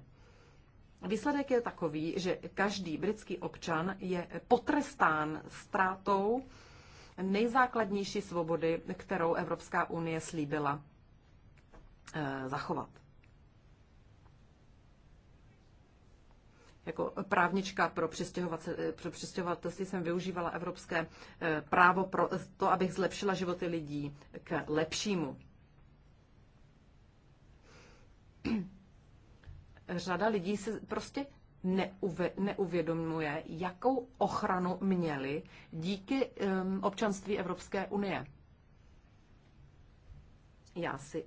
Výsledek je takový, že každý britský občan je potrestán ztrátou nejzákladnější svobody, kterou Evropská unie slíbila e, zachovat. jako právnička pro, pro přestěhovatelství jsem využívala evropské eh, právo pro to, abych zlepšila životy lidí k lepšímu. Řada lidí se prostě neuve, neuvědomuje, jakou ochranu měli díky um, občanství Evropské unie. Já si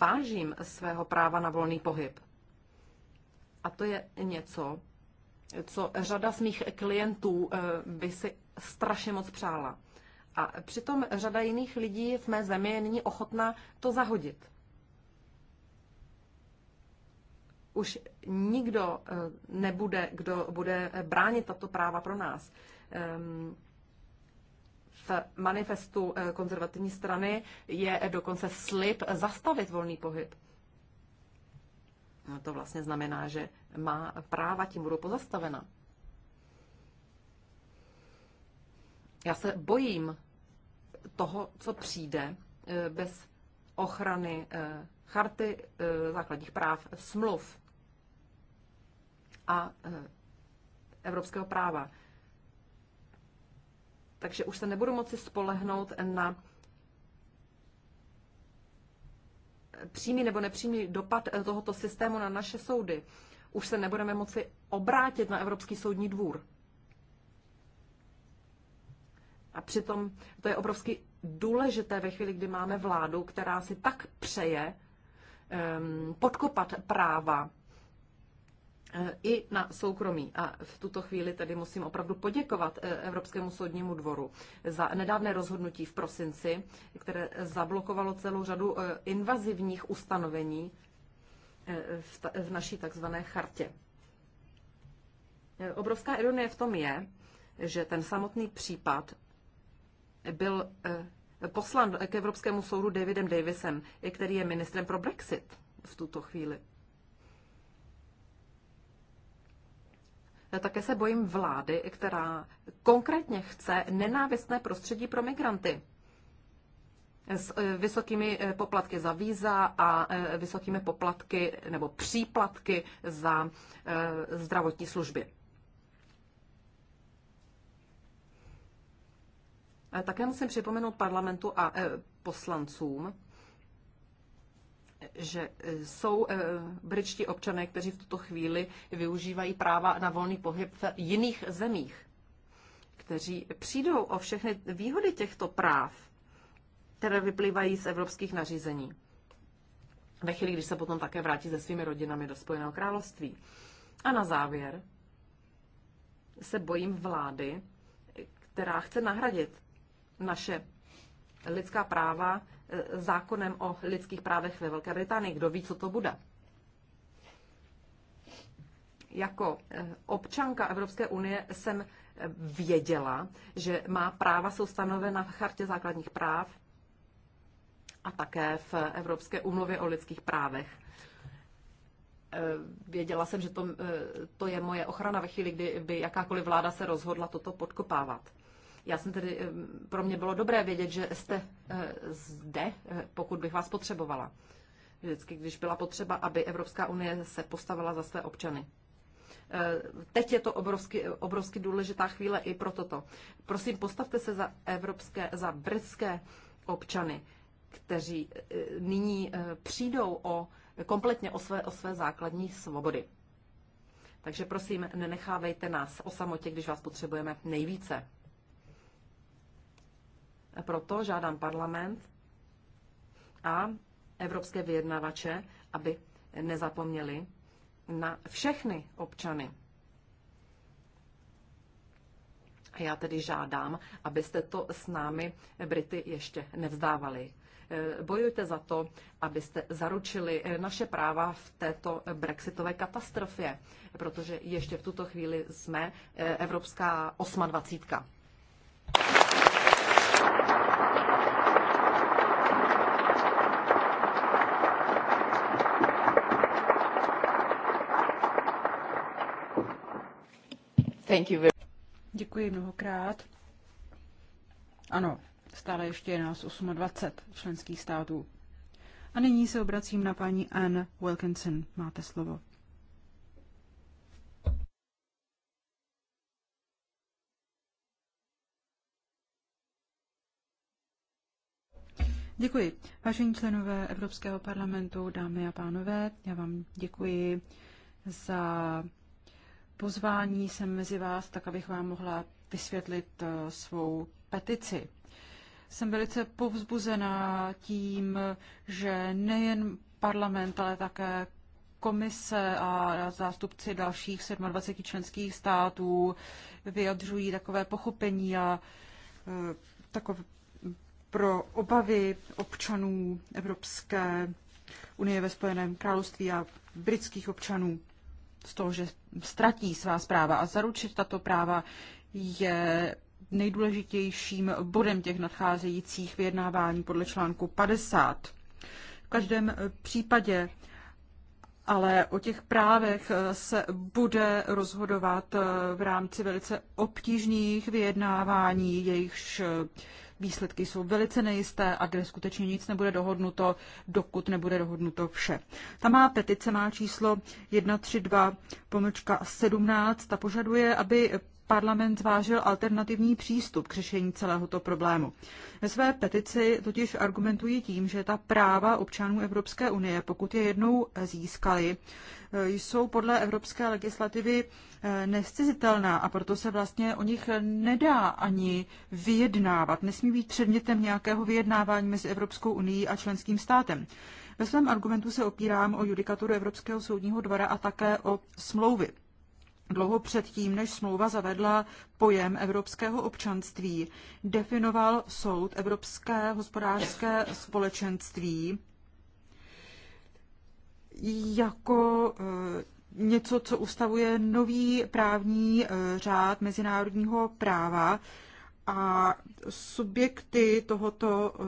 vážím svého práva na volný pohyb. A to je něco, co řada z mých klientů eh, by si strašně moc přála. A přitom řada jiných lidí v mé zemi je nyní ochotná to zahodit. Už nikdo eh, nebude, kdo bude bránit tato práva pro nás. Ehm, v manifestu eh, konzervativní strany je dokonce slib zastavit volný pohyb. No, to vlastně znamená, že má práva tím budou pozastavena. Já se bojím toho, co přijde eh, bez ochrany eh, charty eh, základních práv, smluv a evropského práva. Takže už se nebudu moci spolehnout na přímý nebo nepřímý dopad eh, tohoto systému na naše soudy. Už se nebudeme moci obrátit na Evropský soudní dvůr. A přitom to je obrovsky důležité ve chvíli, kdy máme vládu, která si tak přeje um, podkopat práva E, i na soukromí. A v tuto chvíli tedy musím opravdu poděkovat e, Evropskému soudnímu dvoru za nedávné rozhodnutí v prosinci, které zablokovalo celou řadu e, invazivních ustanovení v naší takzvané chartě. Obrovská ironie v tom je, že ten samotný případ byl poslan k Evropskému soudu Davidem Davisem, který je ministrem pro Brexit v tuto chvíli. Také se bojím vlády, která konkrétně chce nenávistné prostředí pro migranty s e, vysokými e, poplatky za víza a e, vysokými poplatky nebo příplatky za zdravotní služby. Také musím připomenout parlamentu a poslancům, že eh, jsou eh, britští občané, kteří v tuto chvíli využívají práva na volný pohyb v jiných zemích, kteří přijdou o všechny výhody těchto práv, které vyplývají z evropských nařízení. Ve chvíli, když se potom také vrátí se svými rodinami do Spojeného království. A na závěr se bojím vlády, která chce nahradit naše lidská práva zákonem o lidských právech ve Velké Británii. Kdo ví, co to bude? Jako eh, občanka Evropské unie jsem věděla, že má práva jsou stanovena v Chartě základních práv a také v Evropské úmluvě o lidských právech. Eh, věděla jsem, že to, eh, to je moje ochrana ve chvíli, kdy by jakákoliv vláda se rozhodla toto podkopávat. Já jsem tedy, eh, pro mě bylo dobré vědět, že jste eh, zde, eh, pokud bych vás potřebovala. Vždycky, když byla potřeba, aby Evropská unie se postavila za své občany. Teď je to obrovsky, obrovsky důležitá chvíle i pro toto. Prosím, postavte se za evropské, za britské občany, kteří nyní přijdou o, kompletně o své, o své základní svobody. Takže prosím, nenechávejte nás o samotě, když vás potřebujeme nejvíce. Proto žádám parlament a evropské vyjednavače, aby nezapomněli na všechny občany. A já tedy žádám, abyste to s námi, Brity, ještě nevzdávali. E, bojujte za to, abyste zaručili e, naše práva v této brexitové katastrofě, protože ještě v tuto chvíli jsme e, Evropská 28. Thank you very... Děkuji mnohokrát. Ano, stále ještě je nás 28 členských států. A nyní se obracím na paní Anne Wilkinson. Máte slovo. Děkuji. Vážení členové Evropského parlamentu, dámy a pánové, já vám děkuji za pozvání jsem mezi vás, tak abych vám mohla vysvětlit eh, svou petici. Jsem velice povzbuzená tím, že nejen parlament, ale také komise a zástupci dalších 27 členských států vyjadřují takové pochopení a eh, takové pro obavy občanů Evropské unie ve Spojeném království a britských občanů z toho, že ztratí svá práva a zaručit tato práva je nejdůležitějším bodem těch nadcházejících vyjednávání podle článku 50. V každém případě ale o těch právech se bude rozhodovat v rámci velice obtížných vyjednávání, jejichž výsledky jsou velice nejisté a kde skutečně nic nebude dohodnuto, dokud nebude dohodnuto vše. Ta má petice, má číslo 132 pomlčka 17 a požaduje, aby parlament zvážil alternativní přístup k řešení celého toho problému. Ve své petici totiž argumentují tím, že ta práva občanů Evropské unie, pokud je jednou získali, jsou podle evropské legislativy eh, nescizitelná a proto se vlastně o nich nedá ani vyjednávat. Nesmí být předmětem nějakého vyjednávání mezi Evropskou unii a členským státem. Ve svém argumentu se opírám o judikaturu Evropského soudního dvora a také o smlouvy dlouho předtím, než smlouva zavedla pojem evropského občanství, definoval soud Evropské hospodářské společenství jako eh, něco, co ustavuje nový právní eh, řád mezinárodního práva a subjekty tohoto eh,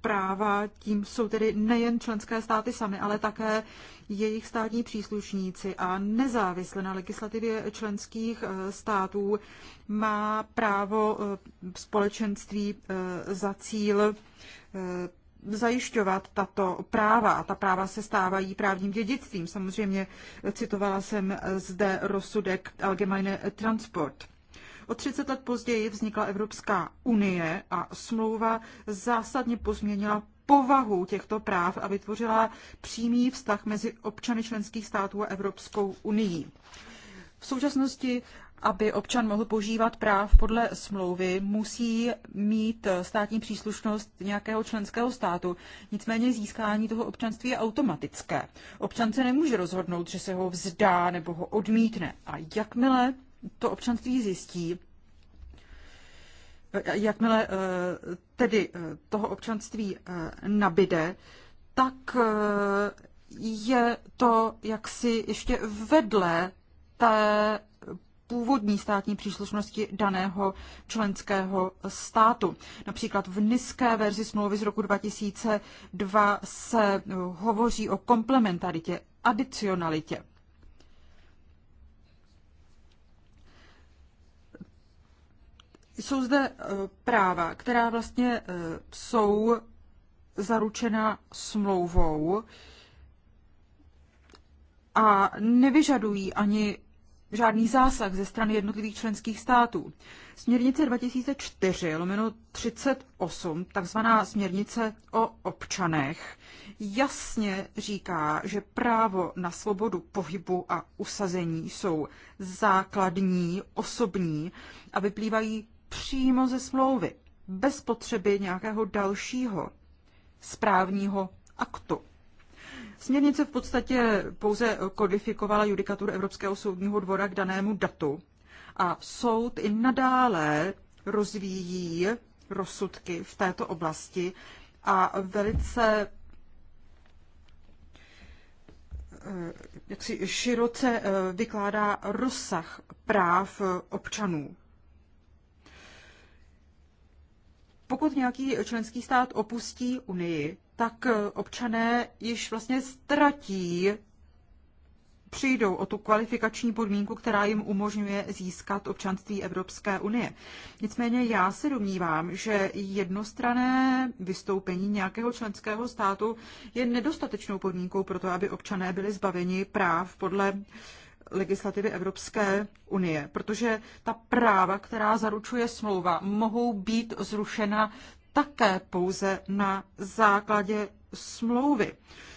práva tím jsou tedy nejen členské státy samy, ale také jejich státní příslušníci a nezávisle na legislativě členských eh, států má právo eh, společenství eh, za cíl zajišťovat tato práva a ta práva se stávají právním dědictvím. Samozřejmě citovala jsem zde rozsudek Algemeine Transport. O 30 let později vznikla Evropská unie a smlouva zásadně pozměnila povahu těchto práv a vytvořila přímý vztah mezi občany členských států a Evropskou unii. V současnosti aby občan mohl požívat práv podle smlouvy, musí mít státní příslušnost nějakého členského státu. Nicméně získání toho občanství je automatické. Občan se nemůže rozhodnout, že se ho vzdá nebo ho odmítne. A jakmile to občanství zjistí, jakmile eh, tedy eh, toho občanství eh, nabide, tak je to jaksi ještě vedle té původní státní příslušnosti daného členského státu. Například v nízké verzi smlouvy z roku 2002 se hovoří o komplementaritě, adicionalitě. Jsou zde e, práva, která vlastně e, jsou zaručena smlouvou a nevyžadují ani žádný zásah ze strany jednotlivých členských států. Směrnice 2004 lomeno 38, takzvaná směrnice o občanech, jasně říká, že právo na svobodu pohybu a usazení jsou základní, osobní a vyplývají přímo ze smlouvy, bez potřeby nějakého dalšího správního aktu. Směrnice v podstatě pouze kodifikovala judikaturu Evropského soudního dvora k danému datu a soud i nadále rozvíjí rozsudky v této oblasti a velice eh, jaksi široce eh, vykládá rozsah práv občanů Pokud nějaký členský stát opustí Unii, tak eh, občané již vlastně ztratí, přijdou o tu kvalifikační podmínku, která jim umožňuje získat občanství Evropské unie. Nicméně já se domnívám, že jednostrané vystoupení nějakého členského státu je nedostatečnou podmínkou pro to, aby občané byli zbaveni práv podle uh, legislativy Evropské unie, protože ta práva, která zaručuje smlouva, mohou být zrušena také pouze na základě smlouvy.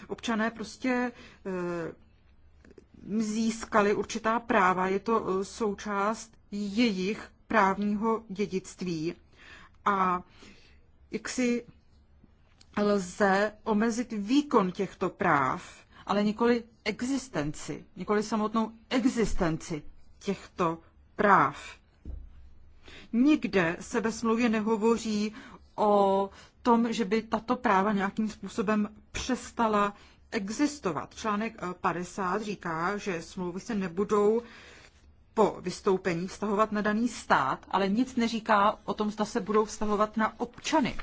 Občané prostě eh, získali určitá práva, je to eh, součást jejich právního dědictví a jak si lze omezit výkon těchto práv, ale nikoli existenci, nikoli samotnou existenci těchto práv. Nikde se ve smlouvě nehovoří o tom, že by tato práva nějakým způsobem přestala existovat. Článek 50 říká, že smlouvy se nebudou po vystoupení vztahovat na daný stát, ale nic neříká o tom, zda se budou vztahovat na občany.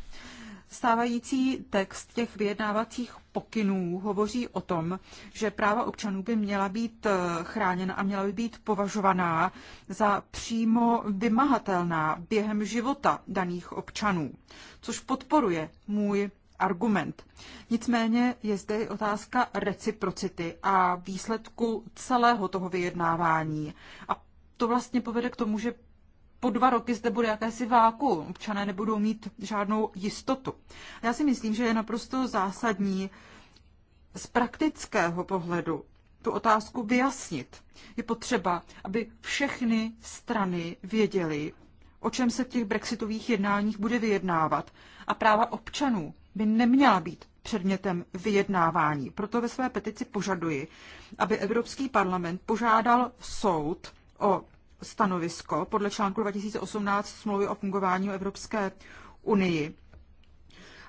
Stávající text těch vyjednávacích pokynů hovoří o tom, že práva občanů by měla být eh, chráněna a měla by být považovaná za přímo vymahatelná během života daných občanů, což podporuje můj argument. Nicméně je zde otázka reciprocity a výsledku celého toho vyjednávání. A to vlastně povede k tomu, že po dva roky zde bude jakési váku. Občané nebudou mít žádnou jistotu. Já si myslím, že je naprosto zásadní z praktického pohledu tu otázku vyjasnit. Je potřeba, aby všechny strany věděly, o čem se v těch brexitových jednáních bude vyjednávat. A práva občanů by neměla být předmětem vyjednávání. Proto ve své petici požaduji, aby Evropský parlament požádal soud o stanovisko podle článku 2018 smlouvy o fungování Evropské unii.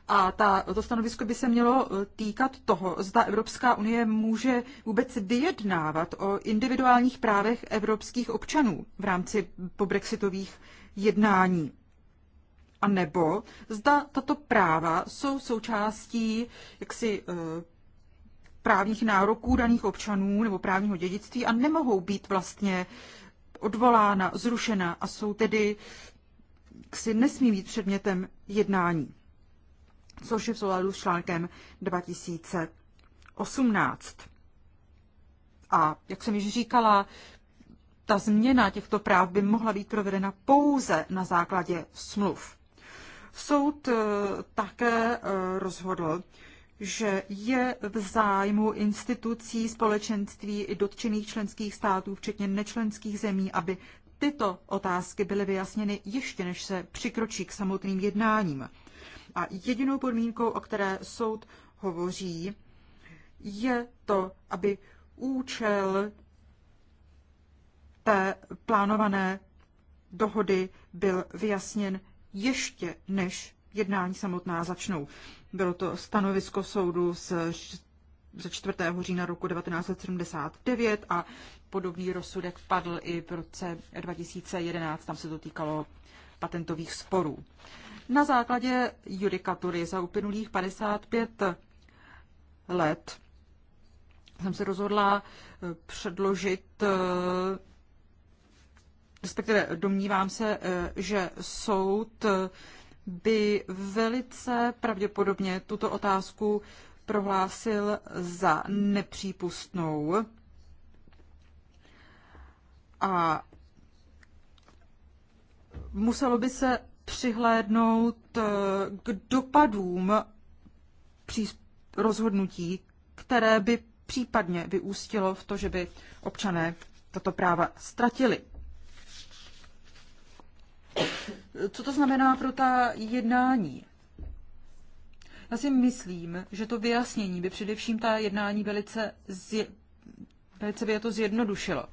A ta, to stanovisko by se mělo e, týkat toho, zda Evropská unie může vůbec vyjednávat o individuálních právech evropských občanů v rámci pobrexitových jednání. A nebo zda tato práva jsou součástí jaksi e, právních nároků daných občanů nebo právního dědictví a nemohou být vlastně odvolána, zrušena a jsou tedy si nesmí být předmětem jednání, což je v souladu s článkem 2018. A jak jsem již říkala, ta změna těchto práv by mohla být provedena pouze na základě smluv. Soud eh, také eh, rozhodl, že je v zájmu institucí, společenství i dotčených členských států, včetně nečlenských zemí, aby tyto otázky byly vyjasněny ještě než se přikročí k samotným jednáním. A jedinou podmínkou, o které soud hovoří, je to, aby účel té plánované dohody byl vyjasněn ještě než jednání samotná začnou. Bylo to stanovisko soudu z ze 4. října roku 1979 a podobný rozsudek padl i v roce 2011, tam se to týkalo patentových sporů. Na základě judikatury za uplynulých 55 let jsem se rozhodla eh, předložit, eh, respektive domnívám se, eh, že soud by velice pravděpodobně tuto otázku prohlásil za nepřípustnou. A muselo by se přihlédnout eh, k dopadům rozhodnutí, které by případně vyústilo v to, že by občané tato práva ztratili co to znamená pro ta jednání. Já si myslím, že to vyjasnění by především ta jednání velice, zje, velice by je to zjednodušilo.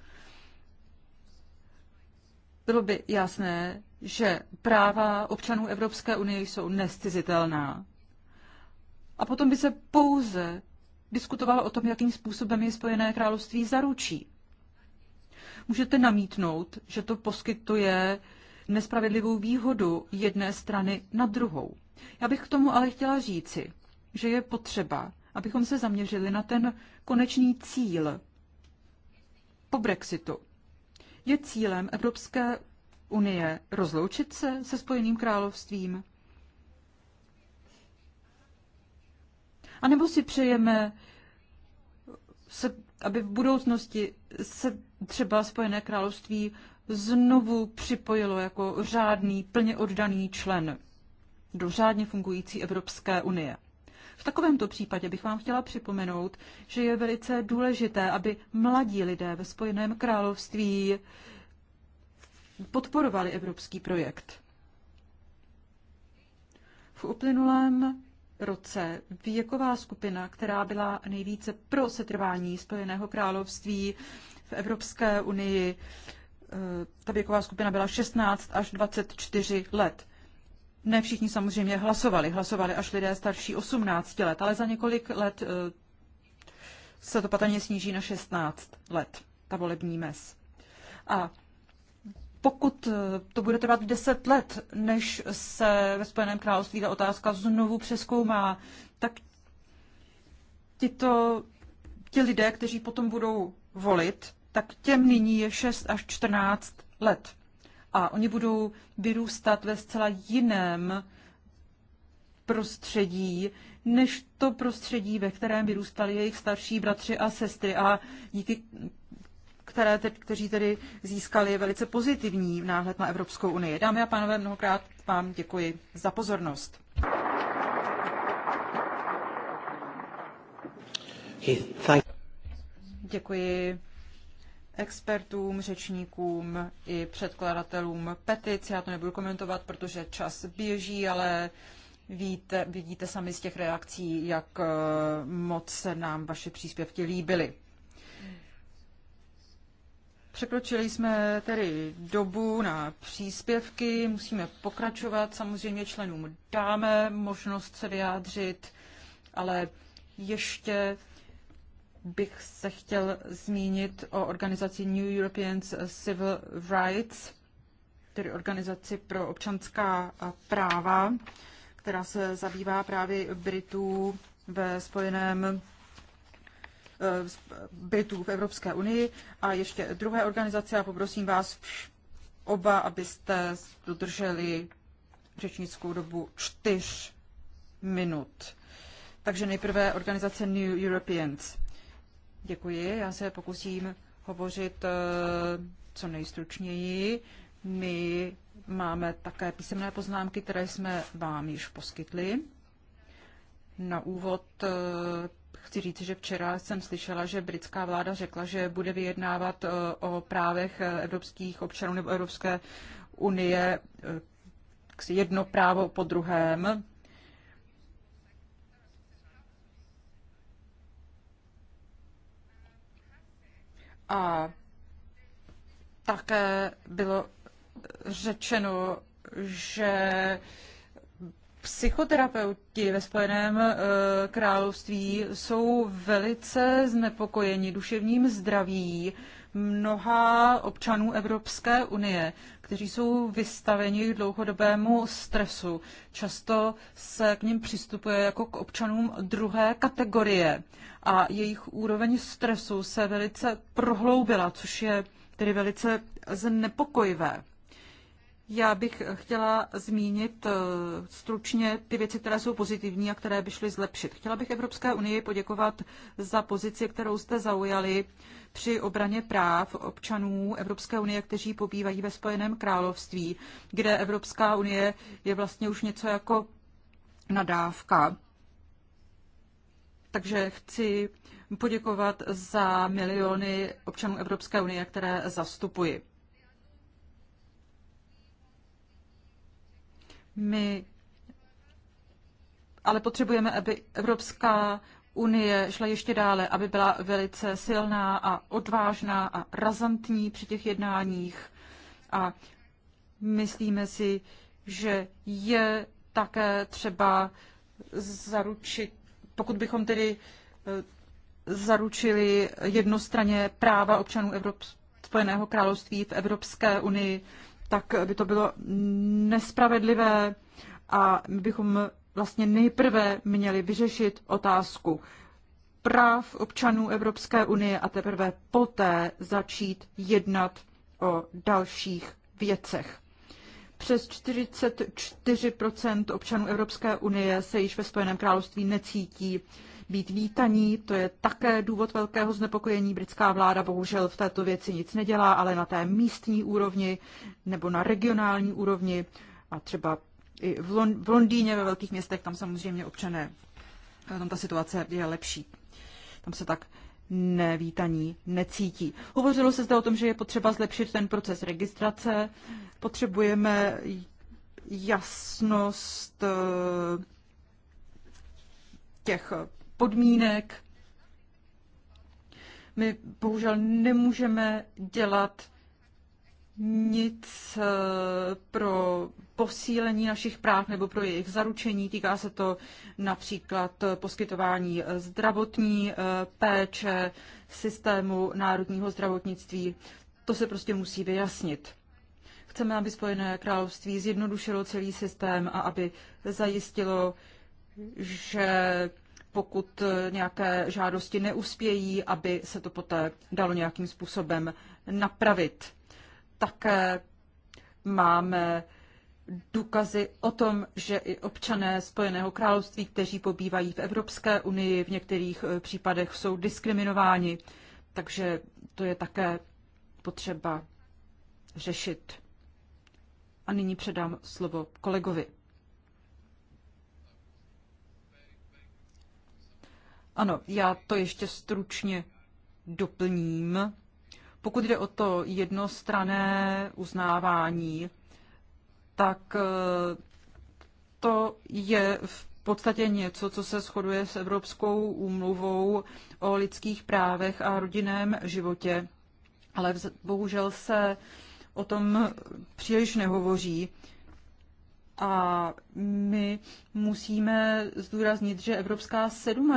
Bylo by jasné, že práva občanů Evropské unie jsou nestizitelná. A potom by se pouze diskutovalo o tom, jakým způsobem je Spojené království zaručí. Můžete namítnout, že to poskytuje nespravedlivou výhodu jedné strany na druhou. Já bych k tomu ale chtěla říci, že je potřeba, abychom se zaměřili na ten konečný cíl po Brexitu. Je cílem Evropské unie rozloučit se se Spojeným královstvím? A nebo si přejeme, se, aby v budoucnosti se třeba Spojené království znovu připojilo jako řádný, plně oddaný člen do řádně fungující Evropské unie. V takovémto případě bych vám chtěla připomenout, že je velice důležité, aby mladí lidé ve Spojeném království podporovali evropský projekt. V uplynulém roce věková skupina, která byla nejvíce pro setrvání Spojeného království v Evropské unii, Eh, ta věková skupina byla 16 až 24 let. Ne všichni samozřejmě hlasovali, hlasovali až lidé starší 18 let, ale za několik let eh, se to patrně sníží na 16 let, ta volební mes. A pokud eh, to bude trvat 10 let, než se ve Spojeném království ta otázka znovu přeskoumá, tak tito, ti lidé, kteří potom budou volit, tak těm nyní je 6 až 14 let. A oni budou vyrůstat ve zcela jiném prostředí, než to prostředí, ve kterém vyrůstali jejich starší bratři a sestry a díky které te, kteří tedy získali velice pozitivní náhled na Evropskou unii. Dámy a pánové, mnohokrát vám děkuji za pozornost. Děkuji expertům, řečníkům i předkladatelům petic. Já to nebudu komentovat, protože čas běží, ale víte, vidíte sami z těch reakcí, jak eh, moc se nám vaše příspěvky líbily. Překročili jsme tedy dobu na příspěvky, musíme pokračovat. Samozřejmě členům dáme možnost se vyjádřit, ale ještě bych se chtěl zmínit o organizaci New European Civil Rights, tedy organizaci pro občanská práva, která se zabývá právě Britů ve spojeném eh, Britů v Evropské unii a ještě druhé organizace a poprosím vás oba, abyste dodrželi řečnickou dobu čtyř minut. Takže nejprve organizace New Europeans. Děkuji, já se pokusím hovořit eh, co nejstručněji. My máme také písemné poznámky, které jsme vám již poskytli. Na úvod eh, chci říct, že včera jsem slyšela, že britská vláda řekla, že bude vyjednávat eh, o právech evropských občanů nebo Evropské unie jedno právo po druhém. A také bylo řečeno, že psychoterapeuti ve Spojeném eh, království jsou velice znepokojeni duševním zdravím mnoha občanů Evropské unie, kteří jsou vystaveni dlouhodobému stresu. Často se k ním přistupuje jako k občanům druhé kategorie a jejich úroveň stresu se velice prohloubila, což je tedy velice znepokojivé. Já bych chtěla zmínit eh, stručně ty věci, které jsou pozitivní a které by šly zlepšit. Chtěla bych Evropské unii poděkovat za pozici, kterou jste zaujali při obraně práv občanů Evropské unie, kteří pobývají ve Spojeném království, kde Evropská unie je vlastně už něco jako nadávka. Takže chci poděkovat za miliony občanů Evropské unie, které zastupuji. My ale potřebujeme, aby Evropská unie šla ještě dále, aby byla velice silná a odvážná a razantní při těch jednáních. A myslíme si, že je také třeba zaručit, pokud bychom tedy eh, zaručili jednostranně práva občanů Evrop, Spojeného království v Evropské unii, tak by to bylo nespravedlivé a my bychom vlastně nejprve měli vyřešit otázku práv občanů Evropské unie a teprve poté začít jednat o dalších věcech. Přes 44 občanů Evropské unie se již ve Spojeném království necítí být vítaní. To je také důvod velkého znepokojení. Britská vláda bohužel v této věci nic nedělá, ale na té místní úrovni nebo na regionální úrovni a třeba i v, Lon- v Londýně ve velkých městech, tam samozřejmě občané, tam ta situace je lepší. Tam se tak nevítaní necítí. Hovořilo se zde o tom, že je potřeba zlepšit ten proces registrace, potřebujeme jasnost eh, těch podmínek. My bohužel nemůžeme dělat nic eh, pro posílení našich práv nebo pro jejich zaručení. Týká se to například poskytování eh, zdravotní eh, péče, systému národního zdravotnictví. To se prostě musí vyjasnit. Chceme, aby Spojené království zjednodušilo celý systém a aby zajistilo, že pokud eh, nějaké žádosti neuspějí, aby se to poté dalo nějakým způsobem napravit. Také máme důkazy o tom, že i občané Spojeného království, kteří pobývají v Evropské unii, v některých eh, případech jsou diskriminováni, takže to je také potřeba řešit. A nyní předám slovo kolegovi. Ano, já to ještě stručně doplním. Pokud jde o to jednostrané uznávání, tak e, to je v podstatě něco, co se shoduje s Evropskou úmluvou o lidských právech a rodinném životě. Ale bohužel se o tom příliš nehovoří. A my musíme zdůraznit, že Evropská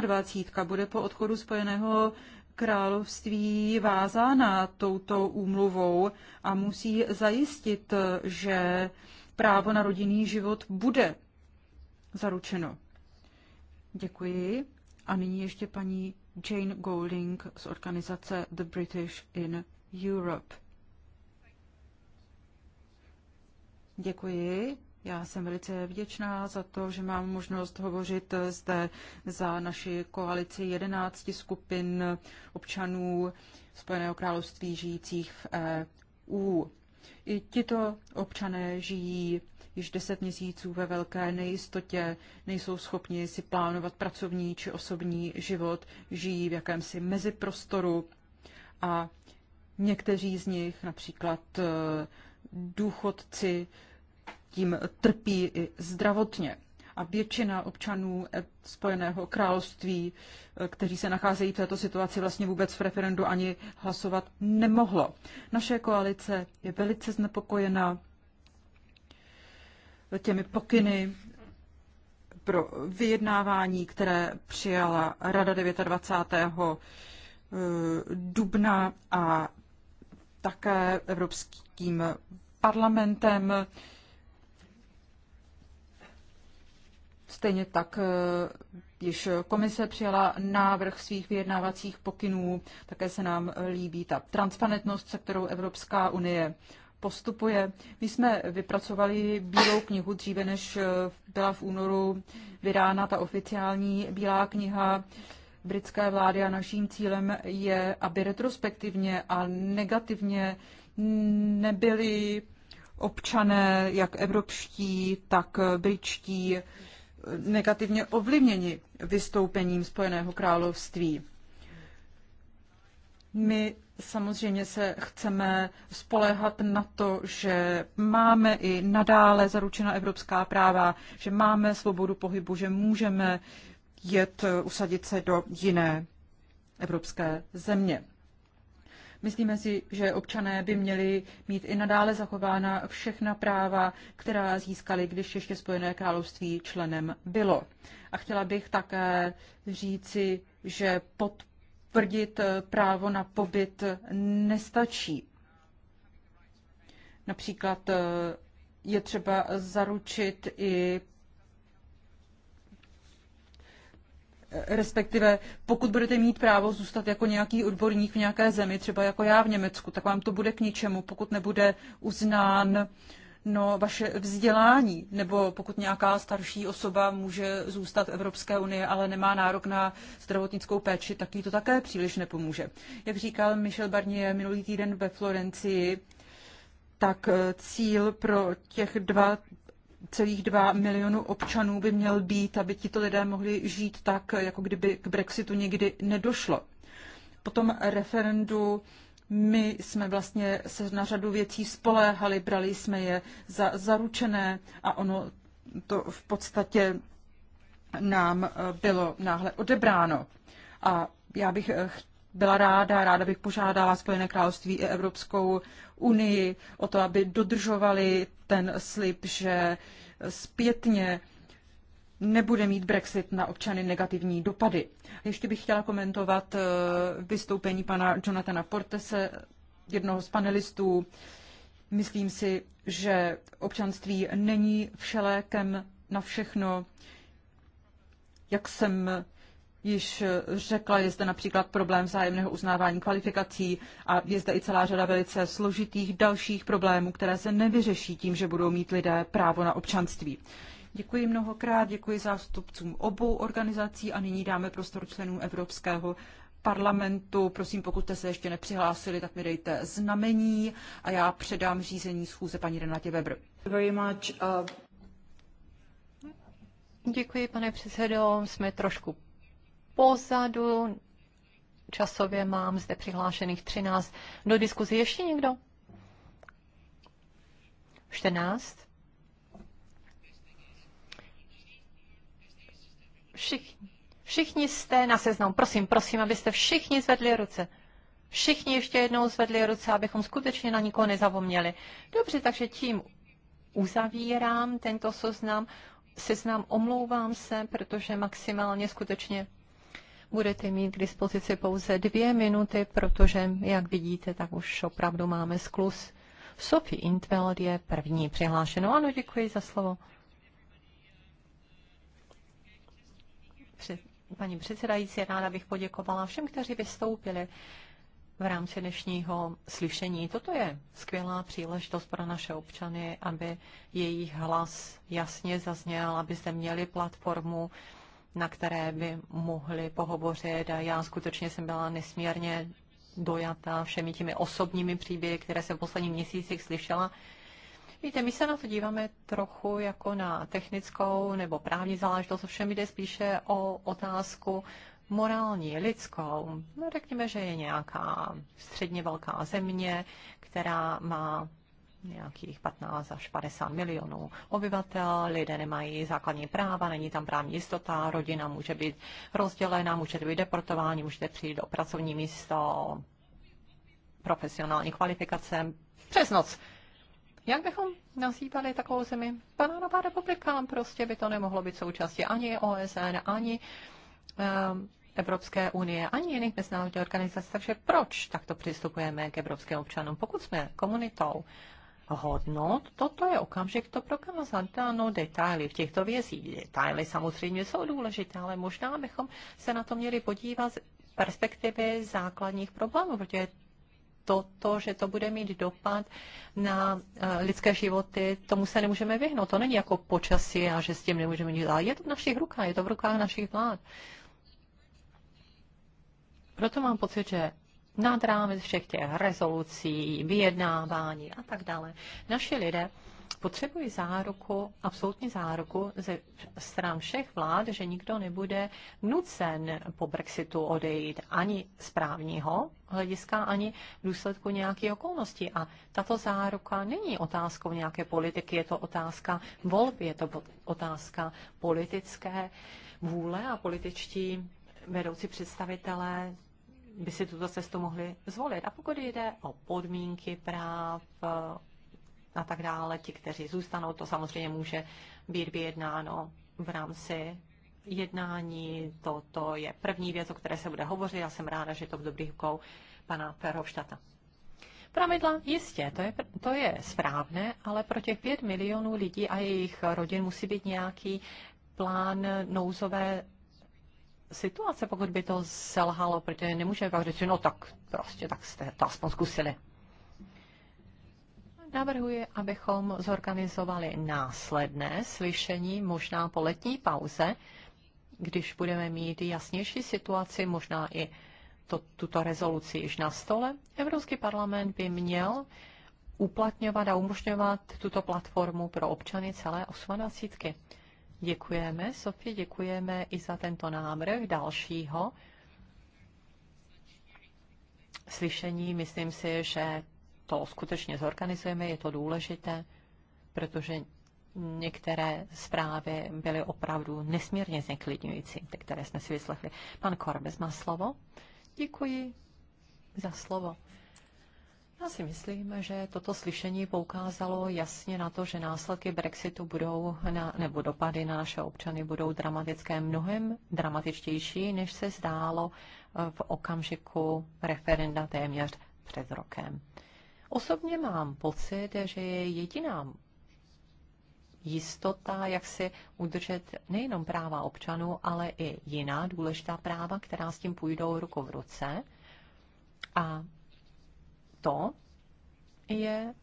27 bude po odchodu Spojeného království vázána touto úmluvou a musí zajistit, že právo na rodinný život bude zaručeno. Děkuji. A nyní ještě paní Jane Golding z organizace The British in Europe. Děkuji. Já jsem velice vděčná za to, že mám možnost hovořit zde za naši koalici 11 skupin občanů Spojeného království žijících v EU. I tito občané žijí již deset měsíců ve velké nejistotě, nejsou schopni si plánovat pracovní či osobní život, žijí v jakémsi meziprostoru a někteří z nich, například eh, důchodci, tím trpí i zdravotně. A většina občanů Spojeného království, kteří se nacházejí v této situaci, vlastně vůbec v referendu ani hlasovat nemohlo. Naše koalice je velice znepokojena těmi pokyny pro vyjednávání, které přijala Rada 29. Eh, dubna a také Evropským parlamentem. Stejně tak když eh, komise přijala návrh svých vyjednávacích pokynů, také se nám líbí ta transparentnost, se kterou Evropská unie postupuje. My jsme vypracovali bílou knihu dříve, než eh, byla v únoru vydána ta oficiální bílá kniha britské vlády a naším cílem je, aby retrospektivně a negativně nebyly občané, jak evropští, tak britští, negativně ovlivněni vystoupením Spojeného království. My samozřejmě se chceme spolehat na to, že máme i nadále zaručena evropská práva, že máme svobodu pohybu, že můžeme jet usadit se do jiné evropské země. Myslíme si, že občané by měli mít i nadále zachována všechna práva, která získali, když ještě Spojené království členem bylo. A chtěla bych také říci, že potvrdit eh, právo na pobyt nestačí. Například eh, je třeba zaručit i respektive pokud budete mít právo zůstat jako nějaký odborník v nějaké zemi, třeba jako já v Německu, tak vám to bude k ničemu, pokud nebude uznán no, vaše vzdělání, nebo pokud nějaká starší osoba může zůstat v Evropské unii, ale nemá nárok na zdravotnickou péči, tak jí to také příliš nepomůže. Jak říkal Michel Barnier minulý týden ve Florencii, tak eh, cíl pro těch dva celých 2 milionů občanů by měl být, aby tito lidé mohli žít tak, jako kdyby k Brexitu nikdy nedošlo. Po tom referendu my jsme vlastně se na řadu věcí spoléhali, brali jsme je za zaručené a ono to v podstatě nám eh, bylo náhle odebráno. A já bych eh, byla ráda, ráda bych požádala Spojené království i Evropskou unii o to, aby dodržovali ten slib, že zpětně nebude mít Brexit na občany negativní dopady. Ještě bych chtěla komentovat eh, vystoupení pana Jonathana Portese, jednoho z panelistů. Myslím si, že občanství není všelékem na všechno. Jak jsem již eh, řekla, je zde například problém vzájemného uznávání kvalifikací a je zde i celá řada velice složitých dalších problémů, které se nevyřeší tím, že budou mít lidé právo na občanství. Děkuji mnohokrát, děkuji zástupcům obou organizací a nyní dáme prostor členům Evropského parlamentu. Prosím, pokud jste se ještě nepřihlásili, tak mi dejte znamení a já předám řízení schůze paní Renatě Weber. Very much, uh... Děkuji, pane předsedo. Jsme trošku pozadu. Časově mám zde přihlášených 13. Do diskuzi ještě někdo? 14. Všichni, všichni jste na seznamu. Prosím, prosím, abyste všichni zvedli ruce. Všichni ještě jednou zvedli ruce, abychom skutečně na nikoho nezavomněli. Dobře, takže tím uzavírám tento seznam. Seznam omlouvám se, protože maximálně skutečně budete mít k dispozici pouze dvě minuty, protože, jak vidíte, tak už opravdu máme sklus. Sophie Intveld je první přihlášenou. Ano, děkuji za slovo. paní předsedající, ráda bych poděkovala všem, kteří vystoupili v rámci dnešního slyšení. Toto je skvělá příležitost pro naše občany, aby jejich hlas jasně zazněl, aby zde měli platformu, na které by mohli pohovořit a já skutečně jsem byla nesmírně dojata všemi těmi osobními příběhy, které jsem v posledních měsících slyšela. Víte, my se na to díváme trochu jako na technickou nebo právní záležitost, ovšem jde spíše o otázku morální, lidskou. No, řekněme, že je nějaká středně velká země, která má nějakých 15 až 50 milionů obyvatel, lidé nemají základní práva, není tam právní jistota, rodina může být rozdělena, můžete být deportováni, můžete přijít do pracovní místo, profesionální kvalifikace přes noc. Jak bychom nazývali takovou zemi? Banánová republika prostě by to nemohlo být součástí ani OSN, ani um, Evropské unie, ani jiných mezinárodních organizací. Takže proč takto přistupujeme k evropským občanům? Pokud jsme komunitou, hodnot, toto je okamžik to prokázat. Ano, detaily v těchto vězích. Detaily samozřejmě jsou důležité, ale možná bychom se na to měli podívat z perspektivy základních problémů, protože toto, že to bude mít dopad na eh, lidské životy, tomu se nemůžeme vyhnout. To není jako počasí a že s tím nemůžeme nic dělat. Je to v našich rukách, je to v rukách našich vlád. Proto mám pocit, že nad rámec všech těch rezolucí, vyjednávání a tak dále. Naši lidé potřebují záruku, absolutní záruku ze stran všech vlád, že nikdo nebude nucen po Brexitu odejít ani z právního hlediska, ani v důsledku nějaké okolnosti. A tato záruka není otázkou nějaké politiky, je to otázka volby, je to otázka politické vůle a političtí vedoucí představitelé by si tuto cestu mohli zvolit. A pokud jde o podmínky práv eh, a tak dále, ti, kteří zůstanou, to samozřejmě může být vyjednáno v rámci jednání. Toto je první věc, o které se bude hovořit. Já jsem ráda, že je to v dobrých rukou pana Ferhovštata. Pravidla, jistě, to je, to je správné, ale pro těch pět milionů lidí a jejich rodin musí být nějaký plán nouzové situace, pokud by to selhalo, protože nemůžeme pak říct, no tak prostě, tak jste to aspoň zkusili. Navrhuji, abychom zorganizovali následné slyšení, možná po letní pauze, když budeme mít jasnější situaci, možná i to, tuto rezoluci již na stole. Evropský parlament by měl uplatňovat a umožňovat tuto platformu pro občany celé 28. Děkujeme, Sofie, děkujeme i za tento návrh dalšího slyšení. Myslím si, že to skutečně zorganizujeme, je to důležité, protože některé zprávy byly opravdu nesmírně zneklidňující, ty, které jsme si vyslechli. Pan Korbes má slovo. Děkuji za slovo. Já si myslím, že toto slyšení poukázalo jasně na to, že následky Brexitu budou, na, nebo dopady na naše občany budou dramatické, mnohem dramatičtější, než se zdálo eh, v okamžiku referenda téměř před rokem. Osobně mám pocit, že je jediná jistota, jak si udržet nejenom práva občanů, ale i jiná důležitá práva, která s tím půjdou ruku v ruce. A to je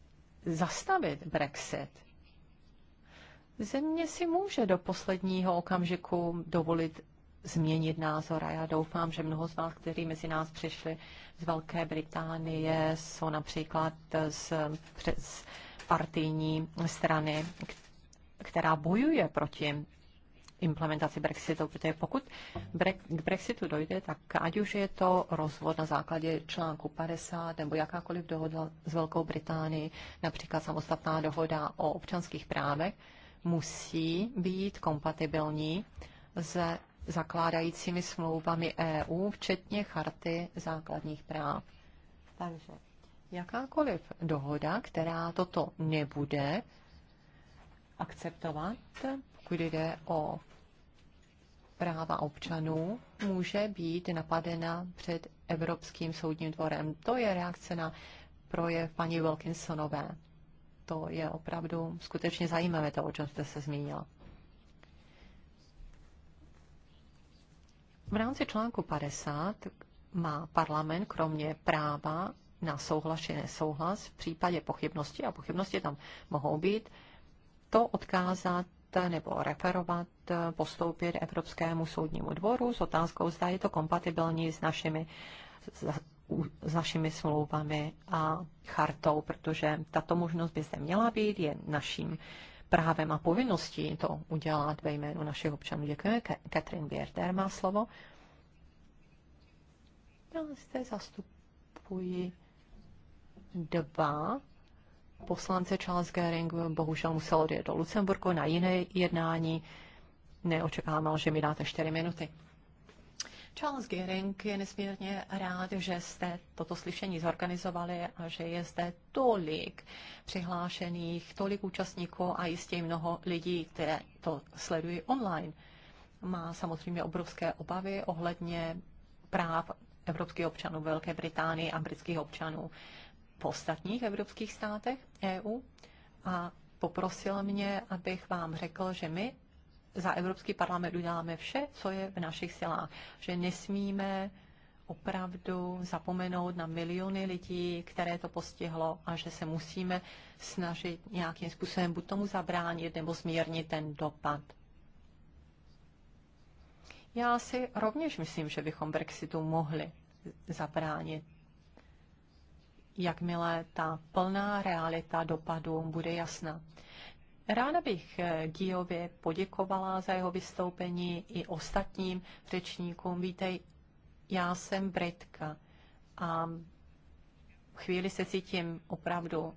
zastavit Brexit. Země si může do posledního okamžiku dovolit změnit názor a já doufám, že mnoho z vás, kteří mezi nás přišli z Velké Británie, jsou například z, přes partijní strany, která bojuje proti implementaci Brexitu, protože pokud k Brexitu dojde, tak ať už je to rozvod na základě článku 50 nebo jakákoliv dohoda s Velkou Británií, například samostatná dohoda o občanských právech, musí být kompatibilní se zakládajícími smlouvami EU, včetně charty základních práv. Takže jakákoliv dohoda, která toto nebude akceptovat, pokud jde o práva občanů může být napadena před Evropským soudním dvorem. To je reakce na projev paní Wilkinsonové. To je opravdu skutečně zajímavé, to, o čem jste se zmínila. V rámci článku 50 má parlament kromě práva na souhlas či nesouhlas v případě pochybnosti, a pochybnosti tam mohou být, to odkázat nebo referovat, eh, postoupit Evropskému soudnímu dvoru s otázkou, zda je to kompatibilní s našimi, s našimi smlouvami a chartou, protože tato možnost by zde měla být, je naším právem a povinností to udělat ve jménu našich občanů. Děkuji. Katrin Bierder má slovo. Já zde zastupuji dva poslance Charles Gering bohužel musel odjet do Lucemburku na jiné jednání. Neočekával, že mi dáte 4 minuty. Charles Gering je nesmírně rád, že jste toto slyšení zorganizovali a že je zde tolik přihlášených, tolik účastníků a jistě mnoho lidí, které to sledují online. Má samozřejmě obrovské obavy ohledně práv evropských občanů Velké Británie a britských občanů v ostatních evropských státech EU a poprosil mě, abych vám řekl, že my za Evropský parlament uděláme vše, co je v našich silách. Že nesmíme opravdu zapomenout na miliony lidí, které to postihlo a že se musíme snažit nějakým způsobem buď tomu zabránit nebo zmírnit ten dopad. Já si rovněž myslím, že bychom Brexitu mohli zabránit jakmile ta plná realita dopadů bude jasná. Ráda bych eh, Gijovi poděkovala za jeho vystoupení i ostatním řečníkům. Vítej, já jsem Britka a chvíli se cítím opravdu,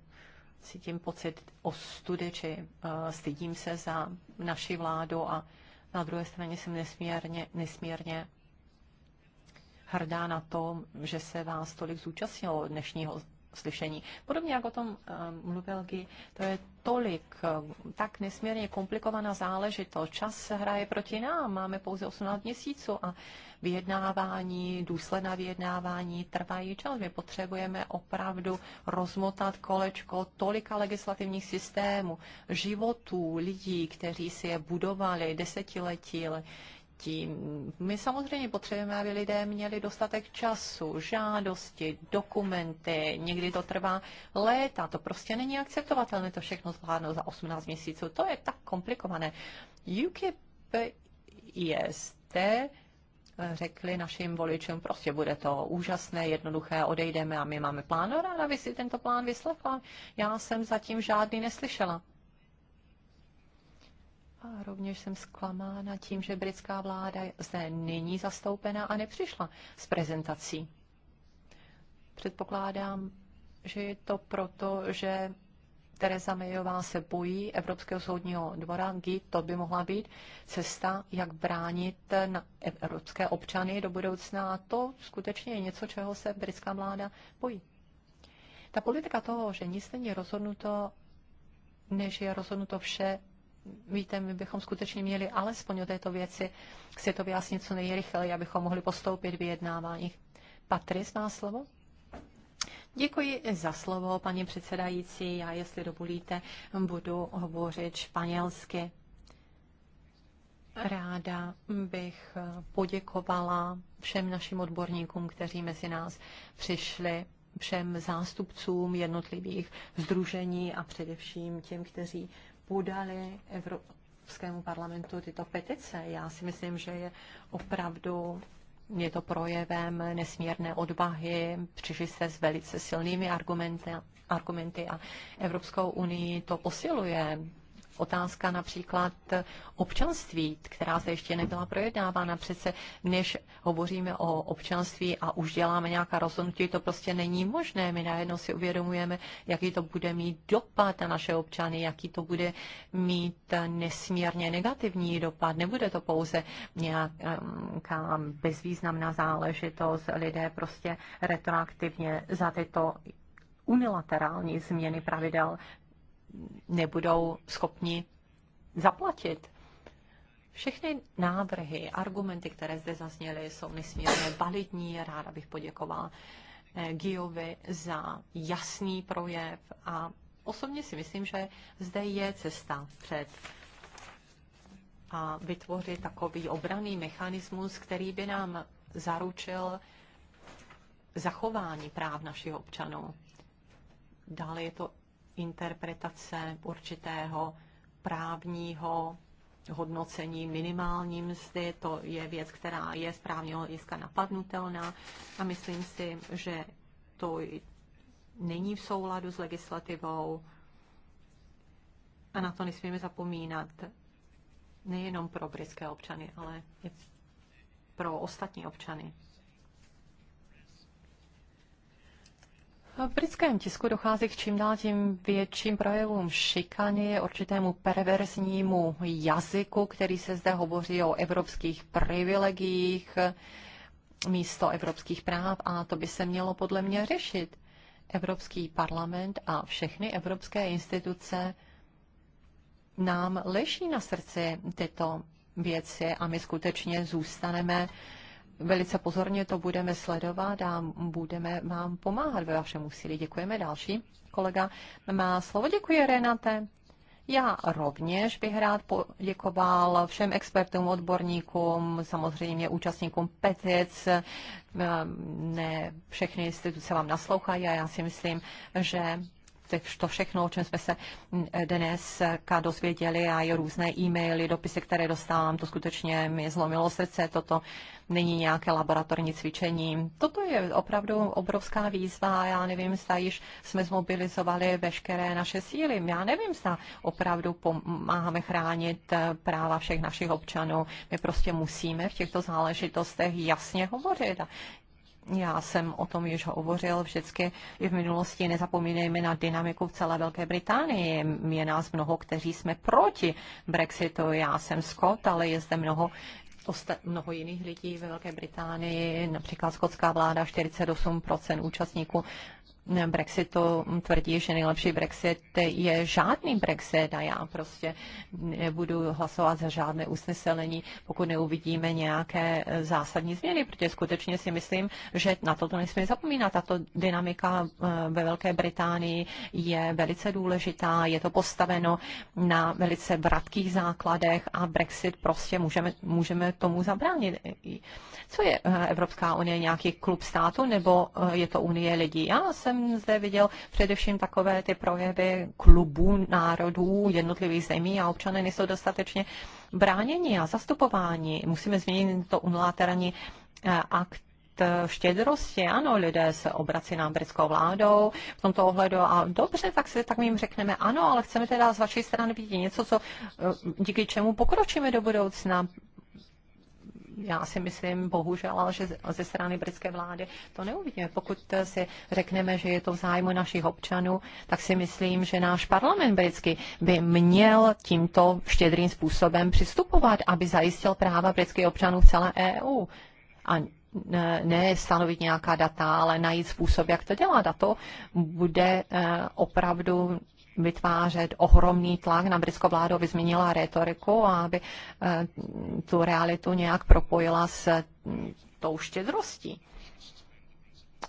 cítím pocit ostudy, či eh, stydím se za naši vládu a na druhé straně jsem nesmírně, nesmírně hrdá na to, že se vás tolik zúčastnilo dnešního slyšení. Podobně jak o tom eh, mluvil Guy, to je tolik, eh, tak nesmírně komplikovaná záležitost. Čas se hraje proti nám, máme pouze 18 měsíců a vyjednávání, důsledná vyjednávání trvají čas. My potřebujeme opravdu rozmotat kolečko tolika legislativních systémů, životů lidí, kteří si je budovali desetiletí, dětí. My samozřejmě potřebujeme, aby lidé měli dostatek času, žádosti, dokumenty. Někdy to trvá léta. To prostě není akceptovatelné to všechno zvládnout za 18 měsíců. To je tak komplikované. UKIP je zde eh, řekli našim voličům, prostě bude to úžasné, jednoduché, odejdeme a my máme plán. No ráda by si tento plán vyslechla. Já jsem zatím žádný neslyšela. A rovněž jsem zklamána tím, že britská vláda zde není zastoupena a nepřišla s prezentací. Předpokládám, že je to proto, že Tereza Mayová se bojí Evropského soudního dvora, GIT, to by mohla být cesta, jak bránit na evropské občany do budoucna. A to skutečně je něco, čeho se britská vláda bojí. Ta politika toho, že nic není rozhodnuto, než je rozhodnuto vše víte, my bychom skutečně měli alespoň o této věci si to vyjasnit co nejrychleji, abychom mohli postoupit v Patris má slovo? Děkuji za slovo, paní předsedající. Já, jestli dovolíte, budu hovořit španělsky. Ráda bych poděkovala všem našim odborníkům, kteří mezi nás přišli, všem zástupcům jednotlivých združení a především těm, kteří podali Evropskému parlamentu tyto petice. Já si myslím, že je opravdu je to projevem nesmírné odvahy, přišli se s velice silnými argumenty, argumenty a Evropskou unii to posiluje otázka například občanství, která se ještě nebyla projednávána. Přece než hovoříme o občanství a už děláme nějaká rozhodnutí, to prostě není možné. My najednou si uvědomujeme, jaký to bude mít dopad na naše občany, jaký to bude mít nesmírně negativní dopad. Nebude to pouze nějaká bezvýznamná záležitost. Lidé prostě retroaktivně za tyto unilaterální změny pravidel nebudou schopni zaplatit. Všechny návrhy, argumenty, které zde zazněly, jsou nesmírně validní. Ráda bych poděkovala eh, Giovi za jasný projev a osobně si myslím, že zde je cesta před a vytvořit takový obraný mechanismus, který by nám zaručil zachování práv našich občanů. Dále je to interpretace určitého právního hodnocení minimální mzdy. To je věc, která je z právního hlediska napadnutelná a myslím si, že to není v souladu s legislativou a na to nesmíme zapomínat nejenom pro britské občany, ale i pro ostatní občany V britském tisku dochází k čím dál tím větším projevům šikany, určitému perverznímu jazyku, který se zde hovoří o evropských privilegiích místo evropských práv a to by se mělo podle mě řešit. Evropský parlament a všechny evropské instituce nám leží na srdci tyto věci a my skutečně zůstaneme velice pozorně to budeme sledovat a budeme vám pomáhat ve vašem úsilí. Děkujeme. Další kolega má slovo. Děkuji, Renate. Já rovněž bych rád poděkoval všem expertům, odborníkům, samozřejmě účastníkům petic. Ne všechny instituce vám naslouchají a já si myslím, že to všechno, o čem jsme se dneska dozvěděli a i různé e-maily, dopisy, které dostávám, to skutečně mi zlomilo srdce, toto není nějaké laboratorní cvičení. Toto je opravdu obrovská výzva. Já nevím, zda již jsme zmobilizovali veškeré naše síly. Já nevím, zda opravdu pomáháme chránit práva všech našich občanů. My prostě musíme v těchto záležitostech jasně hovořit a já jsem o tom již hovořil vždycky i v minulosti. Nezapomínejme na dynamiku v celé Velké Británii. Je nás mnoho, kteří jsme proti Brexitu. Já jsem Scott, ale je zde mnoho mnoho jiných lidí ve Velké Británii, například skotská vláda 48% účastníků Brexitu tvrdí, že nejlepší Brexit je žádný Brexit a já prostě nebudu hlasovat za žádné usnesení, pokud neuvidíme nějaké zásadní změny, protože skutečně si myslím, že na toto nesmíme zapomínat. Tato dynamika eh, ve Velké Británii je velice důležitá, je to postaveno na velice vratkých základech a Brexit prostě můžeme, můžeme tomu zabránit. Co je eh, Evropská unie? Nějaký klub států nebo eh, je to unie lidí? Já jsem zde viděl především takové ty projevy klubů národů jednotlivých zemí a občané nejsou dostatečně bráněni a zastupování. Musíme změnit to unilaterální eh, akt štědrosti, ano, lidé se obrací nám britskou vládou v tomto ohledu a dobře, tak si tak jim řekneme ano, ale chceme teda z vaší strany vidět něco, co díky čemu pokročíme do budoucna já si myslím, bohužel, že ze strany britské vlády to neuvidíme. Pokud si řekneme, že je to v zájmu našich občanů, tak si myslím, že náš parlament britský by měl tímto štědrým způsobem přistupovat, aby zajistil práva britských občanů v celé EU. A ne stanovit nějaká data, ale najít způsob, jak to dělat. A to bude eh, opravdu vytvářet ohromný tlak na britskou vládu, aby změnila retoriku a aby eh, tu realitu nějak propojila s hm, tou štědrostí.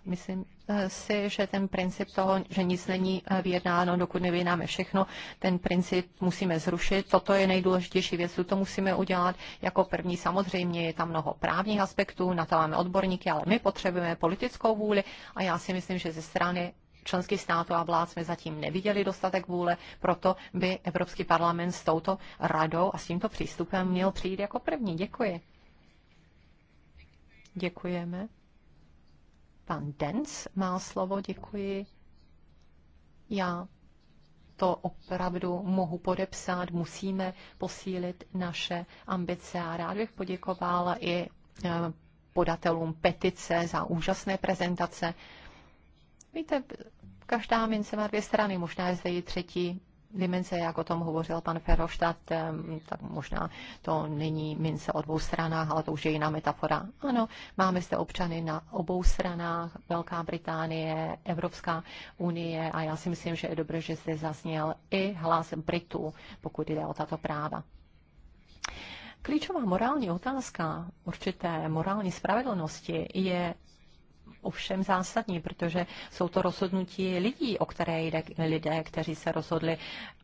Myslím eh, si, že ten princip toho, že nic není eh, vyjednáno, dokud nevyjednáme všechno, ten princip musíme zrušit. Toto je nejdůležitější věc, to musíme udělat jako první. Samozřejmě je tam mnoho právních aspektů, na to máme odborníky, ale my potřebujeme politickou vůli a já si myslím, že ze strany členských států a vlád jsme zatím neviděli dostatek vůle, proto by Evropský parlament s touto radou a s tímto přístupem měl přijít jako první. Děkuji. Děkujeme. Pan Dens má slovo, děkuji. Já to opravdu mohu podepsat, musíme posílit naše ambice a rád bych poděkovala i eh, podatelům petice za úžasné prezentace Víte, každá mince má dvě strany, možná je zde i třetí dimenze, jak o tom hovořil pan Ferroštát, tak možná to není mince o dvou stranách, ale to už je jiná metafora. Ano, máme zde občany na obou stranách, Velká Británie, Evropská unie a já si myslím, že je dobré, že zde zazněl i hlas Britů, pokud jde o tato práva. Klíčová morální otázka určité morální spravedlnosti je ovšem zásadní, protože jsou to rozhodnutí lidí, o které jde lidé, kteří se rozhodli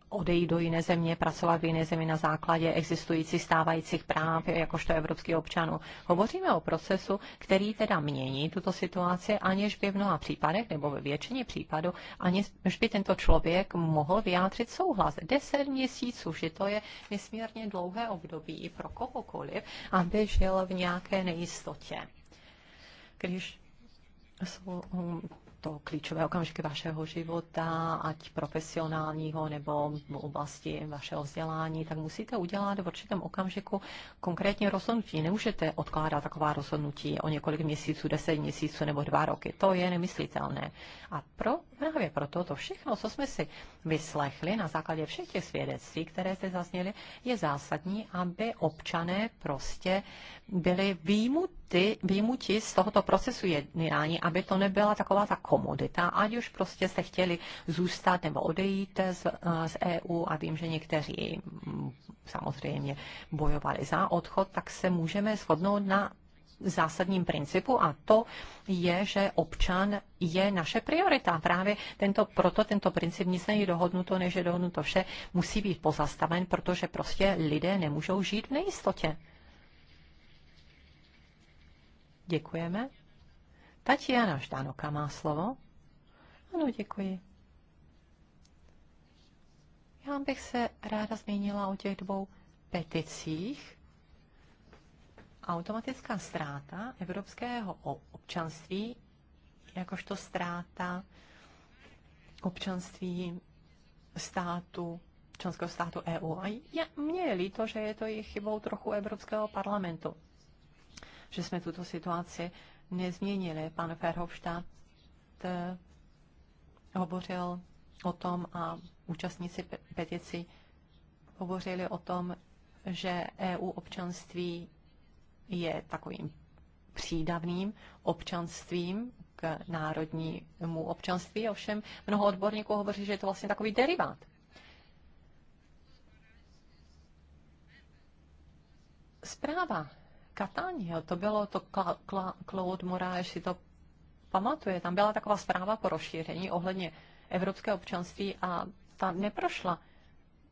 odejít do jiné země, pracovat v jiné zemi na základě existujících stávajících práv, jakožto evropský občanů. Hovoříme o procesu, který teda mění tuto situaci, aniž by v mnoha případech nebo ve většině případů, aniž by tento člověk mohl vyjádřit souhlas. Deset měsíců, že to je nesmírně dlouhé období i pro kohokoliv, aby žil v nějaké nejistotě. Když jsou um, to klíčové okamžiky vašeho života, ať profesionálního nebo v oblasti vašeho vzdělání, tak musíte udělat v určitém okamžiku konkrétně rozhodnutí. Nemůžete odkládat taková rozhodnutí o několik měsíců, deset měsíců nebo dva roky. To je nemyslitelné. A pro, právě proto to všechno, co jsme si vyslechli na základě všech těch svědectví, které zde zazněly, je zásadní, aby občané prostě byli výjimut ty výjimuti z tohoto procesu jednání, aby to nebyla taková ta komodita, ať už prostě se chtěli zůstat nebo odejít z, eh, z EU a vím, že někteří mm, samozřejmě bojovali za odchod, tak se můžeme shodnout na zásadním principu a to je, že občan je naše priorita. Právě tento, proto tento princip nic není dohodnuto, než je dohodnuto vše, musí být pozastaven, protože prostě lidé nemůžou žít v nejistotě. Děkujeme. Tatiana Štánoka má slovo. Ano, děkuji. Já bych se ráda zmínila o těch dvou peticích. Automatická ztráta evropského občanství, jakožto ztráta občanství státu, členského státu EU. A je, mně je líto, že je to i chybou trochu Evropského parlamentu že jsme tuto situaci nezměnili. Pan Verhofstadt eh, hovořil o tom a účastníci petici hovořili o tom, že EU občanství je takovým přídavným občanstvím k národnímu občanství. Ovšem mnoho odborníků hovoří, že je to vlastně takový derivát. Zpráva Katáně, to bylo to Cla- Cla- Claude Moraes si to pamatuje, tam byla taková zpráva po rozšíření ohledně evropské občanství a ta neprošla.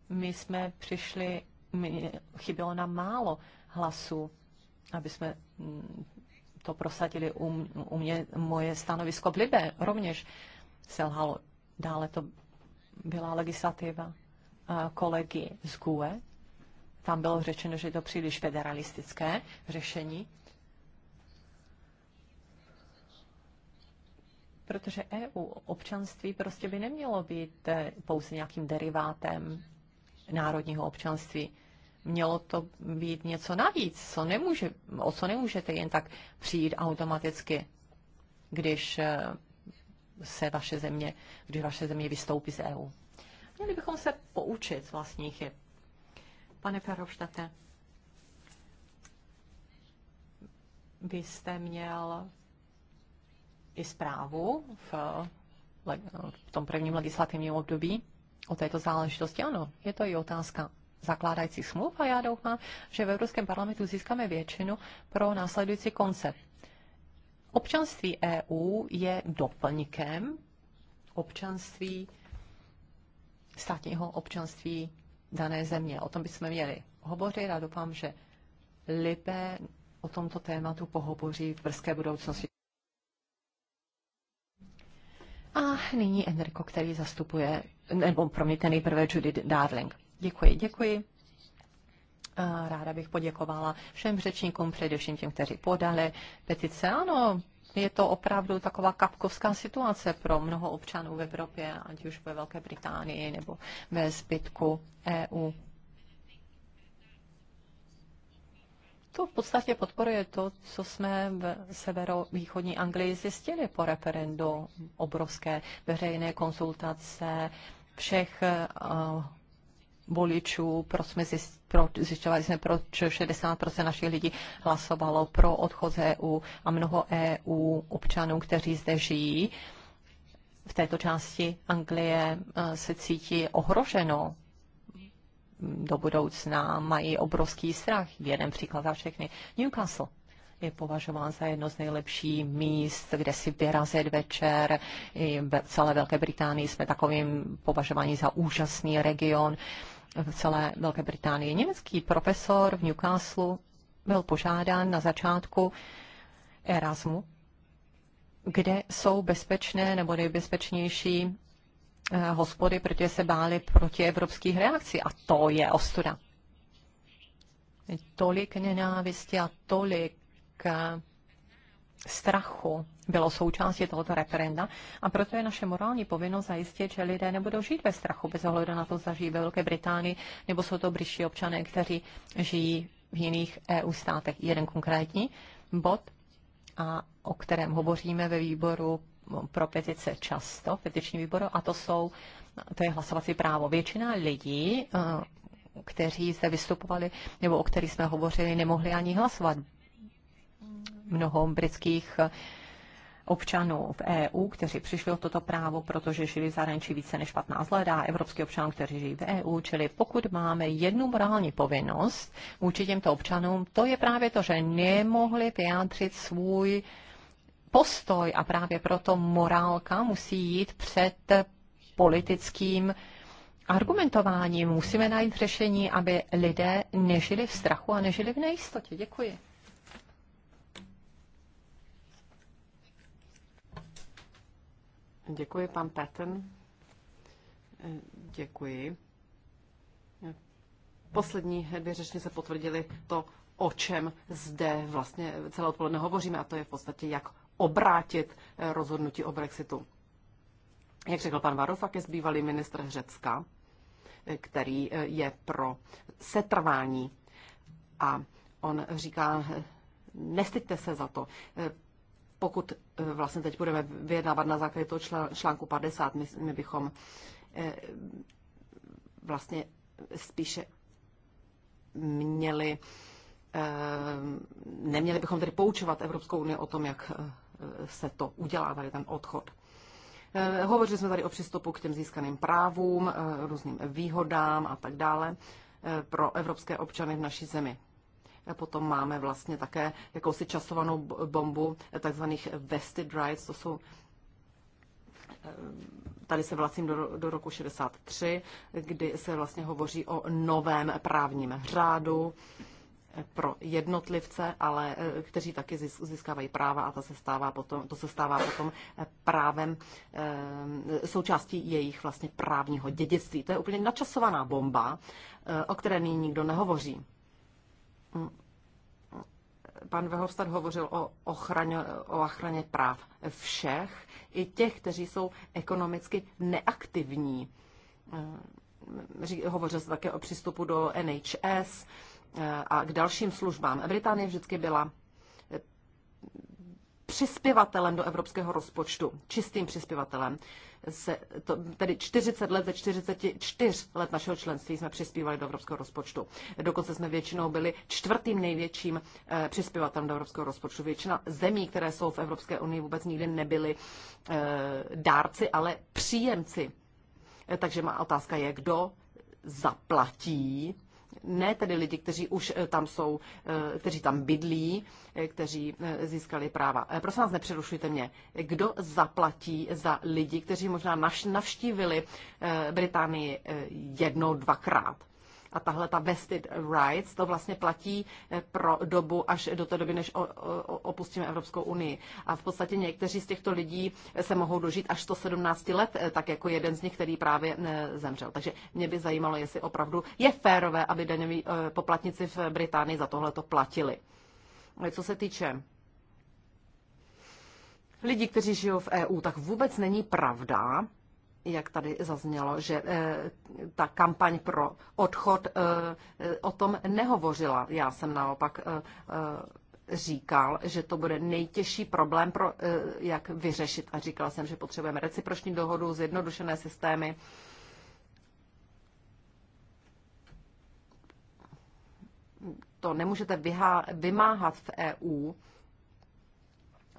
My jsme přišli, my, chybělo nám málo hlasů, aby jsme mm, to prosadili u, u mě, moje stanovisko v Libe rovněž selhalo. Dále to byla legislativa eh, kolegy z GUE, tam bylo řečeno, že je to příliš federalistické řešení. Protože EU občanství prostě by nemělo být eh, pouze nějakým derivátem národního občanství. Mělo to být něco navíc, co nemůže, o co nemůžete jen tak přijít automaticky, když eh, se vaše země, když vaše země vystoupí z EU. Měli bychom se poučit z vlastních chyb. Pane Ferovštate, vy jste měl i zprávu v, v tom prvním legislativním období o této záležitosti. Ano, je to i otázka zakládající smluv a já doufám, že v Evropském parlamentu získáme většinu pro následující koncept. Občanství EU je doplňkem občanství státního občanství dané země. O tom bychom měli hovořit a doufám, že Libe o tomto tématu pohovoří v brzké budoucnosti. A nyní Enrico, který zastupuje, nebo promiňte nejprve Judy Darling. Děkuji, děkuji. A ráda bych poděkovala všem řečníkům, především těm, kteří podali petice. Ano, je to opravdu taková kapkovská situace pro mnoho občanů v Evropě, ať už ve Velké Británii nebo ve zbytku EU. To v podstatě podporuje to, co jsme v severovýchodní Anglii zjistili po referendu. Obrovské veřejné konsultace všech eh, voličů, pro jsme zjišťovali jsme, proč 60% našich lidí hlasovalo pro odchod z EU a mnoho EU občanů, kteří zde žijí, v této části Anglie eh, se cítí ohroženo do budoucna, mají obrovský strach. Jeden příklad za všechny. Newcastle je považován za jedno z nejlepších míst, kde si vyrazit večer. I v celé Velké Británii jsme takovým považováni za úžasný region v celé Velké Británii. Německý profesor v Newcastle byl požádán na začátku Erasmu, kde jsou bezpečné nebo nejbezpečnější eh, hospody, protože se báli proti evropských reakcí. A to je ostuda. Tolik nenávisti a tolik eh, strachu bylo součástí tohoto referenda a proto je naše morální povinnost zajistit, že lidé nebudou žít ve strachu bez ohledu na to, zda žijí ve Velké Británii nebo jsou to britští občané, kteří žijí v jiných EU státech. Jeden konkrétní bod, a o kterém hovoříme ve výboru pro petice často, petiční výboru, a to jsou, to je hlasovací právo. Většina lidí, eh, kteří zde vystupovali nebo o kterých jsme hovořili, nemohli ani hlasovat mnoho britských eh, občanů v EU, kteří přišli o toto právo, protože žili v zahraničí více než 15 let a evropský občan, kteří žijí v EU. Čili pokud máme jednu morální povinnost vůči těmto občanům, to je právě to, že nemohli vyjádřit svůj postoj a právě proto morálka musí jít před politickým argumentováním. Musíme najít řešení, aby lidé nežili v strachu a nežili v nejistotě. Děkuji. Děkuji, pan Patton. Eh, děkuji. Poslední dvě se potvrdili to, o čem zde vlastně celé odpoledne hovoříme, a to je v podstatě, jak obrátit eh, rozhodnutí o Brexitu. Jak řekl pan Varoufakis, bývalý ministr Řecka, eh, který je pro setrvání. A on říká, nestyďte se za to. Pokud Eh, vlastně teď budeme vyjednávat na základě toho článku 50. My, my bychom eh, vlastně spíše měli, eh, neměli bychom tedy poučovat Evropskou unii o tom, jak se to udělá, tady ten odchod. Hovořili jsme tady o přístupu k těm získaným právům, různým výhodám a tak dále pro evropské občany v naší zemi. Potom máme vlastně také jakousi časovanou bombu takzvaných vested rights, to jsou eh, Tady se vracím do, do roku 63, kdy se vlastně hovoří o novém právním řádu eh, pro jednotlivce, ale eh, kteří taky získávají práva a to se stává potom, to se stává potom právem součástí jejich vlastně právního dědictví. To je úplně načasovaná bomba, o které nyní nikdo nehovoří pan Vehovstad hovořil o, ochraně, o ochraně práv všech, i těch, kteří jsou ekonomicky neaktivní. Hovořil se také o přístupu do NHS eh, a k dalším službám. Británie vždycky byla přispěvatelem do evropského rozpočtu, čistým přispěvatelem. Se, to, tedy 40 let ze 44 let našeho členství jsme přispívali do evropského rozpočtu. Dokonce jsme většinou byli čtvrtým největším e, přispěvatelem do evropského rozpočtu. Většina zemí, které jsou v Evropské unii, vůbec nikdy nebyly e, dárci, ale příjemci. Eh, takže má otázka je, kdo zaplatí ne tedy lidi, kteří už eh, tam jsou, eh, kteří tam bydlí, eh, kteří získali práva. Prosím vás, nepřerušujte mě. Kdo zaplatí za lidi, kteří možná navštívili Británii jednou, dvakrát? A tahle ta vested rights, to vlastně platí eh, pro dobu až do té doby, než opustíme Evropskou unii. A v podstatě někteří z těchto lidí eh, se mohou dožít až 117 let, eh, tak jako jeden z nich, který právě zemřel. Takže mě by zajímalo, jestli opravdu je férové, aby daňoví poplatníci v Británii za tohle to platili. Co se týče lidí, kteří žijou v EU, tak vůbec není pravda, jak tady zaznělo, že eh, ta kampaň pro odchod eh, eh, o tom nehovořila. Já jsem naopak říkal, že to bude nejtěžší problém, pro, jak vyřešit. A říkal jsem, že potřebujeme reciproční dohodu, zjednodušené systémy. To nemůžete vymáhat v EU,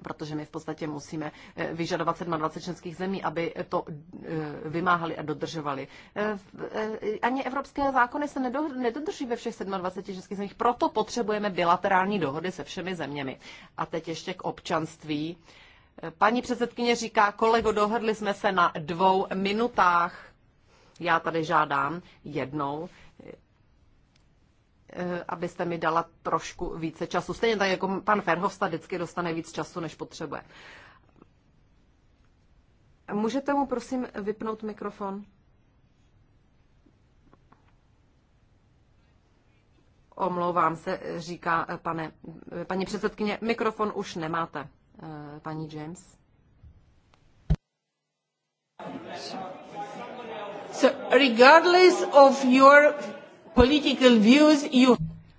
protože my v podstatě musíme eh, vyžadovat 27 členských zemí, aby to eh, vymáhali a dodržovali. Eh, ani evropské zákony se nedodrží ve všech 27 členských zemích, proto potřebujeme bilaterální dohody se všemi zeměmi. A teď ještě k občanství. Paní předsedkyně říká, kolego, dohodli jsme se na dvou minutách. Já tady žádám jednou Eh, abyste mi dala trošku více času. Stejně tak jako pan Ferhovsta vždycky dostane víc času, než potřebuje. Můžete mu prosím vypnout mikrofon? Omlouvám se, říká eh, pane, eh, paní předsedkyně, mikrofon už nemáte, paní James. So regardless of your political views you...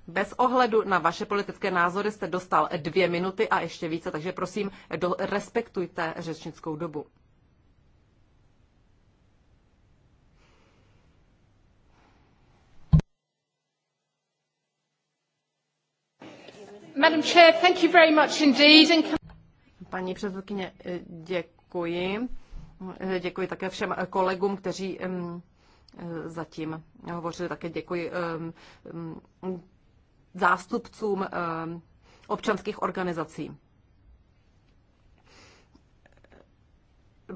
Bez ohledu na vaše politické názory jste dostal dvě minuty a ještě více, takže prosím, do, respektujte řečnickou dobu. Madam Chair, thank you very much indeed. And... Paní předsedkyně, děkuji. Děkuji také všem kolegům, kteří um, Eh, zatím hovořili. Také děkuji zástupcům občanských organizací.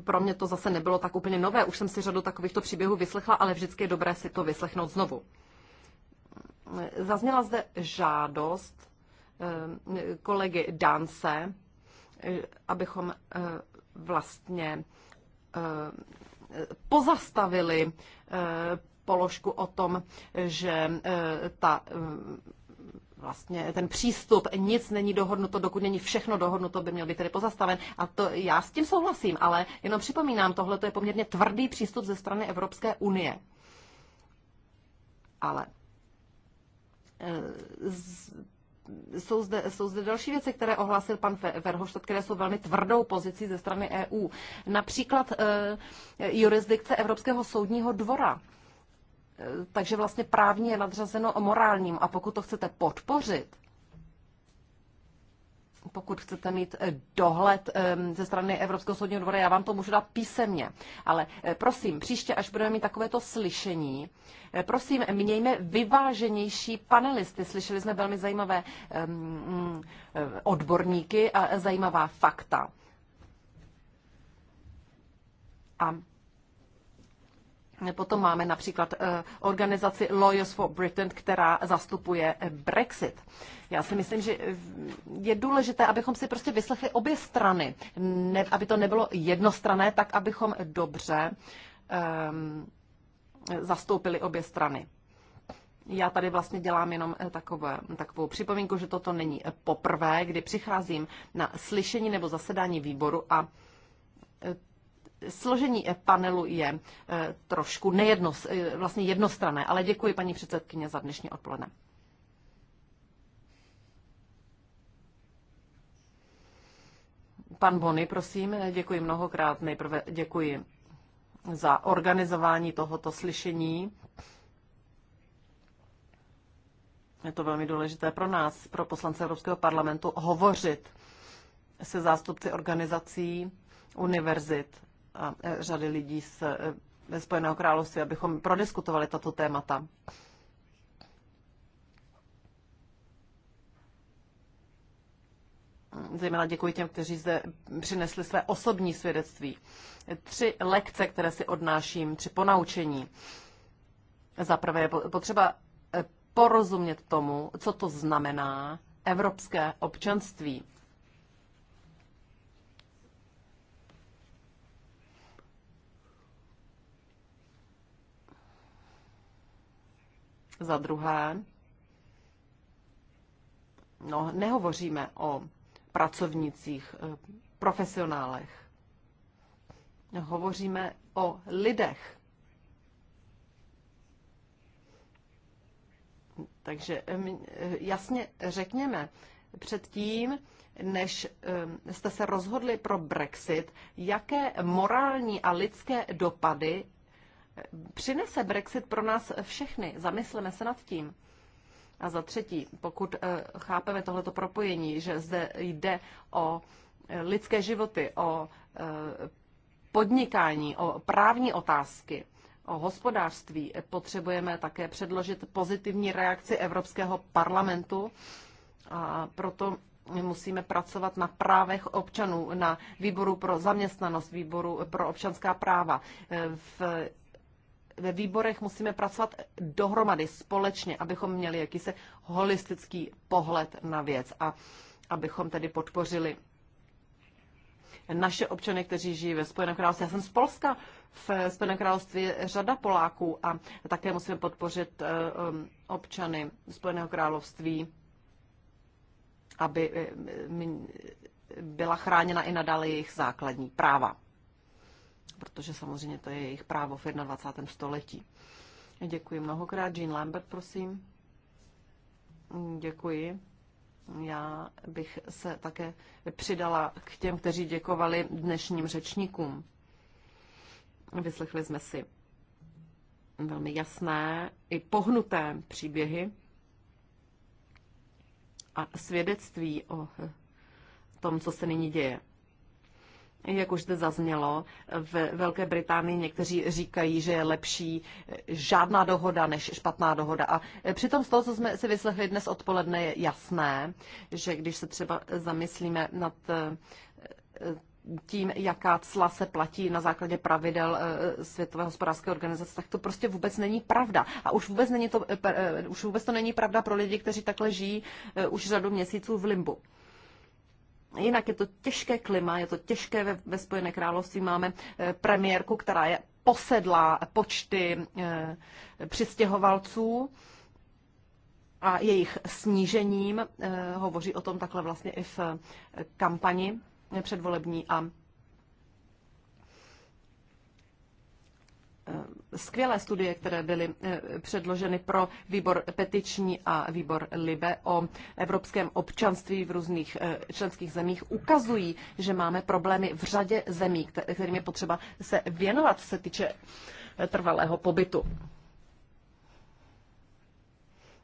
Pro mě to zase nebylo tak úplně nové, už jsem si řadu takovýchto příběhů vyslechla, ale vždycky je dobré si to vyslechnout znovu. Zazněla zde žádost kolegy Dance, eh, abychom eh, vlastně pozastavili eh, položku o tom, že eh, ta mm, vlastně ten přístup, nic není dohodnuto, dokud není všechno dohodnuto, by měl být tedy pozastaven. A to já s tím souhlasím, ale jenom připomínám, tohle je poměrně tvrdý přístup ze strany Evropské unie. Ale eh, jsou zde, jsou zde další věci, které ohlásil pan Verhofstadt, které jsou velmi tvrdou pozicí ze strany EU. Například eh, jurisdikce Evropského soudního dvora. Eh, takže vlastně právně je nadřazeno morálním. A pokud to chcete podpořit, pokud chcete mít eh, dohled ehm, ze strany Evropského soudního dvora, já vám to můžu dát písemně. Ale eh, prosím, příště, až budeme mít takovéto slyšení, eh, prosím, mějme vyváženější panelisty. Slyšeli jsme velmi zajímavé ehm, odborníky a zajímavá fakta. A Potom máme například eh, organizaci Lawyers for Britain, která zastupuje eh, Brexit. Já si myslím, že eh, je důležité, abychom si prostě vyslechli obě strany, ne, aby to nebylo jednostrané, tak abychom dobře um, zastoupili obě strany. Já tady vlastně dělám jenom takové, takovou připomínku, že toto není poprvé, kdy přicházím na slyšení nebo zasedání výboru a složení eh, panelu je eh, trošku nejedno, eh, vlastně jednostrané, ale děkuji paní předsedkyně za dnešní odpoledne. Pan Bony, prosím, děkuji mnohokrát. Nejprve děkuji za organizování tohoto slyšení. Je to velmi důležité pro nás, pro poslance Evropského parlamentu, hovořit se zástupci organizací, univerzit a e, řady lidí z e, Spojeného království, abychom prodiskutovali tato témata. Zejména děkuji těm, kteří zde přinesli své osobní svědectví. Tři lekce, které si odnáším, tři ponaučení. Za prvé je potřeba e, porozumět tomu, co to znamená evropské občanství. Za druhé, no, nehovoříme o pracovnicích, eh, profesionálech. Hovoříme o lidech. Takže eh, eh, jasně řekněme, předtím, než jste se rozhodli pro Brexit, jaké morální a lidské dopady přinese Brexit pro nás všechny? Zamysleme se nad tím. A za třetí, pokud eh, chápeme tohleto propojení, že zde jde o eh, lidské životy, o eh, podnikání, o právní otázky, o hospodářství, potřebujeme také předložit pozitivní reakci Evropského parlamentu a proto my musíme pracovat na právech občanů, na výboru pro zaměstnanost, výboru pro občanská práva, v ve výborech musíme pracovat dohromady, společně, abychom měli jakýsi holistický pohled na věc a abychom tedy podpořili naše občany, kteří žijí ve Spojeném království. Já jsem z Polska, v Spojeném království je řada Poláků a také musíme podpořit eh, um, občany Spojeného království, aby eh, byla chráněna i nadále jejich základní práva protože samozřejmě to je jejich právo v 21. století. Děkuji mnohokrát. Jean Lambert, prosím. Děkuji. Já bych se také přidala k těm, kteří děkovali dnešním řečníkům. Vyslechli jsme si velmi jasné i pohnuté příběhy a svědectví o tom, co se nyní děje. Jak už zde zaznělo, v Velké Británii někteří říkají, že je lepší eh, žádná dohoda než špatná dohoda. A eh, přitom z toho, co jsme si vyslechli dnes odpoledne, je jasné, že když se třeba zamyslíme nad eh, tím, jaká cla se platí na základě pravidel Světové hospodářské organizace, tak to prostě vůbec není pravda. A už vůbec, není to, už vůbec to není pravda pro lidi, kteří takhle žijí už řadu měsíců v limbu. Jinak je to těžké klima, je to těžké ve, ve Spojené království. Máme eh, premiérku, která je posedla počty eh, přistěhovalců a jejich snížením. Eh, hovoří o tom takhle vlastně i v kampani předvolební a Eh, skvělé studie, které byly eh, předloženy pro výbor petiční a výbor LIBE o evropském občanství v různých eh, členských zemích, ukazují, že máme problémy v řadě zemí, kterým je potřeba se věnovat, se týče trvalého pobytu.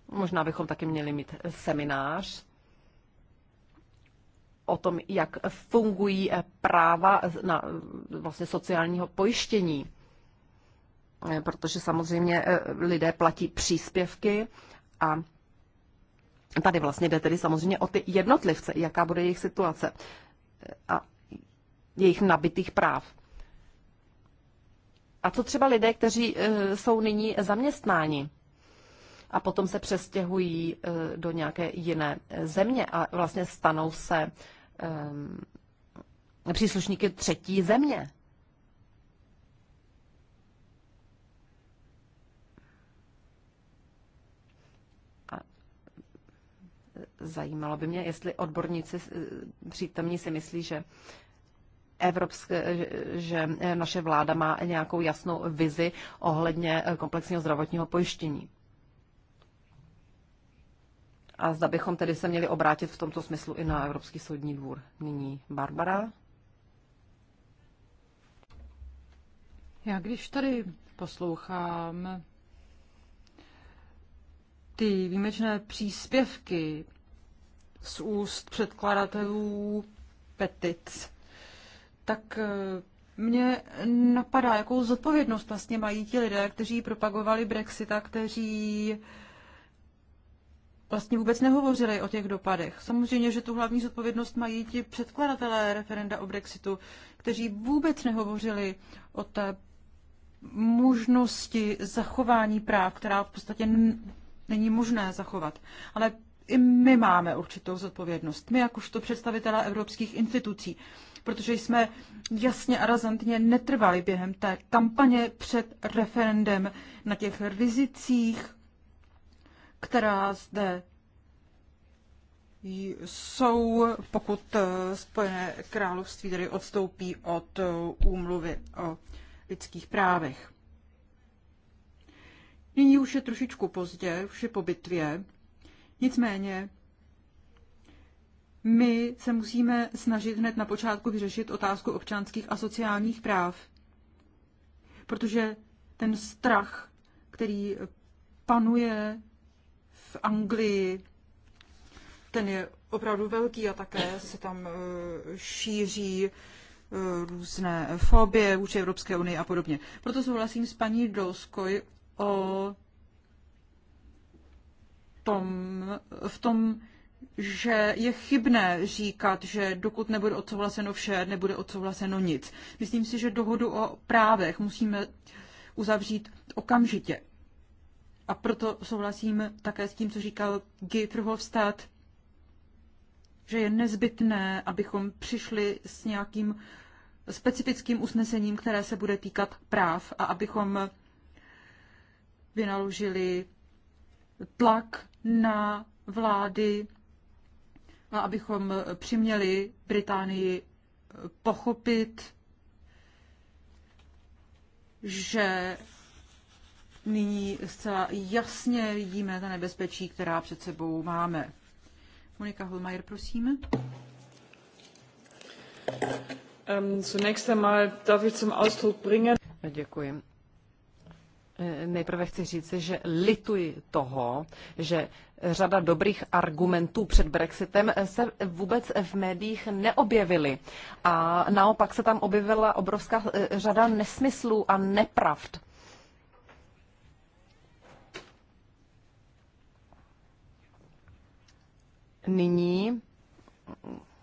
Možná bychom taky měli mít seminář o tom, jak fungují práva na vlastně sociálního pojištění. Eh, protože samozřejmě eh, lidé platí příspěvky a tady vlastně jde tedy samozřejmě o ty jednotlivce, jaká bude jejich situace eh, a jejich nabitých práv. A co třeba lidé, kteří jsou nyní zaměstnáni a potom se přestěhují do nějaké jiné země a vlastně stanou se ehm, příslušníky třetí země? zajímalo by mě, jestli odborníci přítomní si myslí, že Evropské, že naše vláda má nějakou jasnou vizi ohledně eh, komplexního zdravotního pojištění. A zda bychom tedy se měli obrátit v tomto smyslu i na Evropský soudní dvůr. Nyní Barbara. Já když tady poslouchám ty výjimečné příspěvky z úst předkladatelů petic, tak e, mě napadá, jakou zodpovědnost vlastně mají ti lidé, kteří propagovali Brexita, kteří vlastně vůbec nehovořili o těch dopadech. Samozřejmě, že tu hlavní zodpovědnost mají ti předkladatelé referenda o Brexitu, kteří vůbec nehovořili o té možnosti zachování práv, která v podstatě není možné zachovat. Ale i my máme určitou zodpovědnost. My jakožto představitelé evropských institucí, protože jsme jasně a razantně netrvali během té kampaně před referendem na těch rizicích, která zde jsou, pokud eh, Spojené království tedy odstoupí od eh, úmluvy o lidských právech. Nyní už je trošičku pozdě, už je po bitvě. Nicméně my se musíme snažit hned na počátku vyřešit otázku občanských a sociálních práv, protože ten strach, který panuje v Anglii, ten je opravdu velký a také se tam eh, šíří eh, různé fobie vůči Evropské unii a podobně. Proto souhlasím s paní Dolskoj o tom, v tom, že je chybné říkat, že dokud nebude odsouhlaseno vše, nebude odsouhlaseno nic. Myslím si, že dohodu o právech musíme uzavřít okamžitě. A proto souhlasím také s tím, co říkal Guy Verhofstadt, že je nezbytné, abychom přišli s nějakým specifickým usnesením, které se bude týkat práv a abychom vynaložili tlak na vlády a abychom přiměli Británii eh, pochopit, že nyní zcela jasně vidíme ta nebezpečí, která před sebou máme. Monika Holmajer, prosím. Ähm, zunächst einmal darf ich zum Ausdruck bringen. Děkuji. Nejprve chci říct, že lituji toho, že řada dobrých argumentů před Brexitem se vůbec v médiích neobjevily. A naopak se tam objevila obrovská e, řada nesmyslů a nepravd. Nyní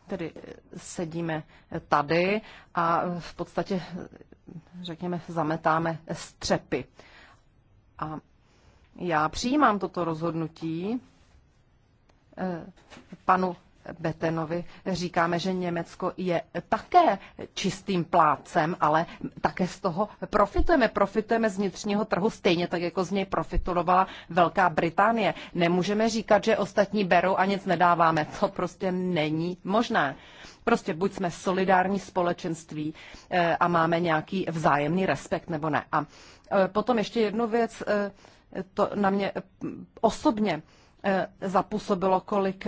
tedy sedíme tady a v podstatě, řekněme, zametáme střepy. A já přijímám toto rozhodnutí. Eh, panu Betenovi říkáme, že Německo je také čistým plácem, ale také z toho profitujeme. Profitujeme z vnitřního trhu stejně tak, jako z něj profitovala Velká Británie. Nemůžeme říkat, že ostatní berou a nic nedáváme. To prostě není možné. Prostě buď jsme solidární společenství eh, a máme nějaký vzájemný respekt, nebo ne. A Eh, potom ještě jednu věc, eh, to na mě eh, osobně zapůsobilo, kolik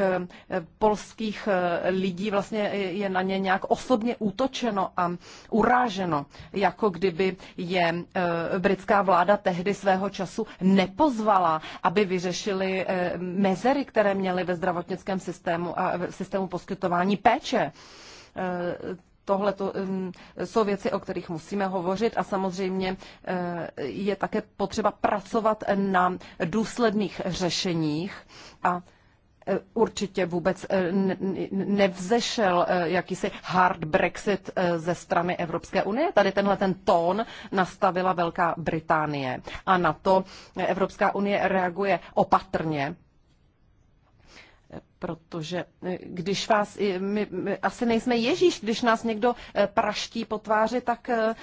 polských lidí vlastně je na ně nějak osobně útočeno a uráženo, jako kdyby je britská vláda tehdy svého času nepozvala, aby vyřešili mezery, které měly ve zdravotnickém systému a v systému poskytování péče tohle jsou věci, o kterých musíme hovořit a samozřejmě eh, je také potřeba pracovat na důsledných řešeních a eh, určitě vůbec eh, nevzešel jakýsi hard Brexit ze strany Evropské unie. Tady tenhle ten tón nastavila Velká Británie a na to Evropská unie reaguje opatrně Protože eh, když vás, my, my asi nejsme Ježíš, když nás někdo eh, praští po tváři, tak eh,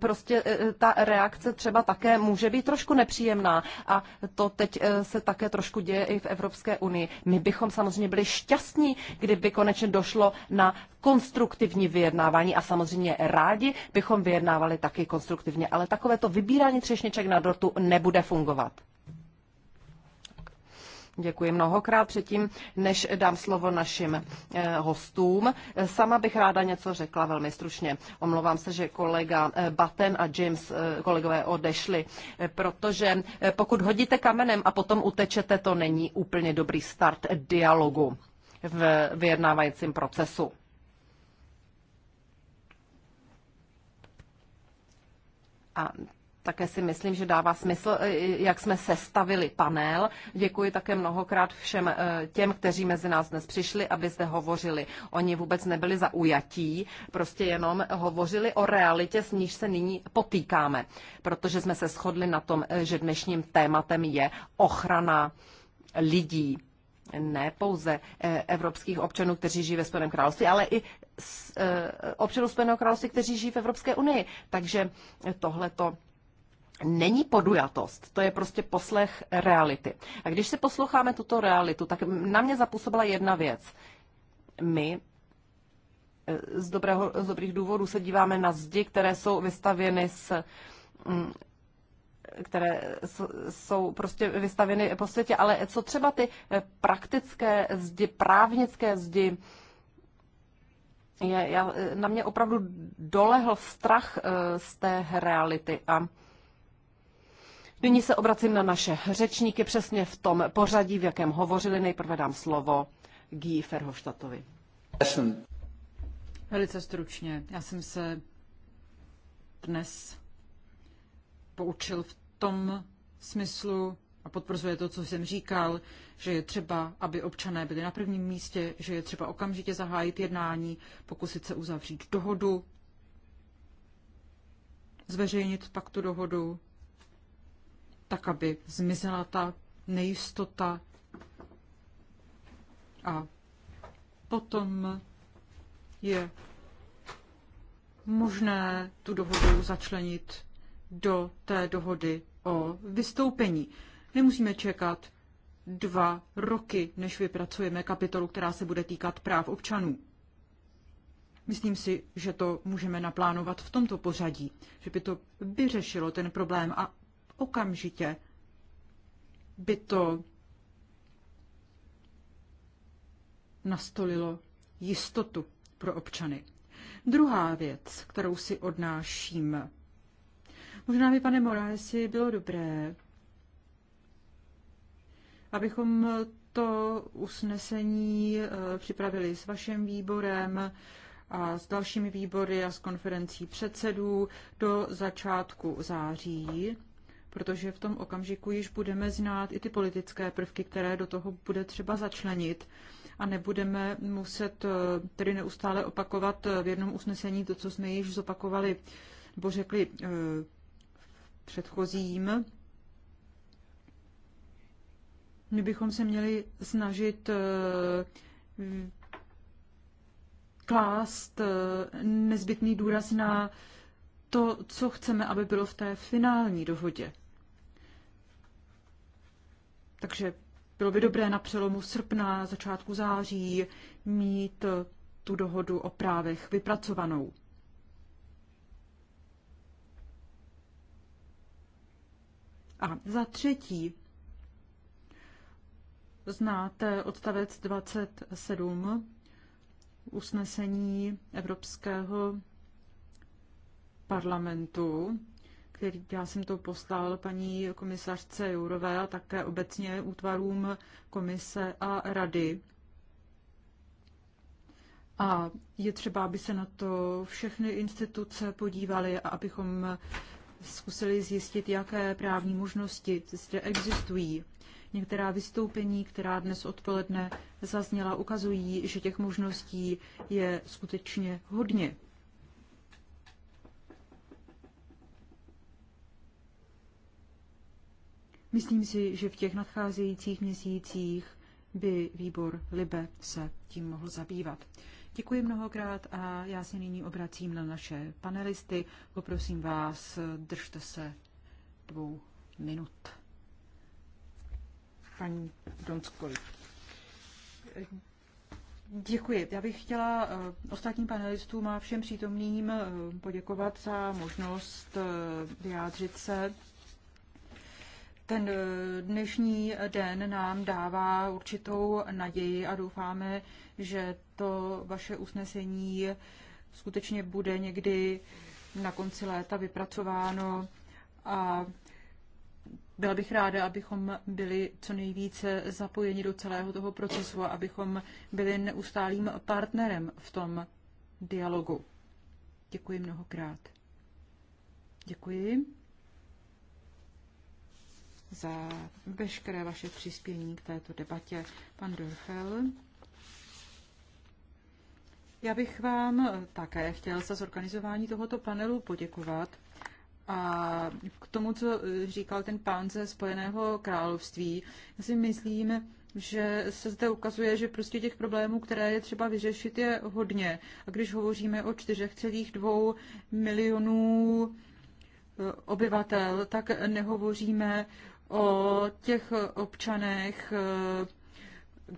prostě ta reakce třeba také může být trošku nepříjemná. A to teď se také trošku děje i v Evropské unii. My bychom samozřejmě byli šťastní, kdyby konečně došlo na konstruktivní vyjednávání a samozřejmě rádi bychom vyjednávali taky konstruktivně, ale takovéto vybírání třešniček na dortu nebude fungovat. Děkuji mnohokrát předtím, než dám slovo našim eh, hostům. Eh, sama bych ráda něco řekla velmi stručně. Omlouvám se, že kolega eh, Batten a James, kolegové, odešli, protože pokud hodíte kamenem a potom utečete, to není úplně dobrý start dialogu v vyjednávajícím procesu. A také si myslím, že dává smysl, e, jak jsme sestavili panel. Děkuji také mnohokrát všem e, těm, kteří mezi nás dnes přišli, aby zde hovořili. Oni vůbec nebyli zaujatí, prostě jenom hovořili o realitě, s níž se nyní potýkáme, protože jsme se shodli na tom, e, že dnešním tématem je ochrana lidí, ne pouze evropských občanů, kteří žijí ve Spojeném království, ale i občanů Spojeného království, kteří žijí v Evropské unii. Takže tohleto není podujatost, to je prostě poslech reality. A když si posloucháme tuto realitu, tak na mě zapůsobila jedna věc. My eh, z, dobrého, z dobrých důvodů se díváme na zdi, které jsou vystavěny s mm, které jsou prostě vystaveny. po světě, ale co třeba ty eh, praktické zdi, právnické zdi, je, já, eh, na mě opravdu dolehl strach z té reality a Nyní se obracím na naše řečníky přesně v tom pořadí, v jakém hovořili. Nejprve dám slovo Guy Ferhofstadtovi. Velice stručně. Já jsem se dnes poučil v tom smyslu, a potvrzuje to, co jsem říkal, že je třeba, aby občané byli na prvním místě, že je třeba okamžitě zahájit jednání, pokusit se uzavřít dohodu, zveřejnit pak tu dohodu, tak aby zmizela ta nejistota a potom je možné tu dohodu začlenit do té dohody o vystoupení. Nemusíme čekat dva roky, než vypracujeme kapitolu, která se bude týkat práv občanů. Myslím si, že to můžeme naplánovat v tomto pořadí, že by to vyřešilo ten problém a okamžitě by to nastolilo jistotu pro občany. Druhá věc, kterou si odnáším. Možná by, pane Moraesi, bylo dobré, abychom to usnesení eh, připravili s vaším výborem a s dalšími výbory a s konferencí předsedů do začátku září protože v tom okamžiku již budeme znát i ty politické prvky, které do toho bude třeba začlenit a nebudeme muset eh, tedy neustále opakovat eh, v jednom usnesení to, co jsme již zopakovali nebo řekli eh, v předchozím. My bychom se měli snažit klást nezbytný důraz na to, co chceme, aby bylo v té finální dohodě. Takže bylo by dobré na přelomu srpna, začátku září mít tu dohodu o právech vypracovanou. A za třetí, znáte odstavec 27 usnesení Evropského parlamentu, který já jsem to poslal paní komisařce Jourové a také obecně útvarům komise a rady. A je třeba, aby se na to všechny instituce podívaly a abychom zkusili zjistit, jaké právní možnosti zde existují. Některá vystoupení, která dnes odpoledne zazněla, ukazují, že těch možností je skutečně hodně. Myslím si, že v těch nadcházejících měsících by výbor Libe se tím mohl zabývat. Děkuji mnohokrát a já se nyní obracím na naše panelisty. Poprosím vás, držte se dvou minut. Paní Donskoli. Děkuji. Já bych chtěla eh, ostatním panelistům a všem přítomným eh, poděkovat za možnost eh, vyjádřit se ten eh, dnešní den nám dává určitou naději a doufáme, že to vaše usnesení skutečně bude někdy na konci léta vypracováno a byla bych ráda, abychom byli co nejvíce zapojeni do celého toho procesu a abychom byli neustálým partnerem v tom dialogu. Děkuji mnohokrát. Děkuji za veškeré vaše přispění k této debatě. Pan Dorfel. Já bych vám také chtěl za zorganizování tohoto panelu poděkovat. A k tomu, co říkal ten pán ze Spojeného království, já si myslím, že se zde ukazuje, že prostě těch problémů, které je třeba vyřešit, je hodně. A když hovoříme o 4,2 milionů eh, obyvatel, tak nehovoříme o těch občanech,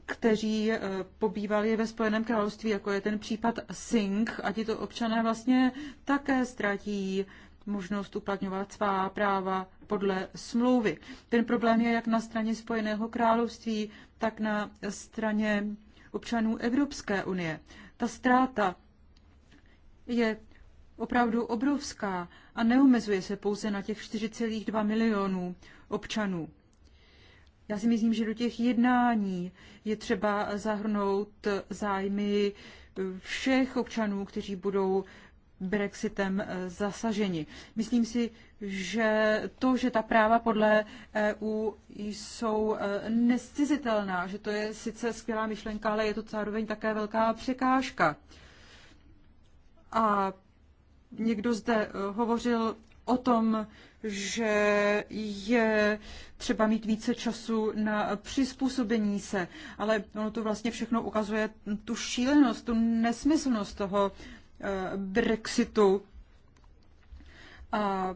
kteří eh, pobývali ve Spojeném království, jako je ten případ Singh, a tito občané vlastně také ztratí možnost uplatňovat svá práva podle smlouvy. Ten problém je jak na straně Spojeného království, tak na straně občanů Evropské unie. Ta ztráta je opravdu obrovská a neomezuje se pouze na těch 4,2 milionů občanů. Já si myslím, že do těch jednání je třeba zahrnout zájmy všech občanů, kteří budou Brexitem eh, zasaženi. Myslím si, že to, že ta práva podle EU jsou eh, nescizitelná, že to je sice skvělá myšlenka, ale je to zároveň také velká překážka. A někdo zde eh, hovořil o tom, že je třeba mít více času na přizpůsobení se, ale ono to vlastně všechno ukazuje tu šílenost, tu nesmyslnost toho eh, Brexitu. A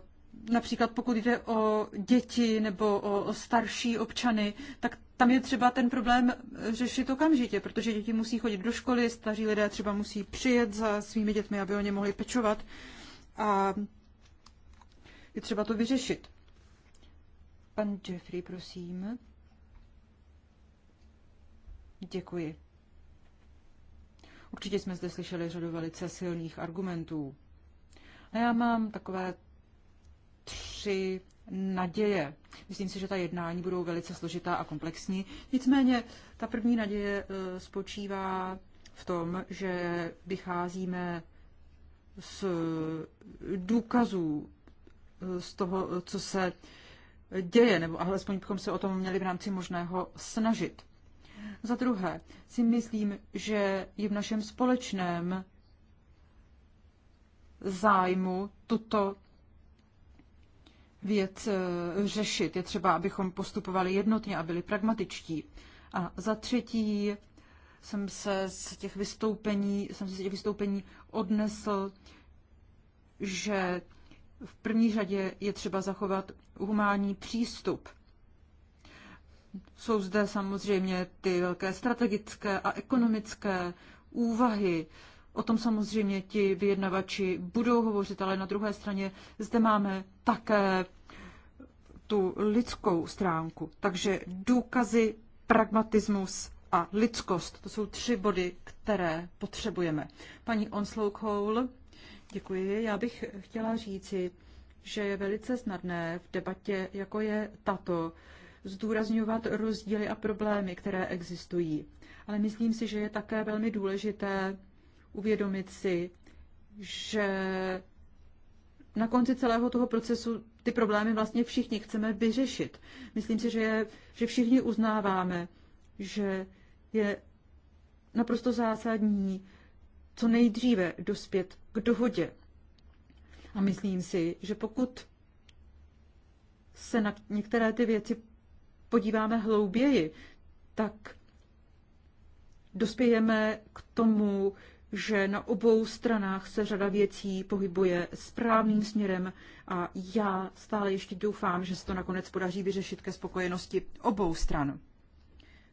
například pokud jde o děti nebo o starší občany, tak tam je třeba ten problém řešit okamžitě, protože děti musí chodit do školy, staří lidé třeba musí přijet za svými dětmi, aby o ně mohli pečovat. A je třeba to vyřešit. Pan Jeffrey, prosím. Děkuji. Určitě jsme zde slyšeli řadu velice silných argumentů. A já mám takové tři naděje. Myslím si, že ta jednání budou velice složitá a komplexní. Nicméně ta první naděje eh, spočívá v tom, že vycházíme z důkazů z toho, co se děje, nebo alespoň bychom se o tom měli v rámci možného snažit. Za druhé, si myslím, že je v našem společném zájmu tuto věc eh, řešit. Je třeba, abychom postupovali jednotně a byli pragmatičtí. A za třetí jsem se z těch vystoupení, jsem se z těch vystoupení odnesl, že v první řadě je třeba zachovat humánní přístup. Jsou zde samozřejmě ty velké strategické a ekonomické úvahy. O tom samozřejmě ti vyjednavači budou hovořit, ale na druhé straně zde máme také tu lidskou stránku. Takže důkazy, pragmatismus a lidskost, to jsou tři body, které potřebujeme. Paní Onslow Cole Děkuji. Já bych chtěla říci, že je velice snadné v debatě, jako je tato, zdůrazňovat rozdíly a problémy, které existují. Ale myslím si, že je také velmi důležité uvědomit si, že na konci celého toho procesu ty problémy vlastně všichni chceme vyřešit. Myslím si, že, je, že všichni uznáváme, že je naprosto zásadní co nejdříve dospět k dohodě. A myslím si, že pokud se na některé ty věci podíváme hlouběji, tak dospějeme k tomu, že na obou stranách se řada věcí pohybuje správným směrem a já stále ještě doufám, že se to nakonec podaří vyřešit ke spokojenosti obou stran.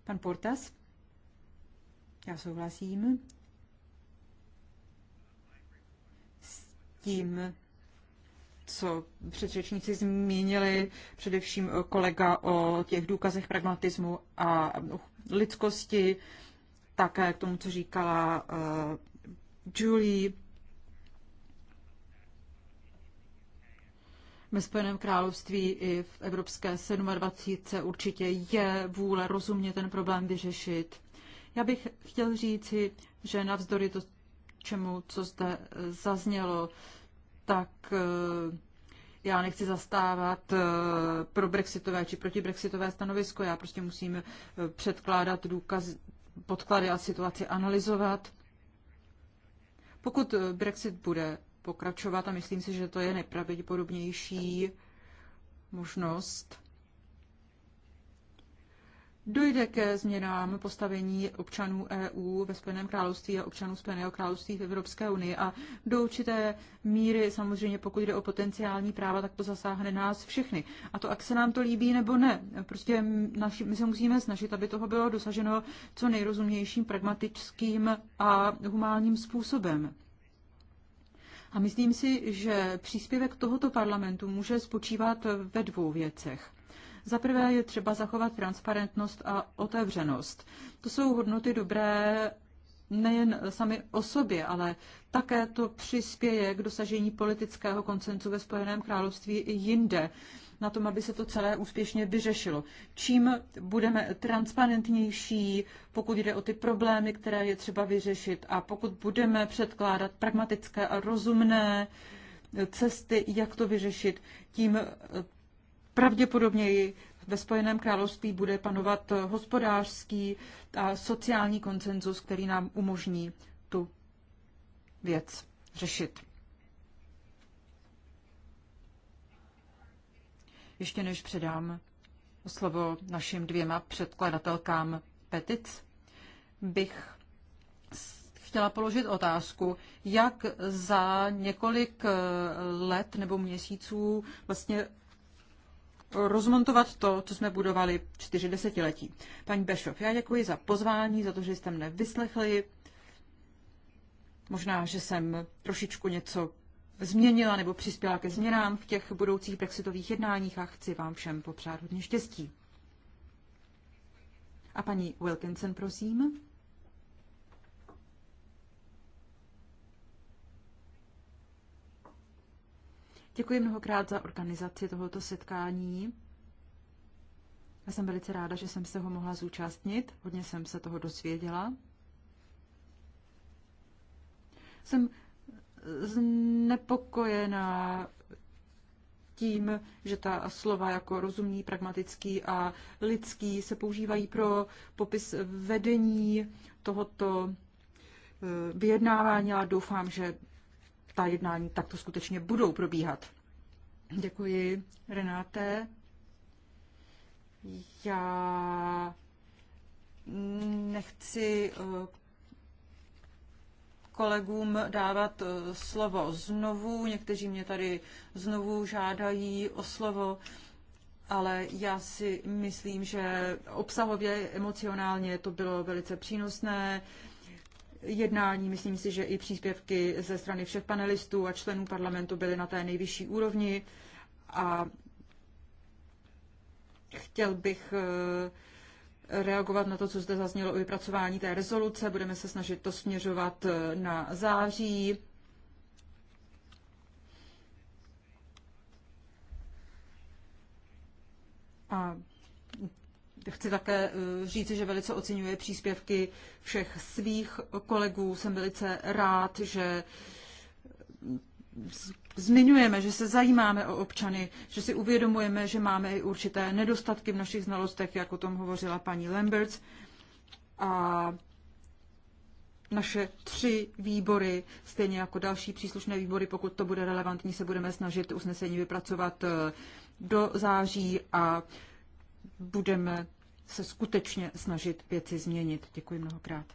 Pan Portas? Já souhlasím tím, co předřečníci zmínili, především kolega o těch důkazech pragmatismu a lidskosti, také k tomu, co říkala eh, Julie. Ve Spojeném království i v Evropské 27 určitě je vůle rozumně ten problém vyřešit. Já bych chtěl říci, že navzdory to, čemu, co zde eh, zaznělo, tak eh, já nechci zastávat eh, pro brexitové či proti brexitové stanovisko, já prostě musím předkládat důkaz, podklady a situaci analyzovat. Pokud Brexit bude pokračovat, a myslím si, že to je nejpravděpodobnější možnost, dojde ke změnám postavení občanů EU ve Spojeném království a občanů Spojeného království v Evropské unii. A do určité míry, samozřejmě pokud jde o potenciální práva, tak to zasáhne nás všechny. A to, ak se nám to líbí nebo ne. Prostě naši, my se musíme snažit, aby toho bylo dosaženo co nejrozumějším, pragmatickým a humánním způsobem. A myslím si, že příspěvek tohoto parlamentu může spočívat ve dvou věcech. Za prvé je třeba zachovat transparentnost a otevřenost. To jsou hodnoty dobré nejen sami o sobě, ale také to přispěje k dosažení politického koncenzu ve Spojeném království i jinde na tom, aby se to celé úspěšně vyřešilo. Čím budeme transparentnější, pokud jde o ty problémy, které je třeba vyřešit a pokud budeme předkládat pragmatické a rozumné cesty, jak to vyřešit, tím pravděpodobněji ve Spojeném království bude panovat hospodářský a sociální konsenzus, který nám umožní tu věc řešit. Ještě než předám slovo našim dvěma předkladatelkám petic, bych chtěla položit otázku, jak za několik let nebo měsíců vlastně rozmontovat to, co jsme budovali čtyři desetiletí. Paní Bešov, já děkuji za pozvání, za to, že jste mne vyslechli. Možná, že jsem trošičku něco změnila nebo přispěla ke změnám v těch budoucích brexitových jednáních a chci vám všem popřát hodně štěstí. A paní Wilkinson, prosím. Děkuji mnohokrát za organizaci tohoto setkání. Já jsem velice ráda, že jsem se ho mohla zúčastnit. Hodně jsem se toho dosvěděla. Jsem znepokojená tím, že ta slova jako rozumný, pragmatický a lidský se používají pro popis vedení tohoto eh, vyjednávání, a doufám, že ta jednání takto skutečně budou probíhat. Děkuji, Renáte. Já nechci eh, kolegům dávat eh, slovo znovu. Někteří mě tady znovu žádají o slovo, ale já si myslím, že obsahově, emocionálně to bylo velice přínosné jednání. Myslím si, že i příspěvky ze strany všech panelistů a členů parlamentu byly na té nejvyšší úrovni a chtěl bych eh, reagovat na to, co zde zaznělo o vypracování té rezoluce. Budeme se snažit to směřovat eh, na září. A chci také eh, říci, že velice oceňuje příspěvky všech svých kolegů. Jsem velice rád, že eh, zmiňujeme, že se zajímáme o občany, že si uvědomujeme, že máme i určité nedostatky v našich znalostech, jak o tom hovořila paní Lamberts. A naše tři výbory, stejně jako další příslušné výbory, pokud to bude relevantní, se budeme snažit usnesení vypracovat eh, do září a budeme se skutečně snažit věci změnit. Děkuji mnohokrát.